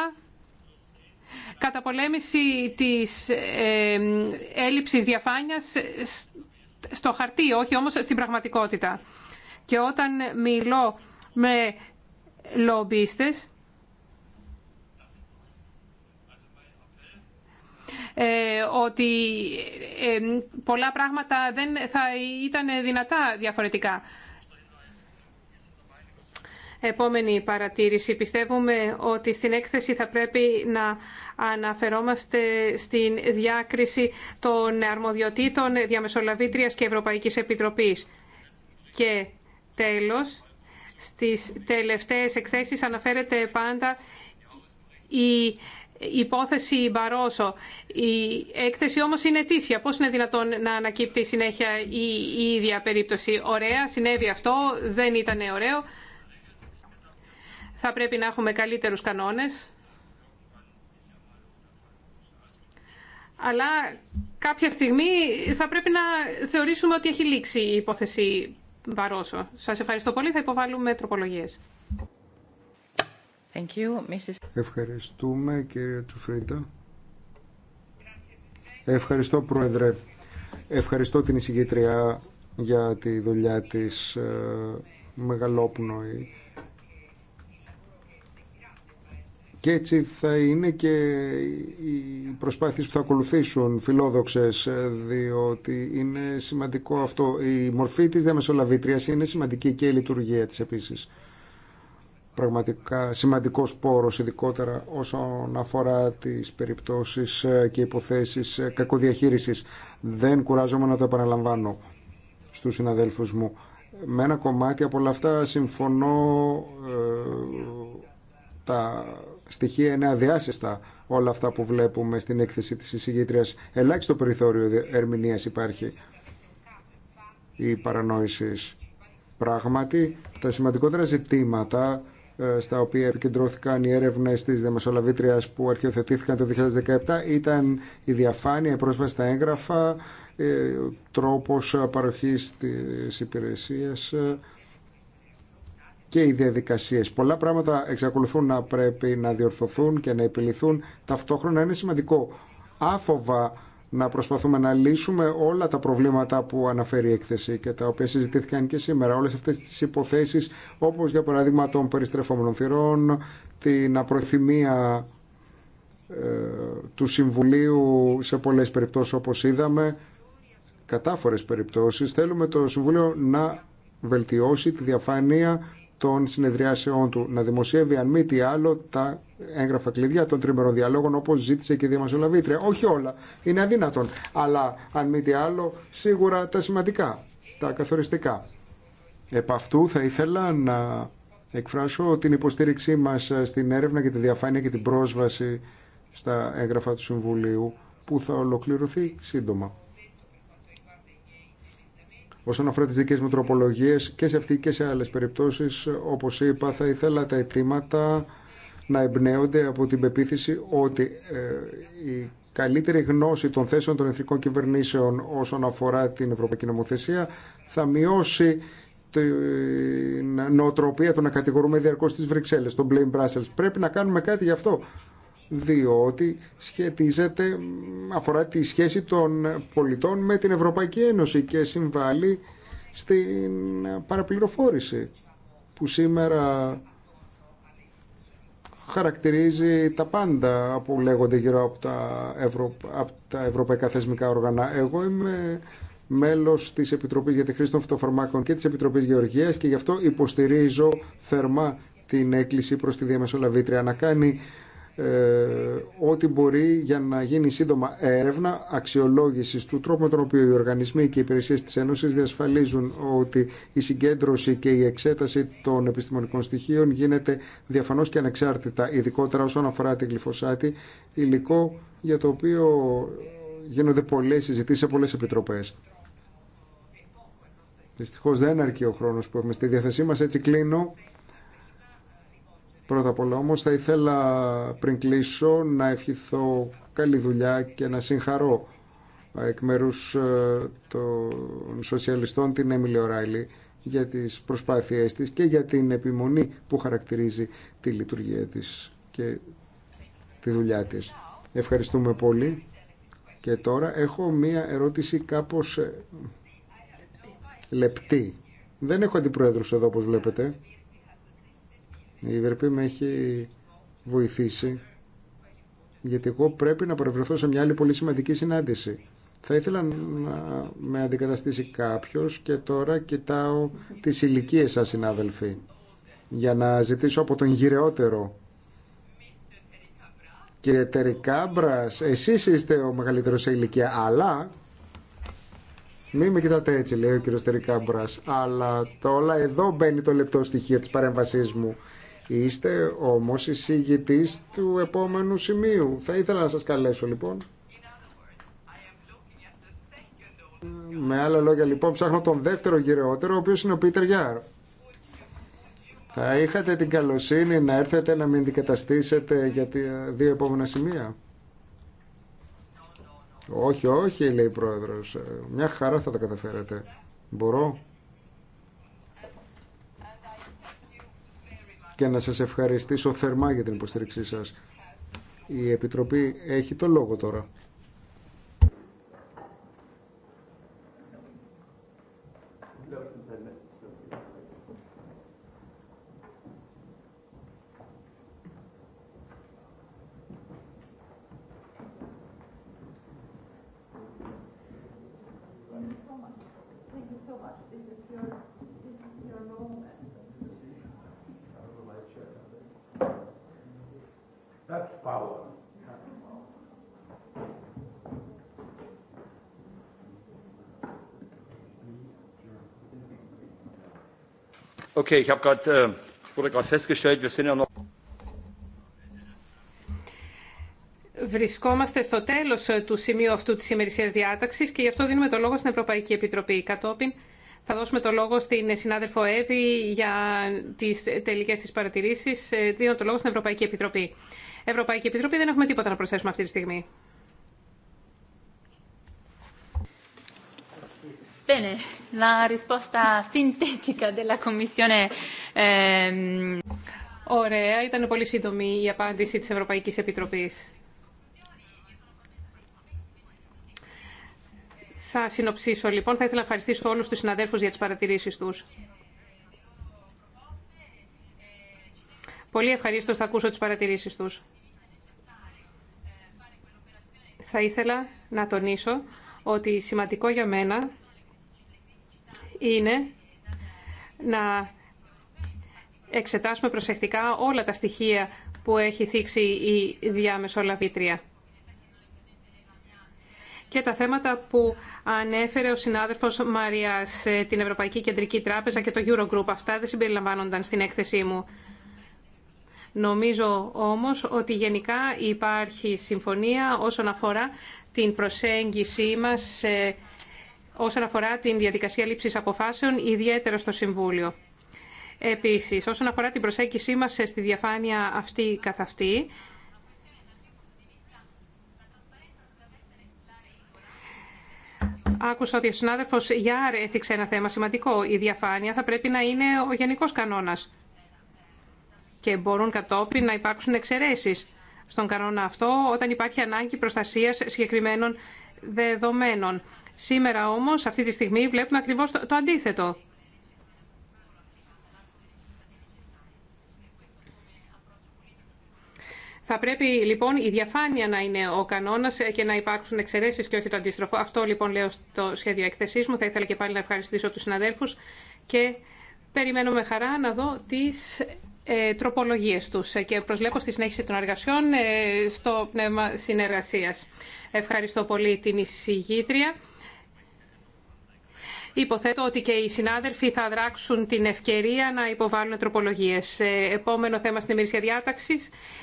D: καταπολέμηση της ε, έλλειψης διαφάνειας στο χαρτί, όχι όμως στην πραγματικότητα. Και όταν μιλώ με λομπίστες, ε, ότι ε, πολλά πράγματα δεν θα ήταν δυνατά διαφορετικά. Επόμενη παρατήρηση. Πιστεύουμε ότι στην έκθεση θα πρέπει να αναφερόμαστε στην διάκριση των αρμοδιοτήτων διαμεσολαβήτριας και Ευρωπαϊκής Επιτροπής. Και τέλος, στις τελευταίες εκθέσεις αναφέρεται πάντα η υπόθεση Μπαρόσο. Η έκθεση όμως είναι αιτήσια. Πώς είναι δυνατόν να ανακύπτει συνέχεια η, η ίδια περίπτωση. Ωραία, συνέβη αυτό, δεν ήταν ωραίο. Θα πρέπει να έχουμε καλύτερους κανόνες. Αλλά κάποια στιγμή θα πρέπει να θεωρήσουμε ότι έχει λήξει η υπόθεση Βαρόσο. Σας ευχαριστώ πολύ. Θα υποβάλουμε τροπολογίες.
E: Thank you, Mrs.
B: Ευχαριστούμε κύριε Τσουφρίντα. Ευχαριστώ Πρόεδρε. Ευχαριστώ την εισηγήτρια για τη δουλειά της ε, μεγαλόπνοη. Και έτσι θα είναι και οι προσπάθειες που θα ακολουθήσουν φιλόδοξες, ε, διότι είναι σημαντικό αυτό. Η μορφή της διαμεσολαβήτριας είναι σημαντική και η λειτουργία της επίσης. Πραγματικά σημαντικός πόρος, ειδικότερα όσον αφορά τις περιπτώσεις ε, και υποθέσεις ε, κακοδιαχείρισης. Δεν κουράζομαι να το επαναλαμβάνω στους συναδέλφους μου. Με ένα κομμάτι από όλα αυτά συμφωνώ τα στοιχεία είναι αδιάσυστα όλα αυτά που βλέπουμε στην έκθεση της εισηγήτριας. Ελάχιστο περιθώριο ερμηνείας υπάρχει η παρανόηση. Πράγματι, τα σημαντικότερα ζητήματα ε, στα οποία επικεντρώθηκαν οι έρευνε τη Δεμεσολαβήτρια που αρχιοθετήθηκαν το 2017 ήταν η διαφάνεια, η πρόσβαση στα έγγραφα, ε, τρόπο παροχή τη υπηρεσία και οι διαδικασίε. Πολλά πράγματα εξακολουθούν να πρέπει να διορθωθούν και να επιληθούν. Ταυτόχρονα είναι σημαντικό άφοβα να προσπαθούμε να λύσουμε όλα τα προβλήματα που αναφέρει η έκθεση και τα οποία συζητήθηκαν και σήμερα. Όλες αυτές τις υποθέσεις όπως για παράδειγμα των περιστρεφόμενων θυρών, την απροθυμία ε, του Συμβουλίου σε πολλέ περιπτώσει όπω είδαμε, κατάφορες περιπτώσεις. Θέλουμε το Συμβουλίο να βελτιώσει τη διαφάνεια των συνεδριάσεών του, να δημοσιεύει αν μη τι άλλο τα έγγραφα κλειδιά των τριμερών διαλόγων όπω ζήτησε και η Όχι όλα, είναι αδύνατον, αλλά αν μη τι άλλο σίγουρα τα σημαντικά, τα καθοριστικά. Επ' αυτού θα ήθελα να εκφράσω την υποστήριξή μας στην έρευνα και τη διαφάνεια και την πρόσβαση στα έγγραφα του Συμβουλίου που θα ολοκληρωθεί σύντομα. Όσον αφορά τι δικέ μου τροπολογίε και σε αυτή και σε άλλε περιπτώσει, όπω είπα, θα ήθελα τα αιτήματα να εμπνέονται από την πεποίθηση ότι ε, η καλύτερη γνώση των θέσεων των εθνικών κυβερνήσεων όσον αφορά την Ευρωπαϊκή Νομοθεσία θα μειώσει την νοοτροπία του να κατηγορούμε διαρκώ τι Βρυξέλλε, τον blame Brussels. Πρέπει να κάνουμε κάτι γι' αυτό διότι σχετίζεται, αφορά τη σχέση των πολιτών με την Ευρωπαϊκή Ένωση και συμβάλλει στην παραπληροφόρηση που σήμερα χαρακτηρίζει τα πάντα που λέγονται γύρω από τα, Ευρω... από τα ευρωπαϊκά θεσμικά όργανα. Εγώ είμαι μέλος της Επιτροπής για τη Χρήση των Φυτοφαρμάκων και της Επιτροπής Γεωργίας και γι' αυτό υποστηρίζω θερμά την έκκληση προς τη Διαμεσολαβήτρια να κάνει ε, ό,τι μπορεί για να γίνει σύντομα έρευνα αξιολόγησης του τρόπου με τον οποίο οι οργανισμοί και οι υπηρεσίες της Ένωσης διασφαλίζουν ότι η συγκέντρωση και η εξέταση των επιστημονικών στοιχείων γίνεται διαφανώς και ανεξάρτητα, ειδικότερα όσον αφορά τη γλυφοσάτη, υλικό για το οποίο γίνονται πολλές συζητήσεις σε πολλές επιτροπές. Δυστυχώ δεν αρκεί ο χρόνος που έχουμε στη διάθεσή μα. Έτσι κλείνω Πρώτα απ' όλα όμως θα ήθελα πριν κλείσω να ευχηθώ καλή δουλειά και να συγχαρώ ε, εκ μέρους ε, των σοσιαλιστών την Έμιλιο Οράιλη για τις προσπάθειές της και για την επιμονή που χαρακτηρίζει τη λειτουργία της και τη δουλειά της. Ευχαριστούμε πολύ. Και τώρα έχω μία ερώτηση κάπως ε, λεπτή. Δεν έχω αντιπρόεδρους εδώ όπως βλέπετε. Η Ευρωπή με έχει βοηθήσει γιατί εγώ πρέπει να προευρεθώ σε μια άλλη πολύ σημαντική συνάντηση. Θα ήθελα να με αντικαταστήσει κάποιος και τώρα κοιτάω τις ηλικίε σας συνάδελφοι για να ζητήσω από τον γυρεότερο. Κύριε Τερικάμπρας, εσείς είστε ο μεγαλύτερος σε ηλικία, αλλά μη με κοιτάτε έτσι, λέει ο κύριο Τερικάμπρα. Αλλά τώρα εδώ μπαίνει το λεπτό στοιχείο τη παρέμβασή μου. Είστε όμως εισηγητής του επόμενου σημείου. Θα ήθελα να σας καλέσω λοιπόν. Με άλλα λόγια λοιπόν ψάχνω τον δεύτερο γυρεότερο, ο οποίος είναι ο Πίτερ Γιάρ. Θα είχατε την καλοσύνη να έρθετε να με αντικαταστήσετε για ε, δύο επόμενα σημεία. Όχι, όχι, λέει η πρόεδρος. Ε, μια χαρά θα τα καταφέρετε. Μπορώ. και να σας ευχαριστήσω θερμά για την υποστήριξή σας. Η Επιτροπή έχει το λόγο τώρα.
D: Βρισκόμαστε στο τέλο ε, του σημείου αυτού τη ημερησίας διάταξη και γι' αυτό δίνουμε το λόγο στην Ευρωπαϊκή Επιτροπή. Κατόπιν θα δώσουμε το λόγο στην συνάδελφο Εύη για τι τελικέ της παρατηρήσει. Ε, δίνω το λόγο στην Ευρωπαϊκή Επιτροπή. Ευρωπαϊκή Επιτροπή δεν έχουμε τίποτα να προσθέσουμε αυτή τη στιγμή. Bene, ehm, Ωραία, ήταν πολύ σύντομη η απάντηση της Ευρωπαϊκής Επιτροπής. Θα συνοψίσω λοιπόν. Θα ήθελα να ευχαριστήσω όλους τους συναδέλφους για τις παρατηρήσεις τους. Πολύ ευχαρίστω θα ακούσω τις παρατηρήσεις τους. Θα ήθελα να τονίσω ότι σημαντικό για μένα είναι να εξετάσουμε προσεκτικά όλα τα στοιχεία που έχει θίξει η διαμεσολαβήτρια και τα θέματα που ανέφερε ο συνάδελφος Μαριάς, ε, την Ευρωπαϊκή Κεντρική Τράπεζα και το Eurogroup. Αυτά δεν συμπεριλαμβάνονταν στην έκθεσή μου. Νομίζω όμως ότι γενικά υπάρχει συμφωνία όσον αφορά την προσέγγιση μας ε, όσον αφορά την διαδικασία λήψης αποφάσεων, ιδιαίτερα στο Συμβούλιο. Επίσης, όσον αφορά την προσέγγισή μας στη διαφάνεια αυτή καθ' αυτή, Άκουσα ότι ο συνάδελφος Γιάρ έθιξε ένα θέμα σημαντικό. Η διαφάνεια θα πρέπει να είναι ο γενικός κανόνας και μπορούν κατόπιν να υπάρξουν εξαιρέσει στον κανόνα αυτό όταν υπάρχει ανάγκη προστασία συγκεκριμένων δεδομένων. Σήμερα όμως, αυτή τη στιγμή, βλέπουμε ακριβώς το, αντίθετο. Θα πρέπει λοιπόν η διαφάνεια να είναι ο κανόνας και να υπάρξουν εξαιρέσει και όχι το αντίστροφο. Αυτό λοιπόν λέω στο σχέδιο εκθεσή μου. Θα ήθελα και πάλι να ευχαριστήσω τους συναδέλφους και περιμένω με χαρά να δω τις ε, τροπολογίε του και προσλέπω στη συνέχιση των εργασιών ε, στο πνεύμα συνεργασίας. Ευχαριστώ πολύ την εισηγήτρια. Υποθέτω ότι και οι συνάδελφοι θα δράξουν την ευκαιρία να υποβάλουν τροπολογίε. Ε, επόμενο θέμα στην ημερήσια διάταξη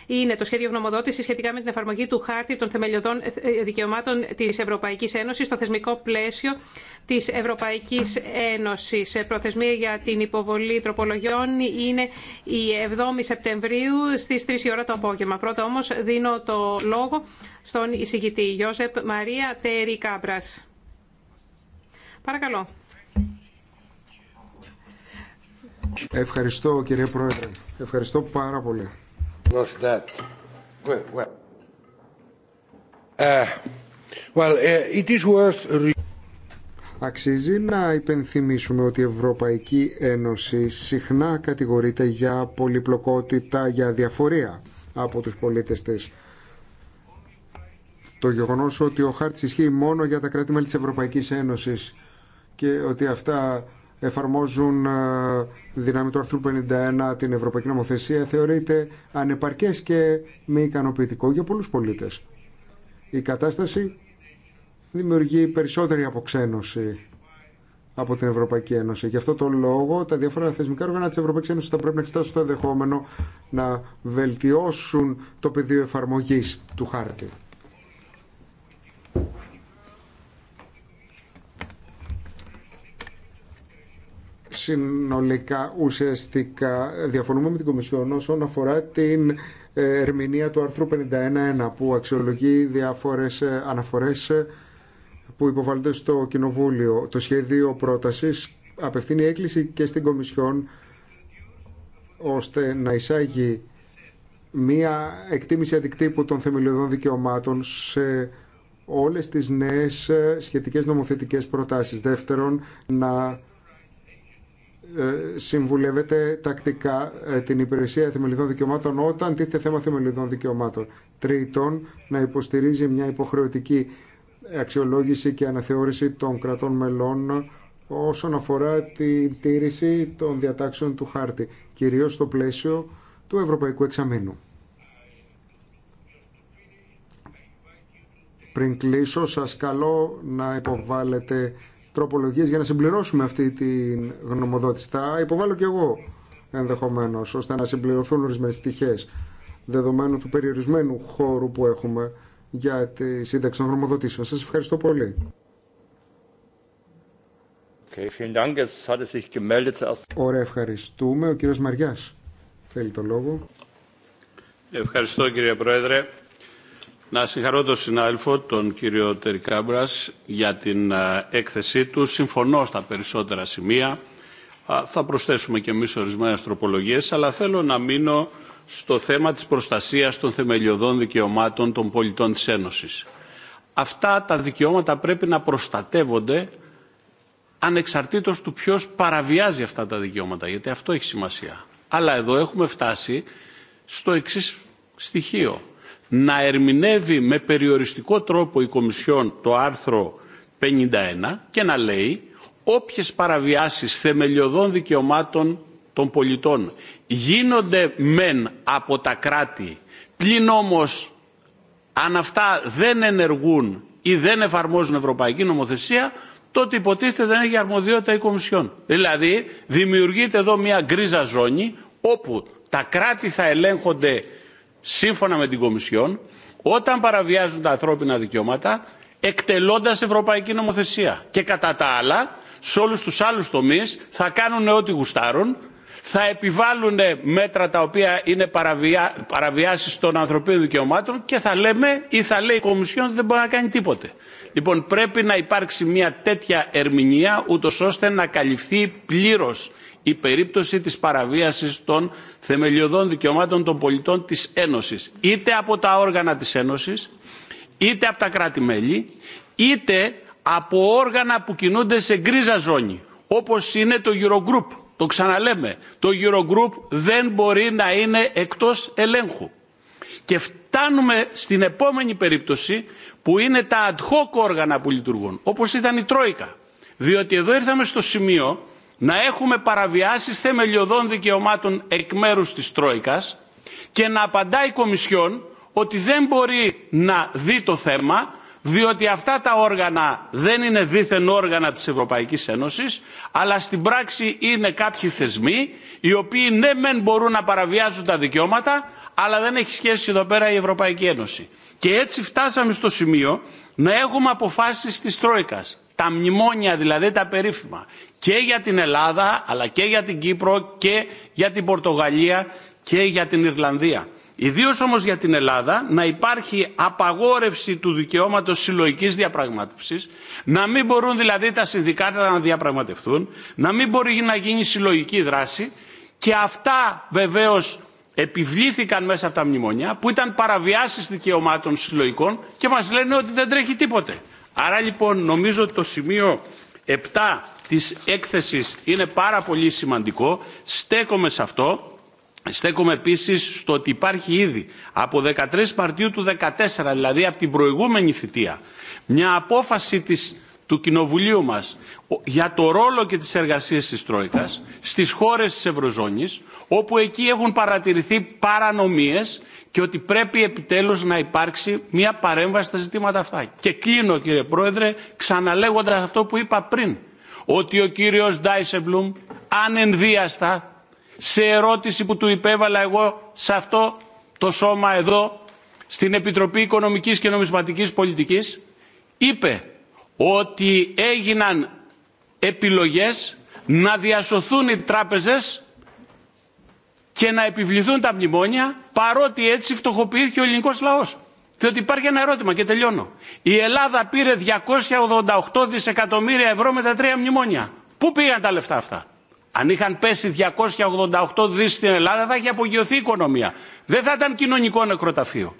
D: είναι το σχέδιο γνωμοδότηση σχετικά με την εφαρμογή του χάρτη των θεμελιωδών ε, ε, δικαιωμάτων τη Ευρωπαϊκή Ένωση στο θεσμικό πλαίσιο τη Ευρωπαϊκή Ένωση. Προθεσμία για την υποβολή τροπολογιών είναι η 7η Σεπτεμβρίου στι 3 ώρα το απόγευμα. Πρώτα όμω δίνω το λόγο στον εισηγητή Γιώσεπ Μαρία Τέρι Κάμπρας. Παρακαλώ.
B: Ευχαριστώ κύριε Πρόεδρε. Ευχαριστώ πάρα πολύ.
C: That. Well, well.
B: Uh, uh, Αξίζει να υπενθυμίσουμε ότι η Ευρωπαϊκή Ένωση συχνά κατηγορείται για πολυπλοκότητα, για διαφορία από τους πολίτες της. Το γεγονός ότι ο χάρτης ισχύει μόνο για τα κράτη-μέλη της Ευρωπαϊκής Ένωσης και ότι αυτά εφαρμόζουν ε, δυνάμει του άρθρου 51 την Ευρωπαϊκή Νομοθεσία θεωρείται ανεπαρκές και μη ικανοποιητικό για πολλούς πολίτες. Η κατάσταση δημιουργεί περισσότερη αποξένωση από την Ευρωπαϊκή Ένωση. Γι' αυτό το λόγο τα διάφορα θεσμικά όργανα της Ευρωπαϊκής Ένωσης θα πρέπει να εξετάσουν το ενδεχόμενο να βελτιώσουν το πεδίο εφαρμογή του χάρτη. συνολικά ουσιαστικά διαφωνούμε με την Κομισιόν όσον αφορά την ερμηνεία του άρθρου 51.1 που αξιολογεί διάφορες ε, αναφορές ε, που υποβάλλονται στο Κοινοβούλιο. Το σχέδιο πρότασης απευθύνει έκκληση και στην Κομισιόν ώστε να εισάγει μία εκτίμηση αντικτύπου των θεμελιωδών δικαιωμάτων σε όλες τις νέες ε, σχετικές νομοθετικές προτάσεις. Δεύτερον, να ε, συμβουλεύεται τακτικά ε, την υπηρεσία θεμελιδών δικαιωμάτων όταν τίθεται θέμα θεμελιδών δικαιωμάτων. Τρίτον, να υποστηρίζει μια υποχρεωτική αξιολόγηση και αναθεώρηση των κρατών μελών όσον αφορά τη τήρηση των διατάξεων του χάρτη, κυρίως στο πλαίσιο του Ευρωπαϊκού Εξαμήνου. Πριν κλείσω, σας καλώ να υποβάλλετε τροπολογίες για να συμπληρώσουμε αυτή τη γνωμοδότηση. Τα υποβάλλω και εγώ ενδεχομένως, ώστε να συμπληρωθούν ορισμένε πτυχέ δεδομένου του περιορισμένου χώρου που έχουμε για τη σύνταξη των γνωμοδοτήσεων. Σας ευχαριστώ πολύ. Ωραία, ευχαριστούμε. Ο κύριος Μαριάς θέλει το λόγο.
C: Ευχαριστώ κύριε Πρόεδρε να συγχαρώ τον συνάδελφο, τον κύριο Τερικάμπρας, για την έκθεσή του. Συμφωνώ στα περισσότερα σημεία. Θα προσθέσουμε και εμείς ορισμένες τροπολογίες, αλλά θέλω να μείνω στο θέμα της προστασίας των θεμελιωδών δικαιωμάτων των πολιτών της Ένωσης. Αυτά τα δικαιώματα πρέπει να προστατεύονται ανεξαρτήτως του ποιος παραβιάζει αυτά τα δικαιώματα, γιατί αυτό έχει σημασία. Αλλά εδώ έχουμε φτάσει στο εξής στοιχείο να ερμηνεύει με περιοριστικό τρόπο η Κομισιόν το άρθρο 51 και να λέει όποιες παραβιάσεις θεμελιωδών δικαιωμάτων των πολιτών γίνονται μεν από τα κράτη πλην όμως αν αυτά δεν ενεργούν ή δεν εφαρμόζουν ευρωπαϊκή νομοθεσία τότε υποτίθεται δεν έχει αρμοδιότητα η Κομισιόν. Δηλαδή δημιουργείται εδώ μια γκρίζα ζώνη όπου τα κράτη θα ελέγχονται σύμφωνα με την Κομισιόν, όταν παραβιάζουν τα ανθρώπινα δικαιώματα, εκτελώντας ευρωπαϊκή νομοθεσία. Και κατά τα άλλα, σε όλους τους άλλους τομείς θα κάνουν ό,τι γουστάρουν, θα επιβάλλουν μέτρα τα οποία είναι παραβιάσεις των ανθρωπίνων δικαιωμάτων και θα λέμε ή θα λέει η Κομισιόν ότι δεν μπορεί να κάνει τίποτε. Λοιπόν, πρέπει να υπάρξει μια τέτοια ερμηνεία, ούτω ώστε να καλυφθεί πλήρως η περίπτωση της παραβίασης των θεμελιωδών δικαιωμάτων των πολιτών της Ένωσης. Είτε από τα όργανα της Ένωσης, είτε από τα κράτη-μέλη, είτε από όργανα που κινούνται σε γκρίζα ζώνη, όπως είναι το Eurogroup. Το ξαναλέμε, το Eurogroup δεν μπορεί να είναι εκτός ελέγχου. Και φτάνουμε στην επόμενη περίπτωση που είναι τα ad hoc όργανα που λειτουργούν, όπως ήταν η Τρόικα. Διότι εδώ ήρθαμε στο σημείο να έχουμε παραβιάσεις θεμελιωδών δικαιωμάτων εκ μέρους της Τρόικας και να απαντάει η Κομισιόν ότι δεν μπορεί να δει το θέμα διότι αυτά τα όργανα δεν είναι δίθεν όργανα της Ευρωπαϊκής Ένωσης αλλά στην πράξη είναι κάποιοι θεσμοί οι οποίοι ναι μεν μπορούν να παραβιάζουν τα δικαιώματα αλλά δεν έχει σχέση εδώ πέρα η Ευρωπαϊκή Ένωση. Και έτσι φτάσαμε στο σημείο να έχουμε αποφάσεις της Τρόικας. Τα μνημόνια δηλαδή τα περίφημα. Και για την Ελλάδα αλλά και για την Κύπρο και για την Πορτογαλία και για την Ιρλανδία. Ιδίω όμως για την Ελλάδα να υπάρχει απαγόρευση του δικαιώματος συλλογικής διαπραγμάτευσης, να μην μπορούν δηλαδή τα συνδικάτα να διαπραγματευτούν, να μην μπορεί να γίνει συλλογική δράση και αυτά βεβαίως επιβλήθηκαν μέσα από τα μνημονιά, που ήταν παραβιάσεις δικαιωμάτων συλλογικών και μας λένε ότι δεν τρέχει τίποτε. Άρα λοιπόν νομίζω ότι το σημείο 7 της έκθεσης είναι πάρα πολύ σημαντικό. Στέκομαι σε αυτό. Στέκομαι επίσης στο ότι υπάρχει ήδη από 13 Μαρτίου του 2014, δηλαδή από την προηγούμενη θητεία, μια απόφαση της του Κοινοβουλίου μας για το ρόλο και τις εργασίες της Τρόικας στις χώρες της Ευρωζώνης όπου εκεί έχουν παρατηρηθεί παρανομίες και ότι πρέπει επιτέλους να υπάρξει μια παρέμβαση στα ζητήματα αυτά. Και κλείνω κύριε Πρόεδρε ξαναλέγοντας αυτό που είπα πριν ότι ο κύριος Ντάισεμπλουμ ανενδίαστα σε ερώτηση που του υπέβαλα εγώ σε αυτό το σώμα εδώ στην Επιτροπή Οικονομικής και Νομισματικής Πολιτικής είπε ότι έγιναν επιλογές να διασωθούν οι τράπεζες και να επιβληθούν τα μνημόνια παρότι έτσι φτωχοποιήθηκε ο ελληνικός λαός. Διότι υπάρχει ένα ερώτημα και τελειώνω. Η Ελλάδα πήρε 288 δισεκατομμύρια ευρώ με τα τρία μνημόνια. Πού πήγαν τα λεφτά αυτά. Αν είχαν πέσει 288 δις στην Ελλάδα θα είχε απογειωθεί η οικονομία. Δεν θα ήταν κοινωνικό νεκροταφείο.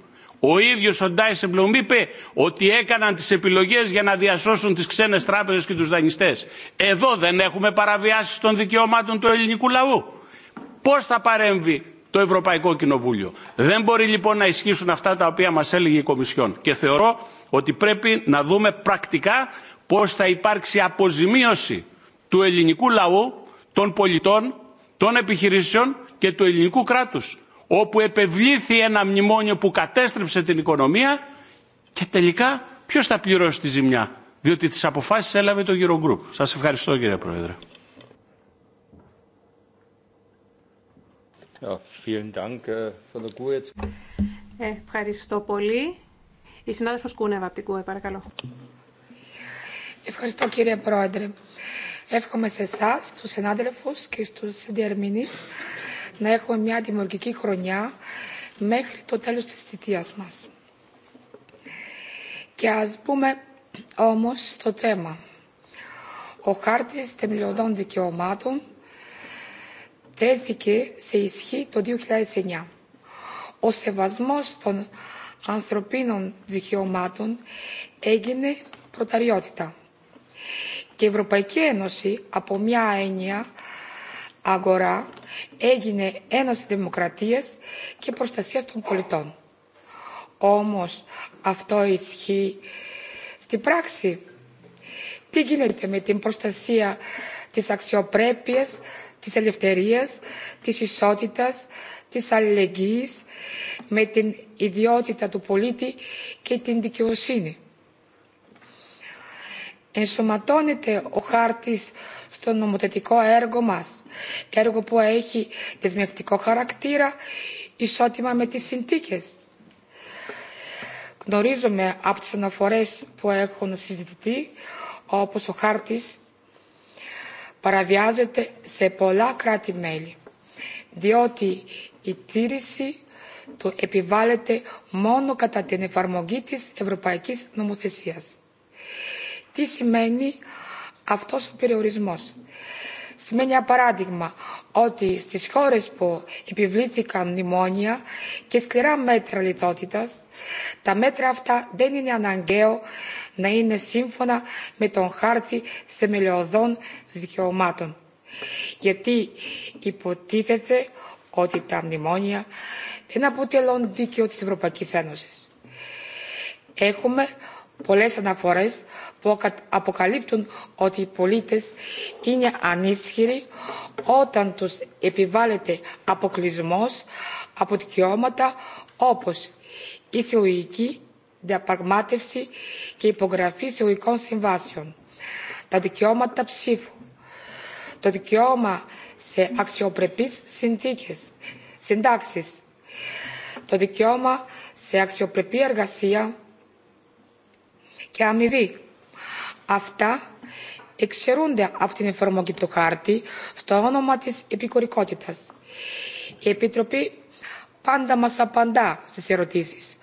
C: Ο ίδιος ο Ντάισεμπλουμ είπε ότι έκαναν τις επιλογές για να διασώσουν τις ξένες τράπεζες και τους δανειστές. Εδώ δεν έχουμε παραβιάσεις των δικαιωμάτων του ελληνικού λαού. Πώς θα παρέμβει το Ευρωπαϊκό Κοινοβούλιο. Δεν μπορεί λοιπόν να ισχύσουν αυτά τα οποία μας έλεγε η Κομισιόν. Και θεωρώ ότι πρέπει να δούμε πρακτικά πώς θα υπάρξει αποζημίωση του ελληνικού λαού, των πολιτών, των επιχειρήσεων και του ελληνικού κράτους όπου επευλήθη ένα μνημόνιο που κατέστρεψε την οικονομία και τελικά ποιος θα πληρώσει τη ζημιά, διότι τις αποφάσεις έλαβε το Eurogroup. Σας ευχαριστώ κύριε Πρόεδρε. Äh, e.
D: Ευχαριστώ πολύ.
E: Η συνάδελφος Κούνεβα από την ΚΟΕ, e, παρακαλώ. Ευχαριστώ κύριε Πρόεδρε. Εύχομαι σε εσά, στους συνάδελφους και στους διερμηνείς να έχουμε μια δημιουργική χρονιά μέχρι το τέλος της θητείας μας. Και ας πούμε όμως στο θέμα. Ο χάρτης θεμελιωδών δικαιωμάτων τέθηκε σε ισχύ το 2009. Ο σεβασμός των ανθρωπίνων δικαιωμάτων έγινε προταριότητα. Και η Ευρωπαϊκή Ένωση από μια έννοια αγορά έγινε Ένωση Δημοκρατίας και Προστασίας των Πολιτών. Όμως αυτό ισχύει στην πράξη. Τι γίνεται με την προστασία της αξιοπρέπειας, της ελευθερίας, της ισότητας, της αλληλεγγύης, με την ιδιότητα του πολίτη και την δικαιοσύνη. Ενσωματώνεται ο χάρτης το νομοθετικό έργο μας. Έργο που έχει δεσμευτικό χαρακτήρα, ισότιμα με τις συνθήκες. Γνωρίζουμε από τις αναφορές που έχουν συζητηθεί, όπως ο χάρτης παραβιάζεται σε πολλά κράτη-μέλη, διότι η τήρηση του επιβάλλεται μόνο κατά την εφαρμογή της ευρωπαϊκής νομοθεσίας. Τι σημαίνει αυτός ο περιορισμός. Σημαίνει παράδειγμα ότι στις χώρες που επιβλήθηκαν μνημόνια και σκληρά μέτρα λιτότητας, τα μέτρα αυτά δεν είναι αναγκαίο να είναι σύμφωνα με τον χάρτη θεμελιωδών δικαιωμάτων. Γιατί υποτίθεται ότι τα μνημόνια δεν αποτελούν δίκαιο της Ευρωπαϊκής Ένωσης. Έχουμε πολλές αναφορές που αποκαλύπτουν ότι οι πολίτες είναι ανίσχυροι όταν τους επιβάλλεται αποκλεισμός από δικαιώματα όπως η συλλογική διαπραγμάτευση και υπογραφή συλλογικών συμβάσεων, τα δικαιώματα ψήφου, το δικαίωμα σε αξιοπρεπείς συνθήκες, συντάξεις, το δικαίωμα σε αξιοπρεπή εργασία, και αμοιβή. Αυτά εξαιρούνται από την εφαρμογή του χάρτη στο όνομα της επικουρικότητας. Η Επιτροπή πάντα μας απαντά στις ερωτήσεις.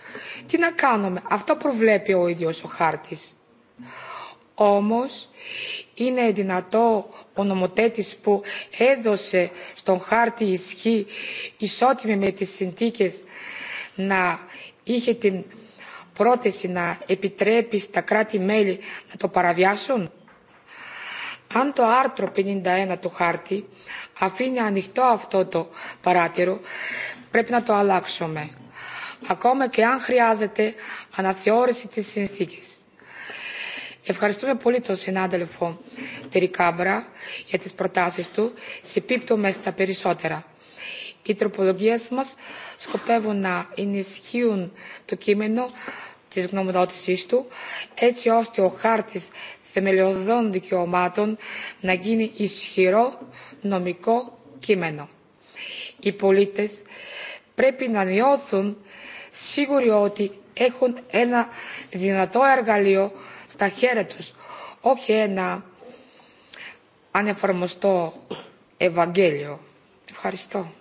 E: Τι να κάνουμε, αυτό προβλέπει ο ίδιος ο χάρτης. Όμως, είναι δυνατό ο νομοθέτης που έδωσε στον χάρτη ισχύ ισότιμη με τις συνθήκες να είχε την πρόταση να επιτρέπει στα κράτη-μέλη να το παραβιάσουν. Αν το άρθρο 51 του χάρτη αφήνει ανοιχτό αυτό το παράτηρο, πρέπει να το αλλάξουμε. Ακόμα και αν χρειάζεται αναθεώρηση της συνθήκης. Ευχαριστούμε πολύ τον συνάδελφο Τερικάμπρα για τις προτάσεις του, συμπίπτουμε στα περισσότερα. Οι τροπολογίες μας σκοπεύουν να ενισχύουν το κείμενο της γνωμοδότησής του, έτσι ώστε ο χάρτης θεμελιωδών δικαιωμάτων να γίνει ισχυρό νομικό κείμενο. Οι πολίτες πρέπει να νιώθουν σίγουροι ότι έχουν ένα δυνατό εργαλείο στα χέρια τους, όχι ένα ανεφαρμοστό Ευαγγέλιο. Ευχαριστώ.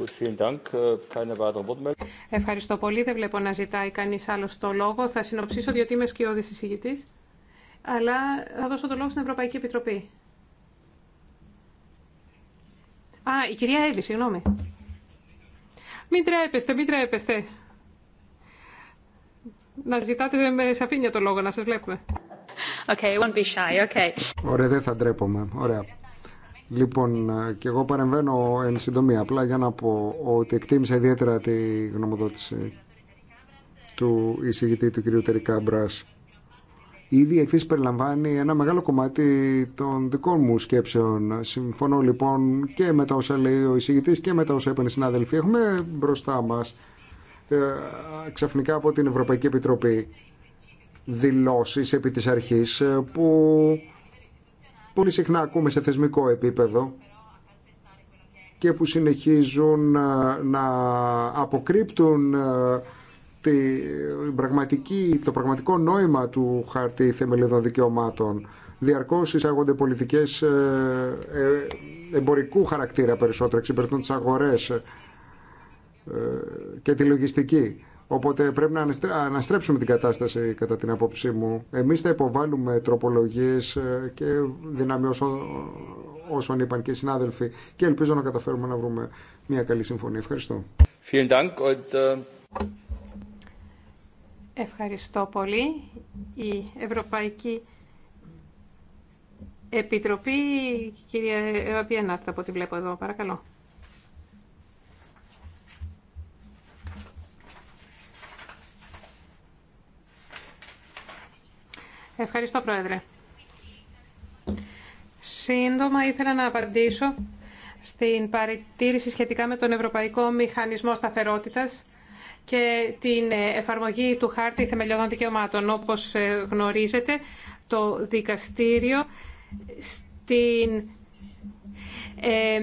E: Äh,
D: Ευχαριστώ πολύ. Δεν βλέπω να ζητάει κανεί άλλο το λόγο. Θα συνοψίσω διότι είμαι σκιώδη εισηγητής. Αλλά θα δώσω το λόγο στην Ευρωπαϊκή Επιτροπή. Α, η κυρία Εύη, συγγνώμη. Μην τρέπεστε, μην τρέπεστε. Να ζητάτε με σαφήνεια το λόγο, να σας βλέπουμε.
A: Okay, won't be shy. Okay.
B: Ωραία, δεν θα ντρέπομαι. Ωραία. Λοιπόν, ε, και εγώ παρεμβαίνω εν συντομία, απλά για να πω ότι εκτίμησα ιδιαίτερα τη γνωμοδότηση του εισηγητή του κ. Τερικάμπρας. Ήδη η περιλαμβάνει ένα μεγάλο κομμάτι των δικών μου σκέψεων. Συμφωνώ λοιπόν και με τα όσα λέει ο εισηγητή και με τα όσα είπαν συνάδελφοι. Έχουμε μπροστά μα ε, ξαφνικά από την Ευρωπαϊκή Επιτροπή δηλώσει επί τη αρχής ε, που πολύ συχνά ακούμε σε θεσμικό επίπεδο και που συνεχίζουν ε, να αποκρύπτουν ε, την πραγματική, το πραγματικό νόημα του χάρτη θεμελιωδών δικαιωμάτων. Διαρκώς εισάγονται πολιτικές ε, εμπορικού χαρακτήρα περισσότερο, εξυπηρετούν τις αγορές και τη λογιστική. Οπότε πρέπει να αναστρέψουμε την κατάσταση κατά την απόψή μου. Εμείς θα υποβάλουμε τροπολογίες ε, και δύναμη όσων, είπαν και οι συνάδελφοι και ελπίζω να καταφέρουμε να βρούμε μια καλή συμφωνία. Ευχαριστώ.
E: Ε,
D: Ευχαριστώ πολύ. Η Ευρωπαϊκή Επιτροπή, κυρία Πιενάρτα, από ό,τι βλέπω εδώ, παρακαλώ. Ευχαριστώ, Πρόεδρε. Σύντομα ήθελα να απαντήσω στην παρατήρηση σχετικά με τον Ευρωπαϊκό Μηχανισμό Σταθερότητας και την εφαρμογή του Χάρτη Θεμελιωδών Δικαιωμάτων. Όπως ε, γνωρίζετε, το δικαστήριο στην ε,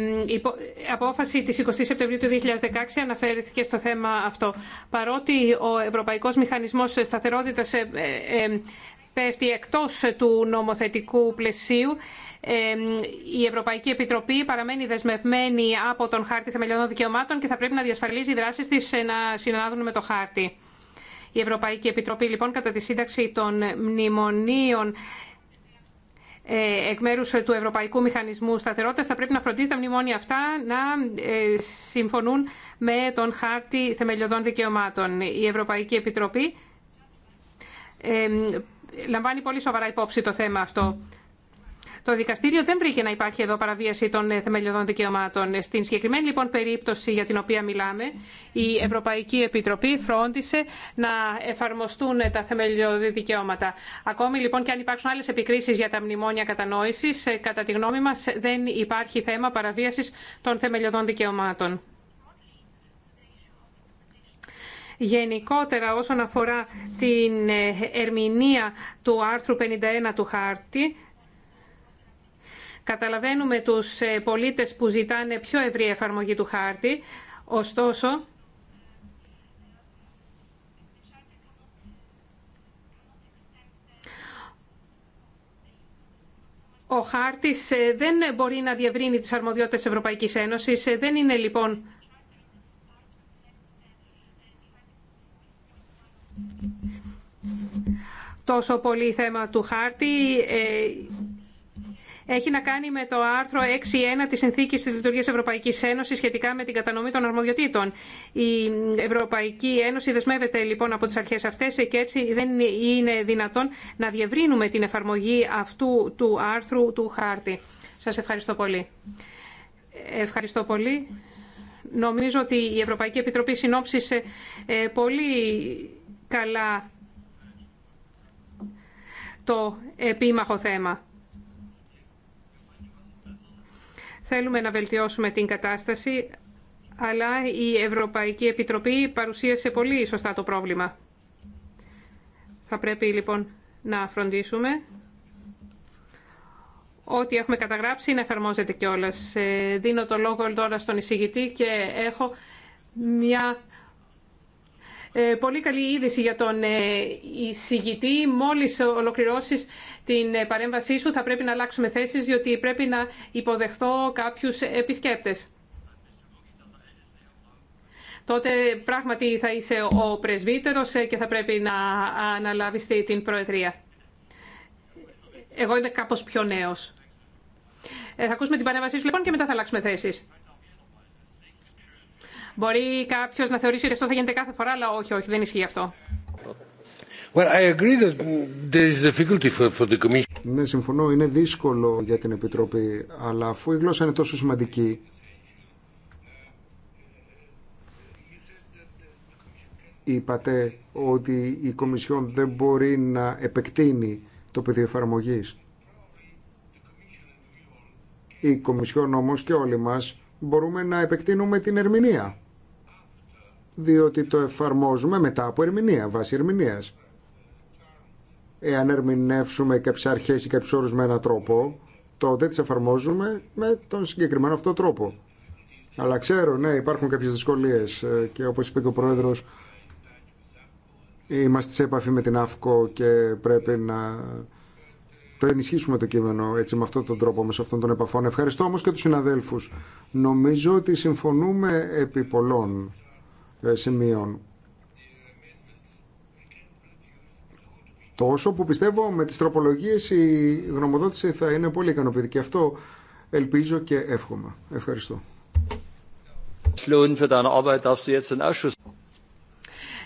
D: απόφαση της 20 Σεπτεμβρίου του 2016 αναφέρθηκε στο θέμα αυτό. Παρότι ο Ευρωπαϊκός Μηχανισμός Σταθερότητας ε, πέφτει εκτός του νομοθετικού πλαισίου. Η Ευρωπαϊκή Επιτροπή παραμένει δεσμευμένη από τον Χάρτη Θεμελιωδών Δικαιωμάτων και θα πρέπει να διασφαλίζει οι δράσεις της ε, να συνανάδουν με το Χάρτη. Η Ευρωπαϊκή Επιτροπή, λοιπόν, κατά τη σύνταξη των μνημονίων ε, εκ μέρους του Ευρωπαϊκού Μηχανισμού Σταθερότητας θα πρέπει να φροντίζει τα μνημόνια αυτά να ε, συμφωνούν με τον χάρτη θεμελιωδών δικαιωμάτων. Η Ευρωπαϊκή Επιτροπή λαμβάνει πολύ σοβαρά υπόψη το θέμα αυτό. Το δικαστήριο δεν βρήκε να υπάρχει εδώ παραβίαση των ε, θεμελιωδών δικαιωμάτων. Στην συγκεκριμένη λοιπόν περίπτωση για την οποία μιλάμε, η Ευρωπαϊκή Επιτροπή φρόντισε να εφαρμοστούν τα θεμελιώδη δικαιώματα. Ακόμη λοιπόν και αν υπάρξουν άλλε επικρίσει για τα μνημόνια κατανόηση, ε, κατά τη γνώμη μα δεν υπάρχει θέμα παραβίαση των θεμελιωδών δικαιωμάτων γενικότερα όσον αφορά την ε, ερμηνεία του άρθρου 51 του χάρτη. Καταλαβαίνουμε τους ε, πολίτες που ζητάνε πιο ευρύ εφαρμογή του χάρτη, ωστόσο ο χάρτης ε, δεν μπορεί να διευρύνει τις αρμοδιότητες Ευρωπαϊκής Ένωσης, δεν είναι λοιπόν τόσο πολύ θέμα του χάρτη. Ε, έχει να κάνει με το άρθρο 6.1 της Συνθήκης της Λειτουργίας Ευρωπαϊκής Ένωσης σχετικά με την κατανομή των αρμοδιοτήτων. Η Ευρωπαϊκή Ένωση δεσμεύεται λοιπόν από τις αρχές αυτές και έτσι δεν είναι δυνατόν να διευρύνουμε την εφαρμογή αυτού του άρθρου του χάρτη. Σας ευχαριστώ πολύ. Ευχαριστώ πολύ. Νομίζω ότι η Ευρωπαϊκή Επιτροπή συνόψησε ε, πολύ καλά το επίμαχο θέμα. Θέλουμε να βελτιώσουμε την κατάσταση, αλλά η Ευρωπαϊκή Επιτροπή παρουσίασε πολύ σωστά το πρόβλημα. Θα πρέπει λοιπόν να φροντίσουμε ό,τι έχουμε καταγράψει να εφαρμόζεται κιόλα. Ε, δίνω το λόγο τώρα στον εισηγητή και έχω μια ε, πολύ καλή είδηση για τον ε, εισηγητή. Μόλις ολοκληρώσεις την ε, παρέμβασή σου θα πρέπει να αλλάξουμε θέσεις διότι πρέπει να υποδεχθώ κάποιους επισκέπτες. Τότε πράγματι θα είσαι ο πρεσβύτερος και θα πρέπει να αναλάβεις την προεδρία. Εγώ είμαι κάπως πιο νέος. Θα ακούσουμε την παρέμβασή σου λοιπόν και μετά θα αλλάξουμε θέσεις. Μπορεί κάποιο να θεωρήσει ότι αυτό θα γίνεται κάθε φορά, αλλά όχι, όχι, δεν ισχύει αυτό.
B: Ναι, συμφωνώ, είναι δύσκολο για την Επιτροπή, αλλά αφού η γλώσσα είναι τόσο σημαντική, είπατε ότι η Κομισιόν δεν μπορεί να επεκτείνει το πεδίο εφαρμογή. Η Κομισιόν όμως και όλοι μας μπορούμε να επεκτείνουμε την ερμηνεία διότι το εφαρμόζουμε μετά από ερμηνεία, βάση ερμηνεία. Εάν ερμηνεύσουμε κάποιε αρχέ ή κάποιου όρου με έναν τρόπο, τότε τι εφαρμόζουμε με τον συγκεκριμένο αυτό τρόπο. Αλλά ξέρω, ναι, υπάρχουν κάποιε δυσκολίε ε, και όπω είπε και ο πρόεδρο, είμαστε σε επαφή με την ΑΦΚΟ και πρέπει να το ενισχύσουμε το κείμενο έτσι με αυτόν τον τρόπο, με αυτόν τον επαφών. Ευχαριστώ όμως και τους συναδέλφους. Νομίζω ότι συμφωνούμε επί πολλών. Ε, σημείων. Τόσο που πιστεύω με τις τροπολογίες η γνωμοδότηση θα είναι πολύ ικανοποιητική. Αυτό ελπίζω και εύχομαι. Ευχαριστώ.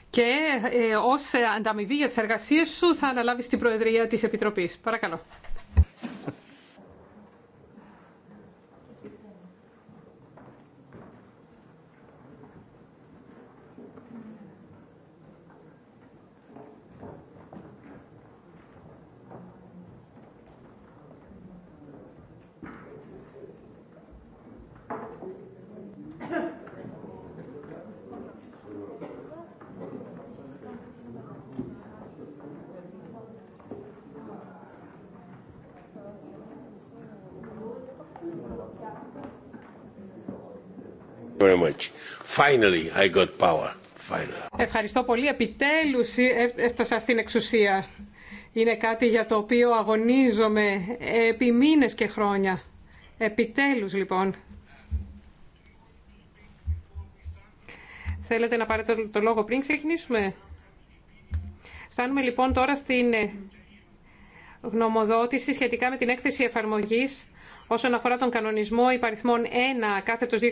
D: Και ε, ως ανταμοιβή για τις εργασίες σου θα αναλάβεις την Προεδρία της Επιτροπής. Παρακαλώ.
C: Finally I got power.
D: Finally. Ευχαριστώ πολύ. Επιτέλους ε, ε, έφτασα στην εξουσία. Είναι κάτι για το οποίο αγωνίζομαι επί μήνες και χρόνια. Επιτέλους λοιπόν. Θέλετε να πάρετε το λόγο πριν ξεκινήσουμε. Φτάνουμε λοιπόν τώρα στην ε, γνωμοδότηση σχετικά με την έκθεση εφαρμογής όσον αφορά τον κανονισμό υπαριθμών 1 κάθετος 2005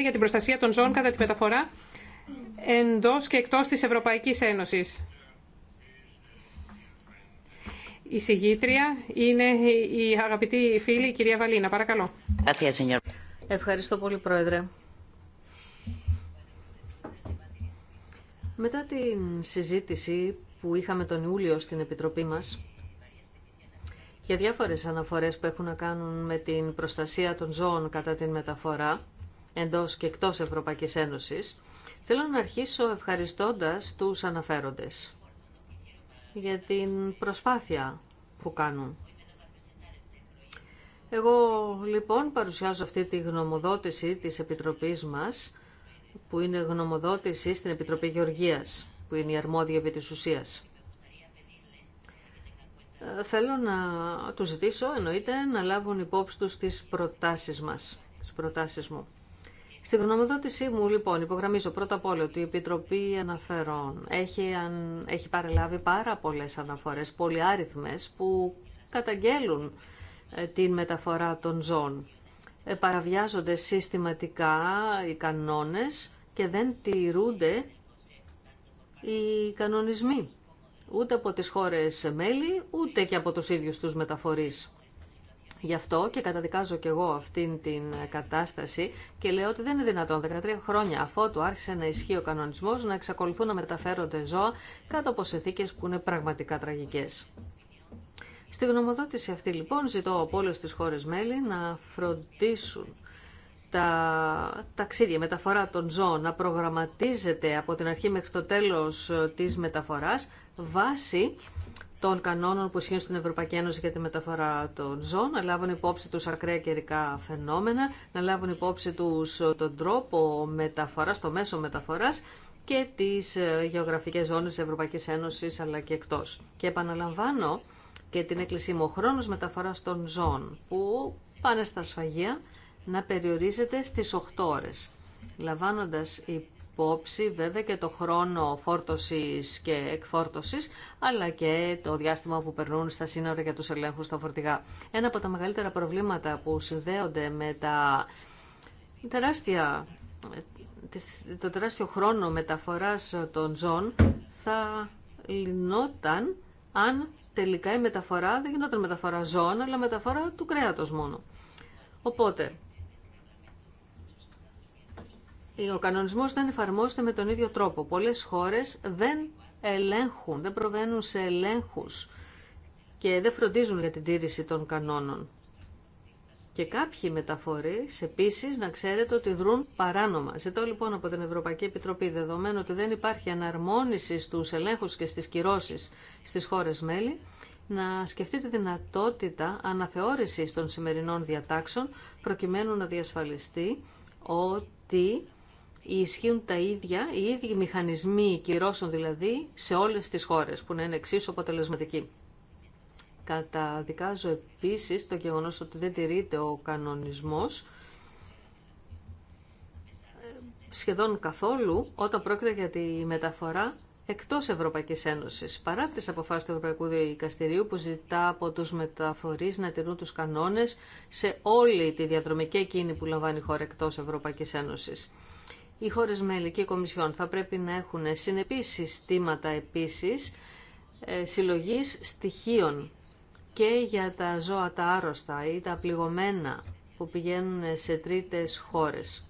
D: για την προστασία των ζώων κατά τη μεταφορά εντός και εκτό της Ευρωπαϊκής Ένωσης. Η συγγήτρια είναι η αγαπητή φίλη η κυρία Βαλίνα. Παρακαλώ. Ευχαριστώ πολύ, Πρόεδρε.
A: Μετά την συζήτηση που είχαμε τον Ιούλιο στην Επιτροπή μας, για διάφορες αναφορές που έχουν να κάνουν με την προστασία των ζώων κατά την μεταφορά εντός και εκτός Ευρωπαϊκής Ένωσης, θέλω να αρχίσω ευχαριστώντας τους αναφέροντες για την προσπάθεια που κάνουν. Εγώ λοιπόν παρουσιάζω αυτή τη γνωμοδότηση της Επιτροπής μας, που είναι γνωμοδότηση στην Επιτροπή Γεωργίας, που είναι η αρμόδια επί της ουσίας θέλω να τους ζητήσω, εννοείται, να λάβουν υπόψη τους τις προτάσεις μας, τις προτάσεις μου. Στην γνωμοδότησή μου, λοιπόν, υπογραμμίζω πρώτα απ' όλα ότι η Επιτροπή Αναφερών έχει, αν, έχει παρελάβει πάρα πολλές αναφορές, πολυάριθμες, που καταγγέλουν ε, την μεταφορά των ζώων. Ε, παραβιάζονται συστηματικά οι κανόνες και δεν τηρούνται οι κανονισμοί ούτε από τις χώρες μέλη, ούτε και από τους ίδιους τους μεταφορείς. Γι' αυτό και καταδικάζω και εγώ αυτήν την κατάσταση και λέω ότι δεν είναι δυνατόν 13 χρόνια αφότου άρχισε να ισχύει ο κανονισμός να εξακολουθούν να μεταφέρονται ζώα κάτω από συνθήκε που είναι πραγματικά τραγικές. Στη γνωμοδότηση αυτή λοιπόν ζητώ από όλε τις χώρες μέλη να φροντίσουν τα ταξίδια, μεταφορά των ζώων να προγραμματίζεται από την αρχή μέχρι το τέλος της μεταφοράς βάση των κανόνων που ισχύουν στην Ευρωπαϊκή Ένωση για τη μεταφορά των ζώων, να λάβουν υπόψη τους ακραία καιρικά φαινόμενα, να λάβουν υπόψη τους ε, τον τρόπο μεταφοράς, το μέσο μεταφοράς και τις ε, γεωγραφικές ζώνες της Ευρωπαϊκής Ένωσης αλλά και εκτός. Και επαναλαμβάνω και την έκκλησή μου, ο χρόνο μεταφοράς των ζώων που πάνε στα σφαγεία να περιορίζεται στις 8 ώρες, λαμβάνοντας υπόψη υπόψη βέβαια και το χρόνο φόρτωσης και εκφόρτωσης, αλλά και το διάστημα που περνούν στα σύνορα για τους ελέγχους στα φορτηγά. Ένα από τα μεγαλύτερα προβλήματα που συνδέονται με τα τεράστια, το τεράστιο χρόνο μεταφοράς των ζών θα λυνόταν αν τελικά η μεταφορά δεν γινόταν μεταφορά ζών αλλά μεταφορά του κρέατος μόνο. Οπότε, ο κανονισμό δεν εφαρμόζεται με τον ίδιο τρόπο. Πολλέ χώρε δεν ελέγχουν, δεν προβαίνουν σε ελέγχου και δεν φροντίζουν για την τήρηση των κανόνων. Και κάποιοι μεταφορεί επίση να ξέρετε ότι δρούν παράνομα. Ζητώ λοιπόν από την Ευρωπαϊκή Επιτροπή δεδομένου ότι δεν υπάρχει αναρμόνιση στου ελέγχου και στι κυρώσει στι χώρε μέλη να σκεφτεί τη δυνατότητα αναθεώρησης των σημερινών διατάξεων προκειμένου να διασφαλιστεί ότι ισχύουν τα ίδια, οι ίδιοι μηχανισμοί κυρώσεων δηλαδή, σε όλες τις χώρες, που να είναι εξίσου αποτελεσματικοί. Καταδικάζω επίσης το γεγονός ότι δεν τηρείται ο κανονισμός ε, σχεδόν καθόλου όταν πρόκειται για τη μεταφορά εκτός Ευρωπαϊκής Ένωσης. Παρά τις αποφάσεις του Ευρωπαϊκού Δικαστηρίου που ζητά από τους μεταφορείς να τηρούν τους κανόνες σε όλη τη διαδρομική εκείνη που λαμβάνει η χώρα εκτός Ευρωπαϊκής Ένωσης οι χώρες μέλη και η Κομισιόν θα πρέπει να έχουν συνεπή συστήματα επίσης ε, συλλογής στοιχείων και για τα ζώα τα άρρωστα ή τα πληγωμένα που πηγαίνουν σε τρίτες χώρες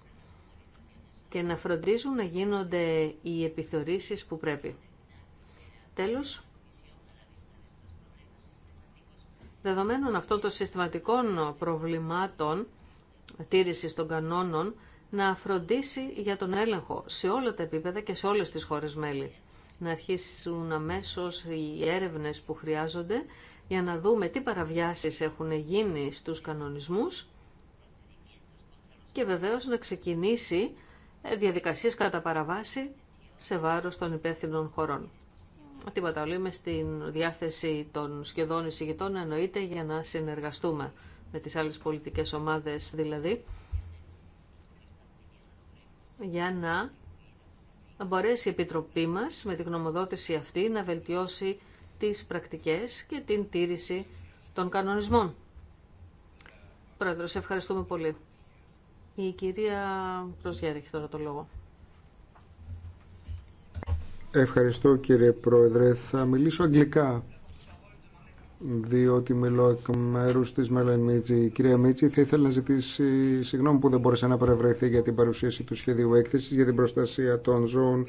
A: και να φροντίζουν να γίνονται οι επιθεωρήσεις που πρέπει. Τέλος, δεδομένων αυτών των συστηματικών προβλημάτων τήρησης των κανόνων, να φροντίσει για τον έλεγχο σε όλα τα επίπεδα και σε όλες τις χώρες μέλη. Να αρχίσουν αμέσως οι έρευνες που χρειάζονται για να δούμε τι παραβιάσεις έχουν γίνει στους κανονισμούς και βεβαίως να ξεκινήσει ε, διαδικασίες κατά παραβάση σε βάρος των υπεύθυνων χωρών. Τίποτα άλλο, είμαι στην διάθεση των σχεδόν εισηγητών εννοείται για να συνεργαστούμε με τις άλλες πολιτικές ομάδες δηλαδή για να μπορέσει η Επιτροπή μας με την γνωμοδότηση αυτή να βελτιώσει τις πρακτικές και την τήρηση των κανονισμών. Πρόεδρο, σε ευχαριστούμε πολύ. Η κυρία Προσγέρη έχει τώρα το λόγο.
B: Ευχαριστώ κύριε Πρόεδρε. Θα μιλήσω αγγλικά διότι μιλώ εκ μέρου τη Μέλεν Μίτζη, Η κυρία Μίτση θα ήθελα να ζητήσει συγγνώμη που δεν μπόρεσε να παρευρεθεί για την παρουσίαση του σχεδίου έκθεση για την προστασία των ζώων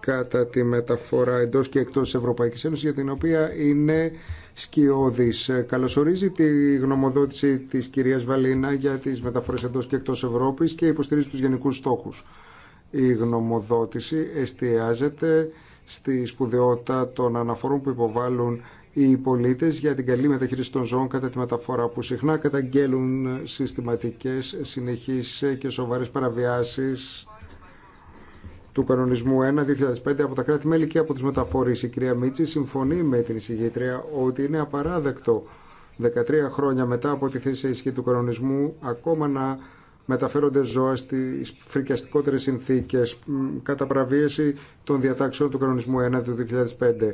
B: κατά τη μεταφορά εντό και εκτό Ευρωπαϊκή Ένωση, για την οποία είναι σκιώδη. Καλωσορίζει τη γνωμοδότηση τη κυρία Βαλίνα για τι μεταφορέ εντό και εκτό Ευρώπη και υποστηρίζει του γενικού στόχου. Η γνωμοδότηση εστιάζεται στη σπουδαιότητα των αναφορών που υποβάλλουν οι πολίτε για την καλή μεταχείριση των ζώων κατά τη μεταφορά που συχνά καταγγέλουν συστηματικέ συνεχεί και σοβαρέ παραβιάσει του κανονισμού 1-2005 από τα κράτη-μέλη και από του μεταφορεί. Η κυρία Μίτση συμφωνεί με την εισηγήτρια ότι είναι απαράδεκτο 13 χρόνια μετά από τη θέση ισχύ του κανονισμού ακόμα να μεταφέρονται ζώα στι φρικιαστικότερε συνθήκε, κατά παραβίαση των διατάξεων του κανονισμού 1 2005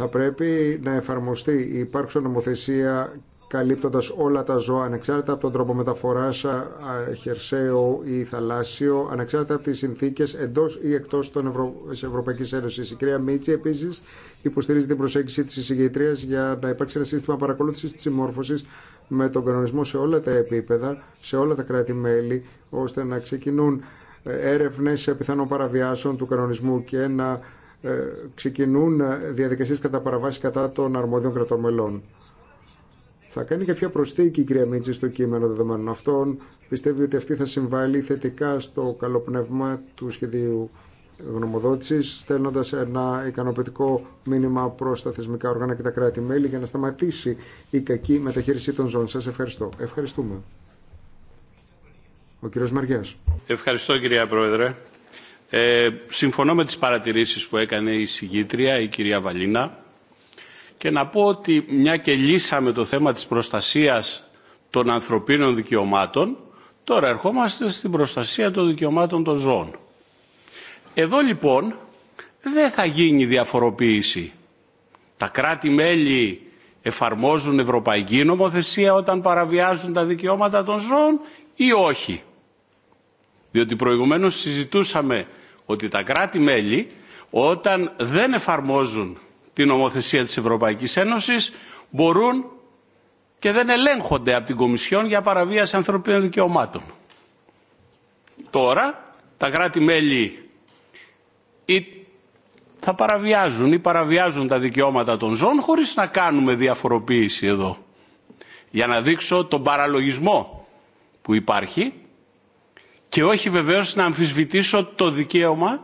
B: θα πρέπει να εφαρμοστεί η υπάρχουσα νομοθεσία καλύπτοντα όλα τα ζώα ανεξάρτητα από τον τρόπο ανεξάρτητα από τι συνθήκε εντό χερσαίο ή θαλάσσιο, ανεξάρτητα από τι συνθηκε εντο ή εκτο τη Ευρω... της Ευρωπαϊκής Η κυρία Μίτση επιση υποστηρίζει την προσέγγιση τη εισηγητρία για να υπάρξει ένα σύστημα παρακολούθηση τη συμμόρφωσης με τον κανονισμό σε όλα τα επίπεδα, σε όλα τα κράτη-μέλη, ώστε να ξεκινούν ε, έρευνες πιθανών παραβιάσεων του κανονισμού και να ε, ξεκινούν ε, διαδικασίες κατά παραβάση κατά των αρμόδιων κρατών μελών. Θα κάνει και ποια προσθήκη η κυρία Μίτση στο κείμενο δεδομένων αυτών. Πιστεύει ότι αυτή θα συμβάλλει θετικά στο καλό πνεύμα του σχεδίου γνωμοδότησης, στέλνοντας ένα ικανοποιητικό μήνυμα προς τα θεσμικά όργανα και τα κράτη-μέλη για να σταματήσει η κακή μεταχείριση των ζώων. Σας ευχαριστώ. Ευχαριστούμε. Ο κύριος Μαριάς.
C: Ευχαριστώ κυρία Πρόεδρε. Ε, συμφωνώ με τις παρατηρήσεις που έκανε η συγγήτρια, η κυρία Βαλίνα και να πω ότι μια και λύσαμε το θέμα της προστασίας των ανθρωπίνων δικαιωμάτων τώρα ερχόμαστε στην προστασία των δικαιωμάτων των ζώων. Εδώ λοιπόν δεν θα γίνει διαφοροποίηση. Τα κράτη-μέλη εφαρμόζουν ευρωπαϊκή νομοθεσία όταν παραβιάζουν τα δικαιώματα των ζώων ή όχι. Διότι προηγουμένως συζητούσαμε ότι τα κράτη-μέλη όταν δεν εφαρμόζουν την νομοθεσία της Ευρωπαϊκής Ένωσης μπορούν και δεν ελέγχονται από την Κομισιόν για παραβίαση ανθρωπίνων δικαιωμάτων. Τώρα τα κράτη-μέλη θα παραβιάζουν ή παραβιάζουν τα δικαιώματα των ζώων χωρίς να κάνουμε διαφοροποίηση εδώ. Για να δείξω τον παραλογισμό που υπάρχει και όχι βεβαίως να αμφισβητήσω το δικαίωμα,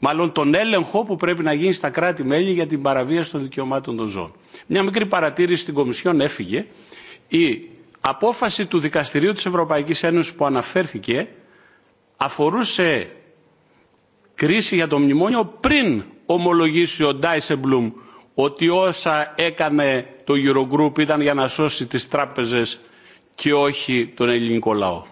C: μάλλον τον έλεγχο που πρέπει να γίνει στα κράτη-μέλη για την παραβίαση των δικαιωμάτων των ζώων. Μια μικρή παρατήρηση στην Κομισιόν έφυγε. Η απόφαση του Δικαστηρίου της Ευρωπαϊκής Ένωσης που αναφέρθηκε αφορούσε κρίση για το μνημόνιο πριν ομολογήσει ο Ντάισεμπλουμ ότι όσα έκανε το Eurogroup ήταν για να σώσει τις τράπεζες και όχι τον ελληνικό λαό.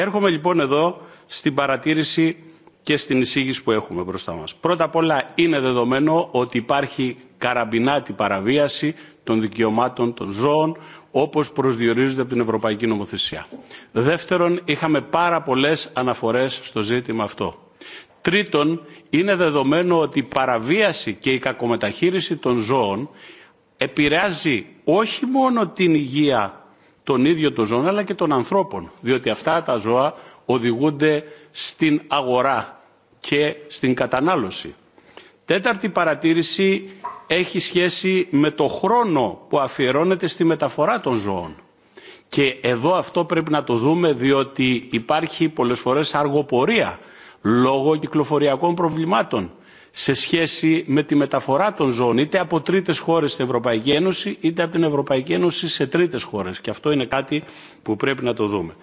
C: Έρχομαι λοιπόν εδώ στην παρατήρηση και στην εισήγηση που έχουμε μπροστά μας. Πρώτα απ' όλα είναι δεδομένο ότι υπάρχει καραμπινάτη παραβίαση των δικαιωμάτων των ζώων όπως προσδιορίζεται από την Ευρωπαϊκή Νομοθεσία. Δεύτερον, είχαμε πάρα πολλές αναφορές στο ζήτημα αυτό. Τρίτον, είναι δεδομένο ότι η παραβίαση και η κακομεταχείριση των ζώων επηρεάζει όχι μόνο την υγεία τον ίδιο των ζώων αλλά και των ανθρώπων. Διότι αυτά τα ζώα οδηγούνται στην αγορά και στην κατανάλωση. Τέταρτη παρατήρηση έχει σχέση με το χρόνο που αφιερώνεται στη μεταφορά των ζώων. Και εδώ αυτό πρέπει να το δούμε διότι υπάρχει πολλές φορές αργοπορία λόγω κυκλοφοριακών προβλημάτων σε σχέση με τη μεταφορά των ζώων είτε από τρίτες χώρες στην Ευρωπαϊκή Ένωση είτε από την Ευρωπαϊκή Ένωση σε τρίτες χώρες και αυτό είναι κάτι που πρέπει να το δούμε.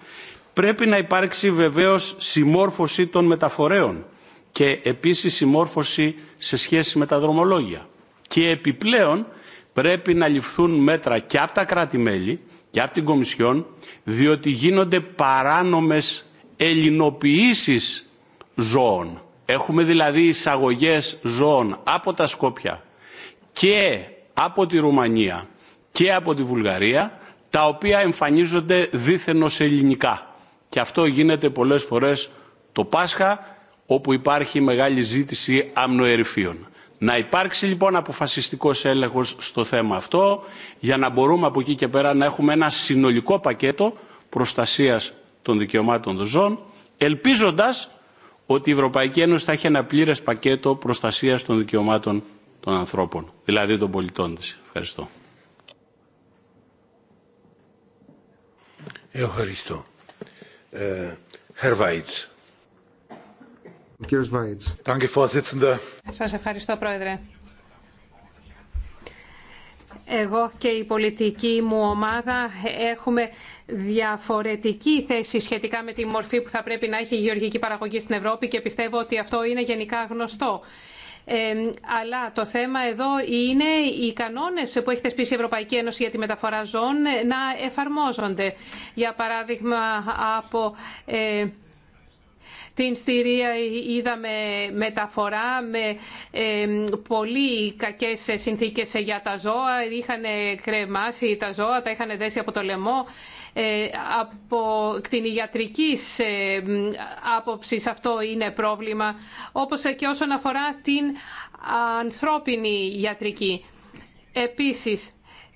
C: Πρέπει να υπάρξει βεβαίως συμμόρφωση των μεταφορέων και επίσης συμμόρφωση σε σχέση με τα δρομολόγια. Και επιπλέον πρέπει να ληφθούν μέτρα και από τα κράτη-μέλη και από την Κομισιόν διότι γίνονται παράνομες ελληνοποιήσεις ζώων Έχουμε δηλαδή εισαγωγές ζώων από τα Σκόπια και από τη Ρουμανία και από τη Βουλγαρία τα οποία εμφανίζονται δίθεν ως ελληνικά. Και αυτό γίνεται πολλές φορές το Πάσχα όπου υπάρχει μεγάλη ζήτηση αμνοερυφίων. Να υπάρξει λοιπόν αποφασιστικός έλεγχος στο θέμα αυτό για να μπορούμε από εκεί και πέρα να έχουμε ένα συνολικό πακέτο προστασίας των δικαιωμάτων των ζώων ελπίζοντας ότι η Ευρωπαϊκή Ένωση θα έχει ένα πλήρε πακέτο προστασία των δικαιωμάτων των ανθρώπων, δηλαδή των πολιτών τη. Ευχαριστώ. Ευχαριστώ. Ε, Herr Weitz.
B: Βάιτς.
D: Σας ευχαριστώ, Πρόεδρε. Εγώ και η πολιτική μου ομάδα έχουμε διαφορετική θέση σχετικά με τη μορφή που θα πρέπει να έχει η γεωργική παραγωγή στην Ευρώπη και πιστεύω ότι αυτό είναι γενικά γνωστό. Ε, αλλά το θέμα εδώ είναι οι κανόνες που έχει θεσπίσει η Ευρωπαϊκή Ένωση για τη μεταφορά ζώων να εφαρμόζονται. Για παράδειγμα, από ε, την Στηρία είδαμε μεταφορά με ε, πολύ κακές συνθήκες για τα ζώα. Είχαν κρεμάσει τα ζώα, τα είχαν δέσει από το λαιμό. Ε, από την γιατρικής ε, άποψη αυτό είναι πρόβλημα, όπως και όσον αφορά την ανθρώπινη ιατρική. Επίσης,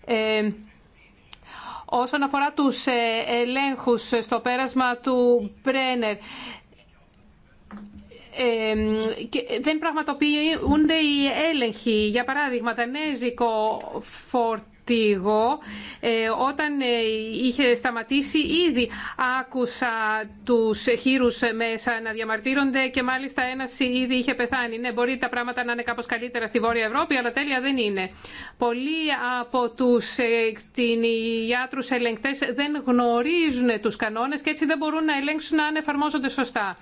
D: ε, όσον αφορά τους ελέγχους στο πέρασμα του Μπρένερ, και δεν πραγματοποιούνται οι έλεγχοι. Για παράδειγμα, τα νέζικο ε, όταν ε, είχε σταματήσει ήδη άκουσα τους χείρους μέσα να διαμαρτύρονται και μάλιστα ένας ήδη είχε πεθάνει. Ναι, μπορεί τα πράγματα να είναι κάπως καλύτερα στη Βόρεια Ευρώπη, αλλά τέλεια δεν είναι. Πολλοί από τους ε, ιατρούς ελεγκτές δεν γνωρίζουν τους κανόνες και έτσι δεν μπορούν να ελέγξουν αν εφαρμόζονται σωστά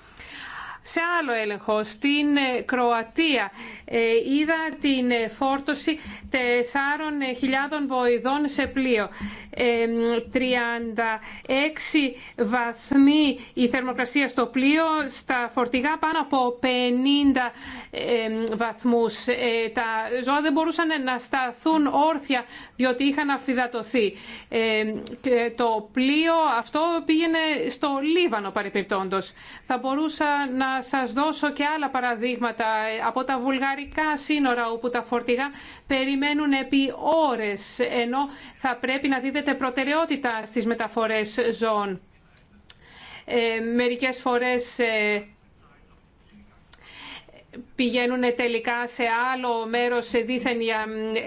D: σε άλλο έλεγχο, στην ε, Κροατία. Ε, είδα την ε, φόρτωση 4.000 βοηδών σε πλοίο. 36 βαθμοί η θερμοκρασία στο πλοίο, στα φορτηγά πάνω από 50 βαθμούς. Ε, τα ζώα δεν μπορούσαν να σταθούν όρθια διότι είχαν αφυδατωθεί. Ε, το πλοίο αυτό πήγαινε στο Λίβανο παρεπιπτόντος. Θα μπορούσα να σας δώσω και άλλα παραδείγματα ε, από τα βουλγαρικά σύνορα όπου τα φορτηγά περιμένουν επί ώρες ενώ θα πρέπει να δείτε δίνεται προτεραιότητα στις μεταφορές ζώων. Ε, μερικές φορές ε, πηγαίνουν τελικά σε άλλο μέρος σε δίθεν για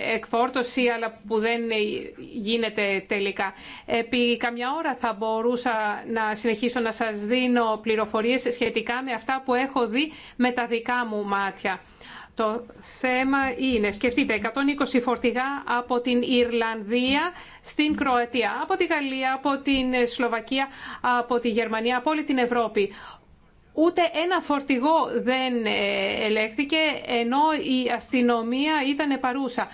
D: ε, εκφόρτωση, αλλά που δεν γίνεται τελικά. Επί καμιά ώρα θα μπορούσα να συνεχίσω να σας δίνω πληροφορίες σχετικά με αυτά που έχω δει με τα δικά μου μάτια. Το θέμα είναι, σκεφτείτε, 120 φορτηγά από την Ιρλανδία στην Κροατία, από τη Γαλλία, από την Σλοβακία, από τη Γερμανία, από όλη την Ευρώπη. Ούτε ένα φορτηγό δεν ε, ελέγχθηκε, ενώ η αστυνομία ήταν παρούσα.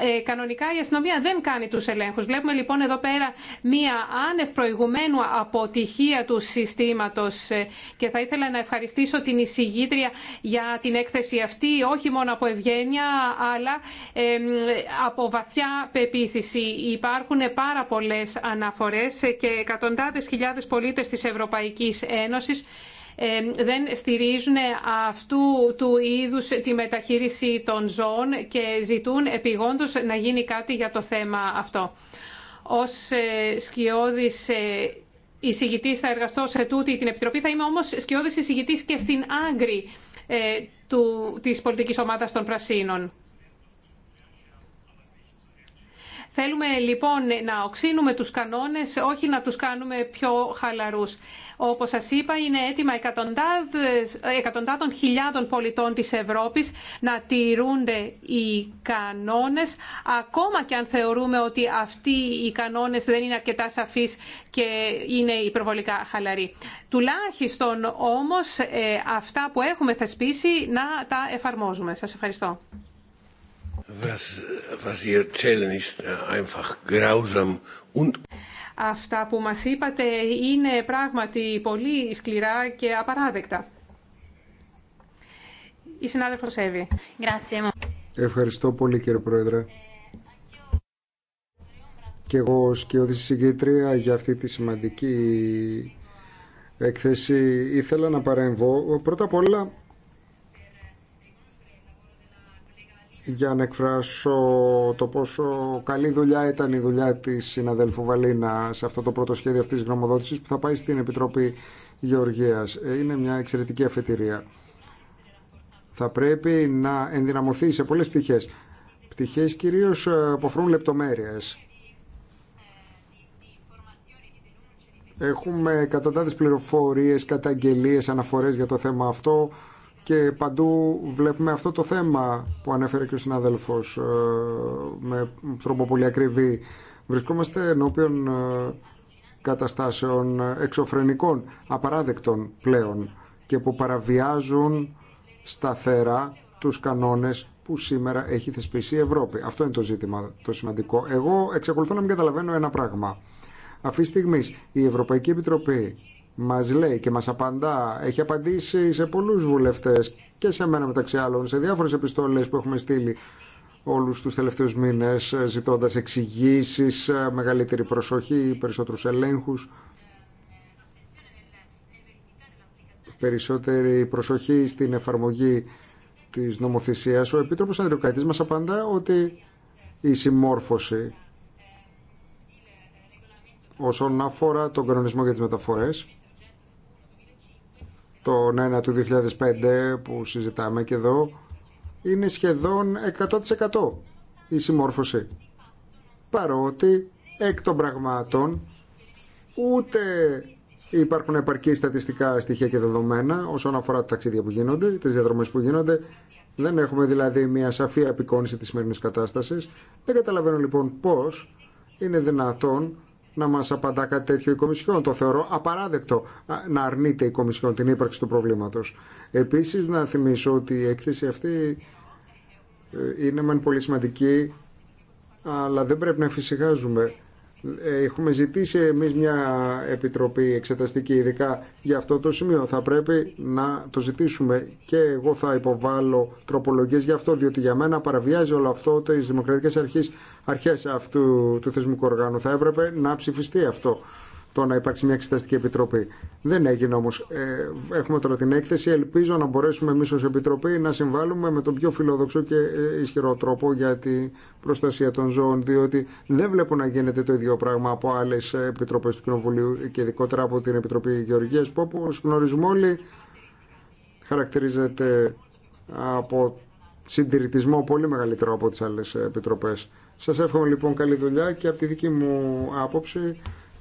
D: Ε, κανονικά η αστυνομία δεν κάνει τους ελέγχους. Βλέπουμε λοιπόν εδώ πέρα μία άνευ προηγουμένου αποτυχία του συστήματος ε, και θα ήθελα να ευχαριστήσω την εισηγήτρια για την έκθεση αυτή, όχι μόνο από ευγένεια, αλλά από βαθιά πεποίθηση. Υπάρχουν πάρα πολλές αναφορές ε, και εκατοντάδες χιλιάδες πολίτες της Ευρωπαϊκής Ένωσης ε, δεν στηρίζουν αυτού του είδους τη μεταχείριση των ζώων και ζητούν επιγόντως να γίνει κάτι για το θέμα αυτό. Ως ε, σκιώδης ε, εισηγητής θα εργαστώ σε τούτη την Επιτροπή, θα είμαι όμως σκιώδης εισηγητής και στην άγκρη του, της πολιτικής ομάδας των Πρασίνων. Θέλουμε λοιπόν να οξύνουμε τους κανόνες, όχι να τους κάνουμε πιο χαλαρούς. Όπως σας είπα, είναι έτοιμα εκατοντάδων χιλιάδων πολιτών της Ευρώπης να τηρούνται οι κανόνες, ακόμα και αν θεωρούμε ότι αυτοί οι κανόνες δεν είναι αρκετά σαφείς και είναι υπερβολικά χαλαροί. Τουλάχιστον όμως ε, αυτά που έχουμε θεσπίσει να τα εφαρμόζουμε. Σας ευχαριστώ.
C: Äh,
D: Αυτά που μας είπατε είναι πράγματι πολύ σκληρά και απαράδεκτα. Η συνάδελφος Εύη.
B: Ευχαριστώ πολύ κύριε Πρόεδρε. Και εγώ σκιώδη συγκήτρια για αυτή τη σημαντική έκθεση ήθελα να παρέμβω. Πρώτα απ' όλα για να εκφράσω το πόσο καλή δουλειά ήταν η δουλειά της συναδέλφου Βαλίνα σε αυτό το πρώτο σχέδιο αυτής της γνωμοδότησης που θα πάει στην Επιτροπή Γεωργίας. Ε, είναι μια εξαιρετική αφετηρία. Θα πρέπει να ενδυναμωθεί σε πολλές πτυχές. Πτυχές κυρίως ε, που αφορούν λεπτομέρειες. Έχουμε εκατοντάδες πληροφορίες, καταγγελίες, αναφορές για το θέμα αυτό και παντού βλέπουμε αυτό το θέμα που ανέφερε και ο συνάδελφος ε, με τρόπο πολύ ακριβή. Βρισκόμαστε ενώπιον ε, καταστάσεων εξωφρενικών, απαράδεκτων πλέον και που παραβιάζουν σταθερά τους κανόνες που σήμερα έχει θεσπίσει η Ευρώπη. Αυτό είναι το ζήτημα το σημαντικό. Εγώ εξακολουθώ να μην καταλαβαίνω ένα πράγμα. Αυτή τη στιγμή η Ευρωπαϊκή Επιτροπή μας λέει και μας απαντά. Έχει απαντήσει σε πολλούς βουλευτές και σε μένα μεταξύ άλλων, σε διάφορες επιστολές που έχουμε στείλει όλους τους τελευταίους μήνες ζητώντας εξηγήσει, μεγαλύτερη προσοχή, περισσότερους ελέγχους. Περισσότερη προσοχή στην εφαρμογή της νομοθεσίας. Ο Επίτροπος Ανδριοκαϊτής μας απαντά ότι η συμμόρφωση όσον αφορά τον κανονισμό για τις μεταφορές τον 1 του 2005 που συζητάμε και εδώ είναι σχεδόν 100% η συμμόρφωση. Παρότι εκ των πραγμάτων ούτε υπάρχουν επαρκή στατιστικά στοιχεία και δεδομένα όσον αφορά τα ταξίδια που γίνονται, τις διαδρομές που γίνονται. Δεν έχουμε δηλαδή μια σαφή απεικόνηση της σημερινής κατάστασης. Δεν καταλαβαίνω λοιπόν πώς είναι δυνατόν να μας απαντά κάτι τέτοιο η Κομισιόν. Το θεωρώ απαράδεκτο να αρνείται η Κομισιόν την ύπαρξη του προβλήματος. Επίσης να θυμίσω ότι η έκθεση αυτή ε, είναι μεν πολύ σημαντική αλλά δεν πρέπει να φυσικάζουμε. Ε, έχουμε ζητήσει εμεί μια επιτροπή εξεταστική ειδικά για αυτό το σημείο. Θα πρέπει να το ζητήσουμε και εγώ θα υποβάλω τροπολογίες για αυτό, διότι για μένα παραβιάζει όλο αυτό τι δημοκρατικές αρχές, αρχές αυτού του θεσμικού οργάνου. Θα έπρεπε να ψηφιστεί αυτό το να υπάρξει μια εξεταστική επιτροπή. Δεν έγινε όμως. Ε, έχουμε τώρα την έκθεση. Ελπίζω να μπορέσουμε εμεί ω Επιτροπή να συμβάλλουμε με τον πιο φιλόδοξο και ε, ισχυρό τρόπο για την προστασία των ζώων, διότι δεν βλέπω να γίνεται το ίδιο πράγμα από άλλε επιτροπέ του Κοινοβουλίου και ειδικότερα από την Επιτροπή Γεωργία, που όπω γνωρίζουμε όλοι χαρακτηρίζεται από συντηρητισμό πολύ μεγαλύτερο από τις άλλες ε, επιτροπές. Σας εύχομαι λοιπόν καλή δουλειά και από τη δική μου άποψη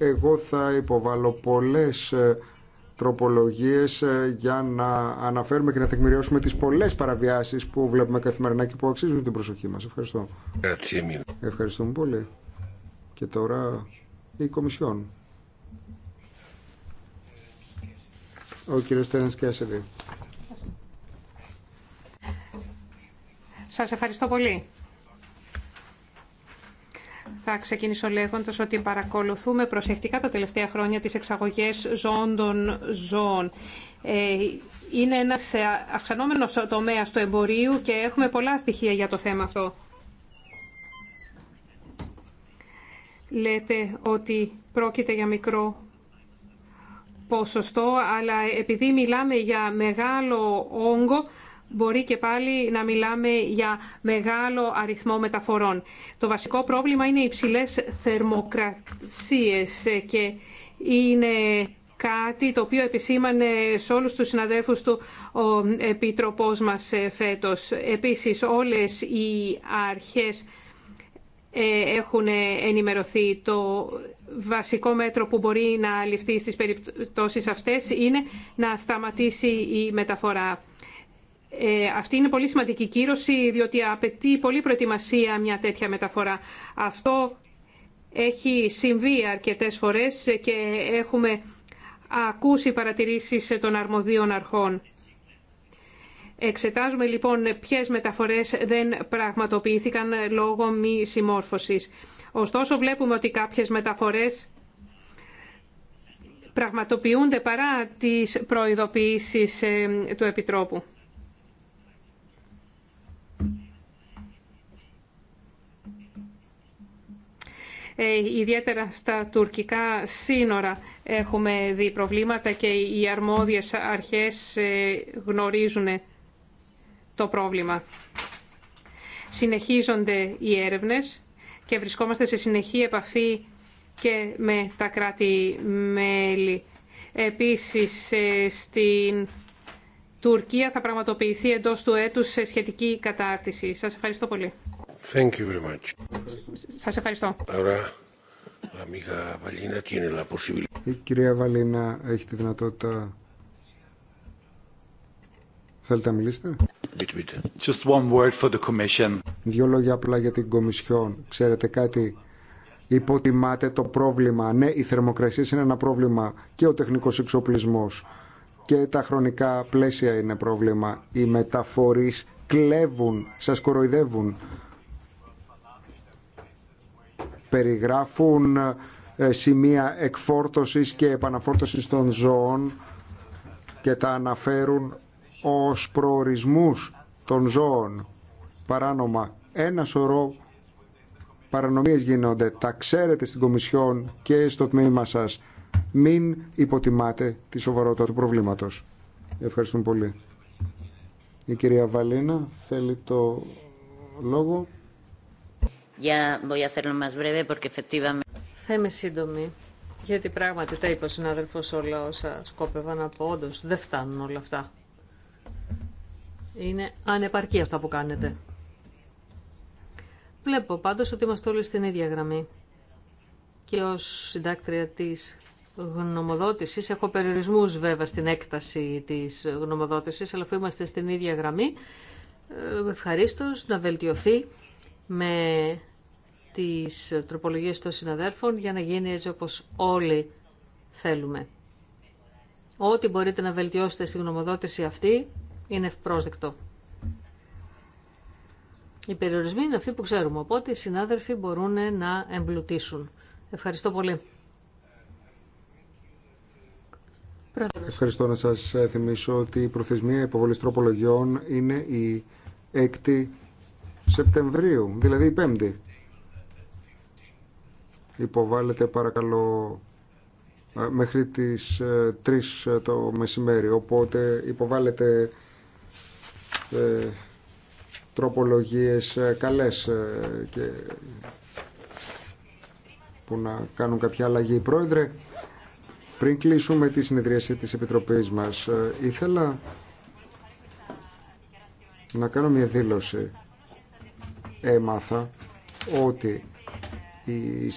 B: εγώ θα υποβάλω πολλές ε, τροπολογίες ε, για να αναφέρουμε και να τεκμηριώσουμε τις πολλές παραβιάσεις που βλέπουμε καθημερινά και που αξίζουν την προσοχή μας. Ευχαριστώ. Ευχαριστούμε πολύ. Και τώρα η Κομισιόν. Ο κύριος Τέρνς Κέσεβι.
D: Σας ευχαριστώ πολύ. Θα ξεκινήσω λέγοντας ότι παρακολουθούμε προσεκτικά τα τελευταία χρόνια τις εξαγωγές ζώων των ε, ζώων. Είναι ένας ε, αυξανόμενος τομέας του εμπορίου και έχουμε πολλά στοιχεία για το θέμα αυτό. Λέτε ότι πρόκειται για μικρό ποσοστό, αλλά επειδή μιλάμε για μεγάλο όγκο, μπορεί και πάλι να μιλάμε για μεγάλο αριθμό μεταφορών. Το βασικό πρόβλημα είναι οι υψηλές θερμοκρασίες και είναι κάτι το οποίο επισήμανε σε όλους τους συναδέλφους του ο Επίτροπός μας ε, φέτος. Επίσης όλες οι αρχές ε, έχουν ε, ενημερωθεί. Το βασικό μέτρο που μπορεί να ληφθεί στις περιπτώσεις αυτές είναι να σταματήσει η μεταφορά. Ε, αυτή είναι πολύ σημαντική κύρωση, διότι απαιτεί πολλή προετοιμασία μια τέτοια μεταφορά. Αυτό έχει συμβεί αρκετές φορές και έχουμε ακούσει παρατηρήσεις των αρμοδίων αρχών. Εξετάζουμε λοιπόν ποιες μεταφορές δεν πραγματοποιήθηκαν λόγω μη συμμόρφωσης. Ωστόσο βλέπουμε ότι κάποιες μεταφορές πραγματοποιούνται παρά τις προειδοποιήσεις ε, του Επιτρόπου. Ε, ιδιαίτερα στα τουρκικά σύνορα έχουμε δει προβλήματα και οι αρμόδιες αρχές ε, γνωρίζουν το πρόβλημα. Συνεχίζονται οι έρευνες και βρισκόμαστε σε συνεχή επαφή και με τα κράτη-μέλη. Επίσης, ε, στην Τουρκία θα πραγματοποιηθεί εντός του έτους σε σχετική κατάρτιση. Σας ευχαριστώ πολύ. Thank Σας ευχαριστώ.
B: Η κυρία Βαλίνα έχει τη δυνατότητα... Θέλετε να μιλήσετε?
E: Just one word for the commission.
B: Δύο λόγια απλά για την Κομισιόν. Ξέρετε κάτι, υποτιμάτε το πρόβλημα. Ναι, η θερμοκρασία είναι ένα πρόβλημα και ο τεχνικός εξοπλισμός και τα χρονικά πλαίσια είναι πρόβλημα. Οι μεταφορείς κλέβουν, σας κοροϊδεύουν περιγράφουν ε, σημεία εκφόρτωσης και επαναφόρτωσης των ζώων και τα αναφέρουν ως προορισμούς των ζώων παράνομα. Ένα σωρό παρανομίες γίνονται. Τα ξέρετε στην Κομισιόν και στο τμήμα σας. Μην υποτιμάτε τη σοβαρότητα του προβλήματος. Ευχαριστούμε πολύ. Η κυρία Βαλίνα θέλει το λόγο
A: voy a hacerlo más Θα είμαι σύντομη, γιατί πράγματι τα είπε ο συνάδελφο όλα όσα σκόπευα να πω. Όντω, δεν φτάνουν όλα αυτά. Είναι ανεπαρκή αυτά που κάνετε. Βλέπω πάντως ότι είμαστε όλοι στην ίδια γραμμή. Και ως συντάκτρια της γνωμοδότησης, έχω περιορισμούς βέβαια στην έκταση της γνωμοδότησης, αλλά αφού είμαστε στην ίδια γραμμή, ε, ευχαρίστως να βελτιωθεί με τις τροπολογίες των συναδέρφων για να γίνει έτσι όπως όλοι θέλουμε. Ό,τι μπορείτε να βελτιώσετε στη γνωμοδότηση αυτή είναι ευπρόσδεκτο. Οι περιορισμοί είναι αυτοί που ξέρουμε, οπότε οι συνάδελφοι μπορούν να εμπλουτίσουν. Ευχαριστώ πολύ.
B: Ευχαριστώ να σας θυμίσω ότι η προθεσμία υποβολής τροπολογιών είναι η 6η Σεπτεμβρίου, δηλαδή η 5η υποβάλλεται παρακαλώ μέχρι τις 3 ε, ε, το μεσημέρι. Οπότε υποβάλλεται ε, τροπολογίες ε, καλές και που να κάνουν κάποια αλλαγή. Πρόεδρε, πριν κλείσουμε τη συνεδρίαση της Επιτροπής μας, ήθελα να κάνω μια δήλωση. Έμαθα ότι η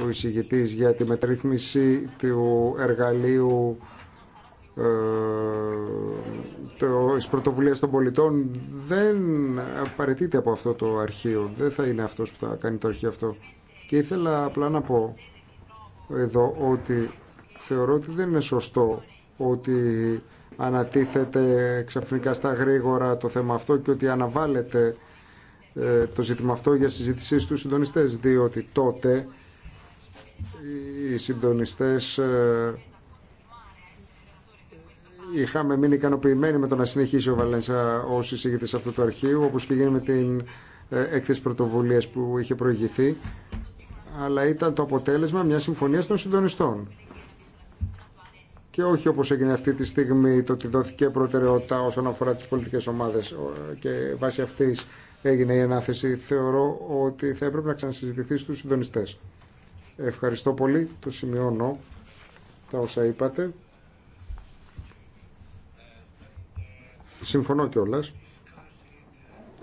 B: ο εισηγητής για τη μεταρρύθμιση του εργαλείου ε, πρωτοβουλία των πολιτών δεν παρετείται από αυτό το αρχείο. Δεν θα είναι αυτός που θα κάνει το αρχείο αυτό. Και ήθελα απλά να πω εδώ ότι θεωρώ ότι δεν είναι σωστό ότι ανατίθεται ξαφνικά στα γρήγορα το θέμα αυτό και ότι αναβάλλεται ε, το ζήτημα αυτό για συζήτηση στους συντονιστές διότι τότε οι συντονιστές ε, είχαμε μείνει ικανοποιημένοι με το να συνεχίσει ο Βαλένσα ως εισηγητής αυτού του αρχείου όπως και γίνει με την ε, έκθεση πρωτοβουλίας που είχε προηγηθεί αλλά ήταν το αποτέλεσμα μιας συμφωνίας των συντονιστών και όχι όπως έγινε αυτή τη στιγμή το ότι δόθηκε προτεραιότητα όσον αφορά τις πολιτικές ομάδες και βάσει αυτής έγινε η ανάθεση θεωρώ ότι θα έπρεπε να ξανασυζητηθεί στους συντονιστές. Ευχαριστώ πολύ. Το σημειώνω τα όσα είπατε. Συμφωνώ κιόλα.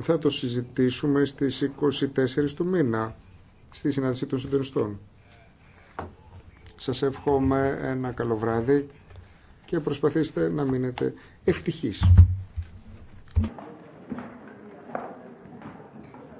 B: Θα το συζητήσουμε στις 24 του μήνα στη συνάντηση των συντονιστών. Σας εύχομαι ένα καλό βράδυ και προσπαθήστε να μείνετε ευτυχείς.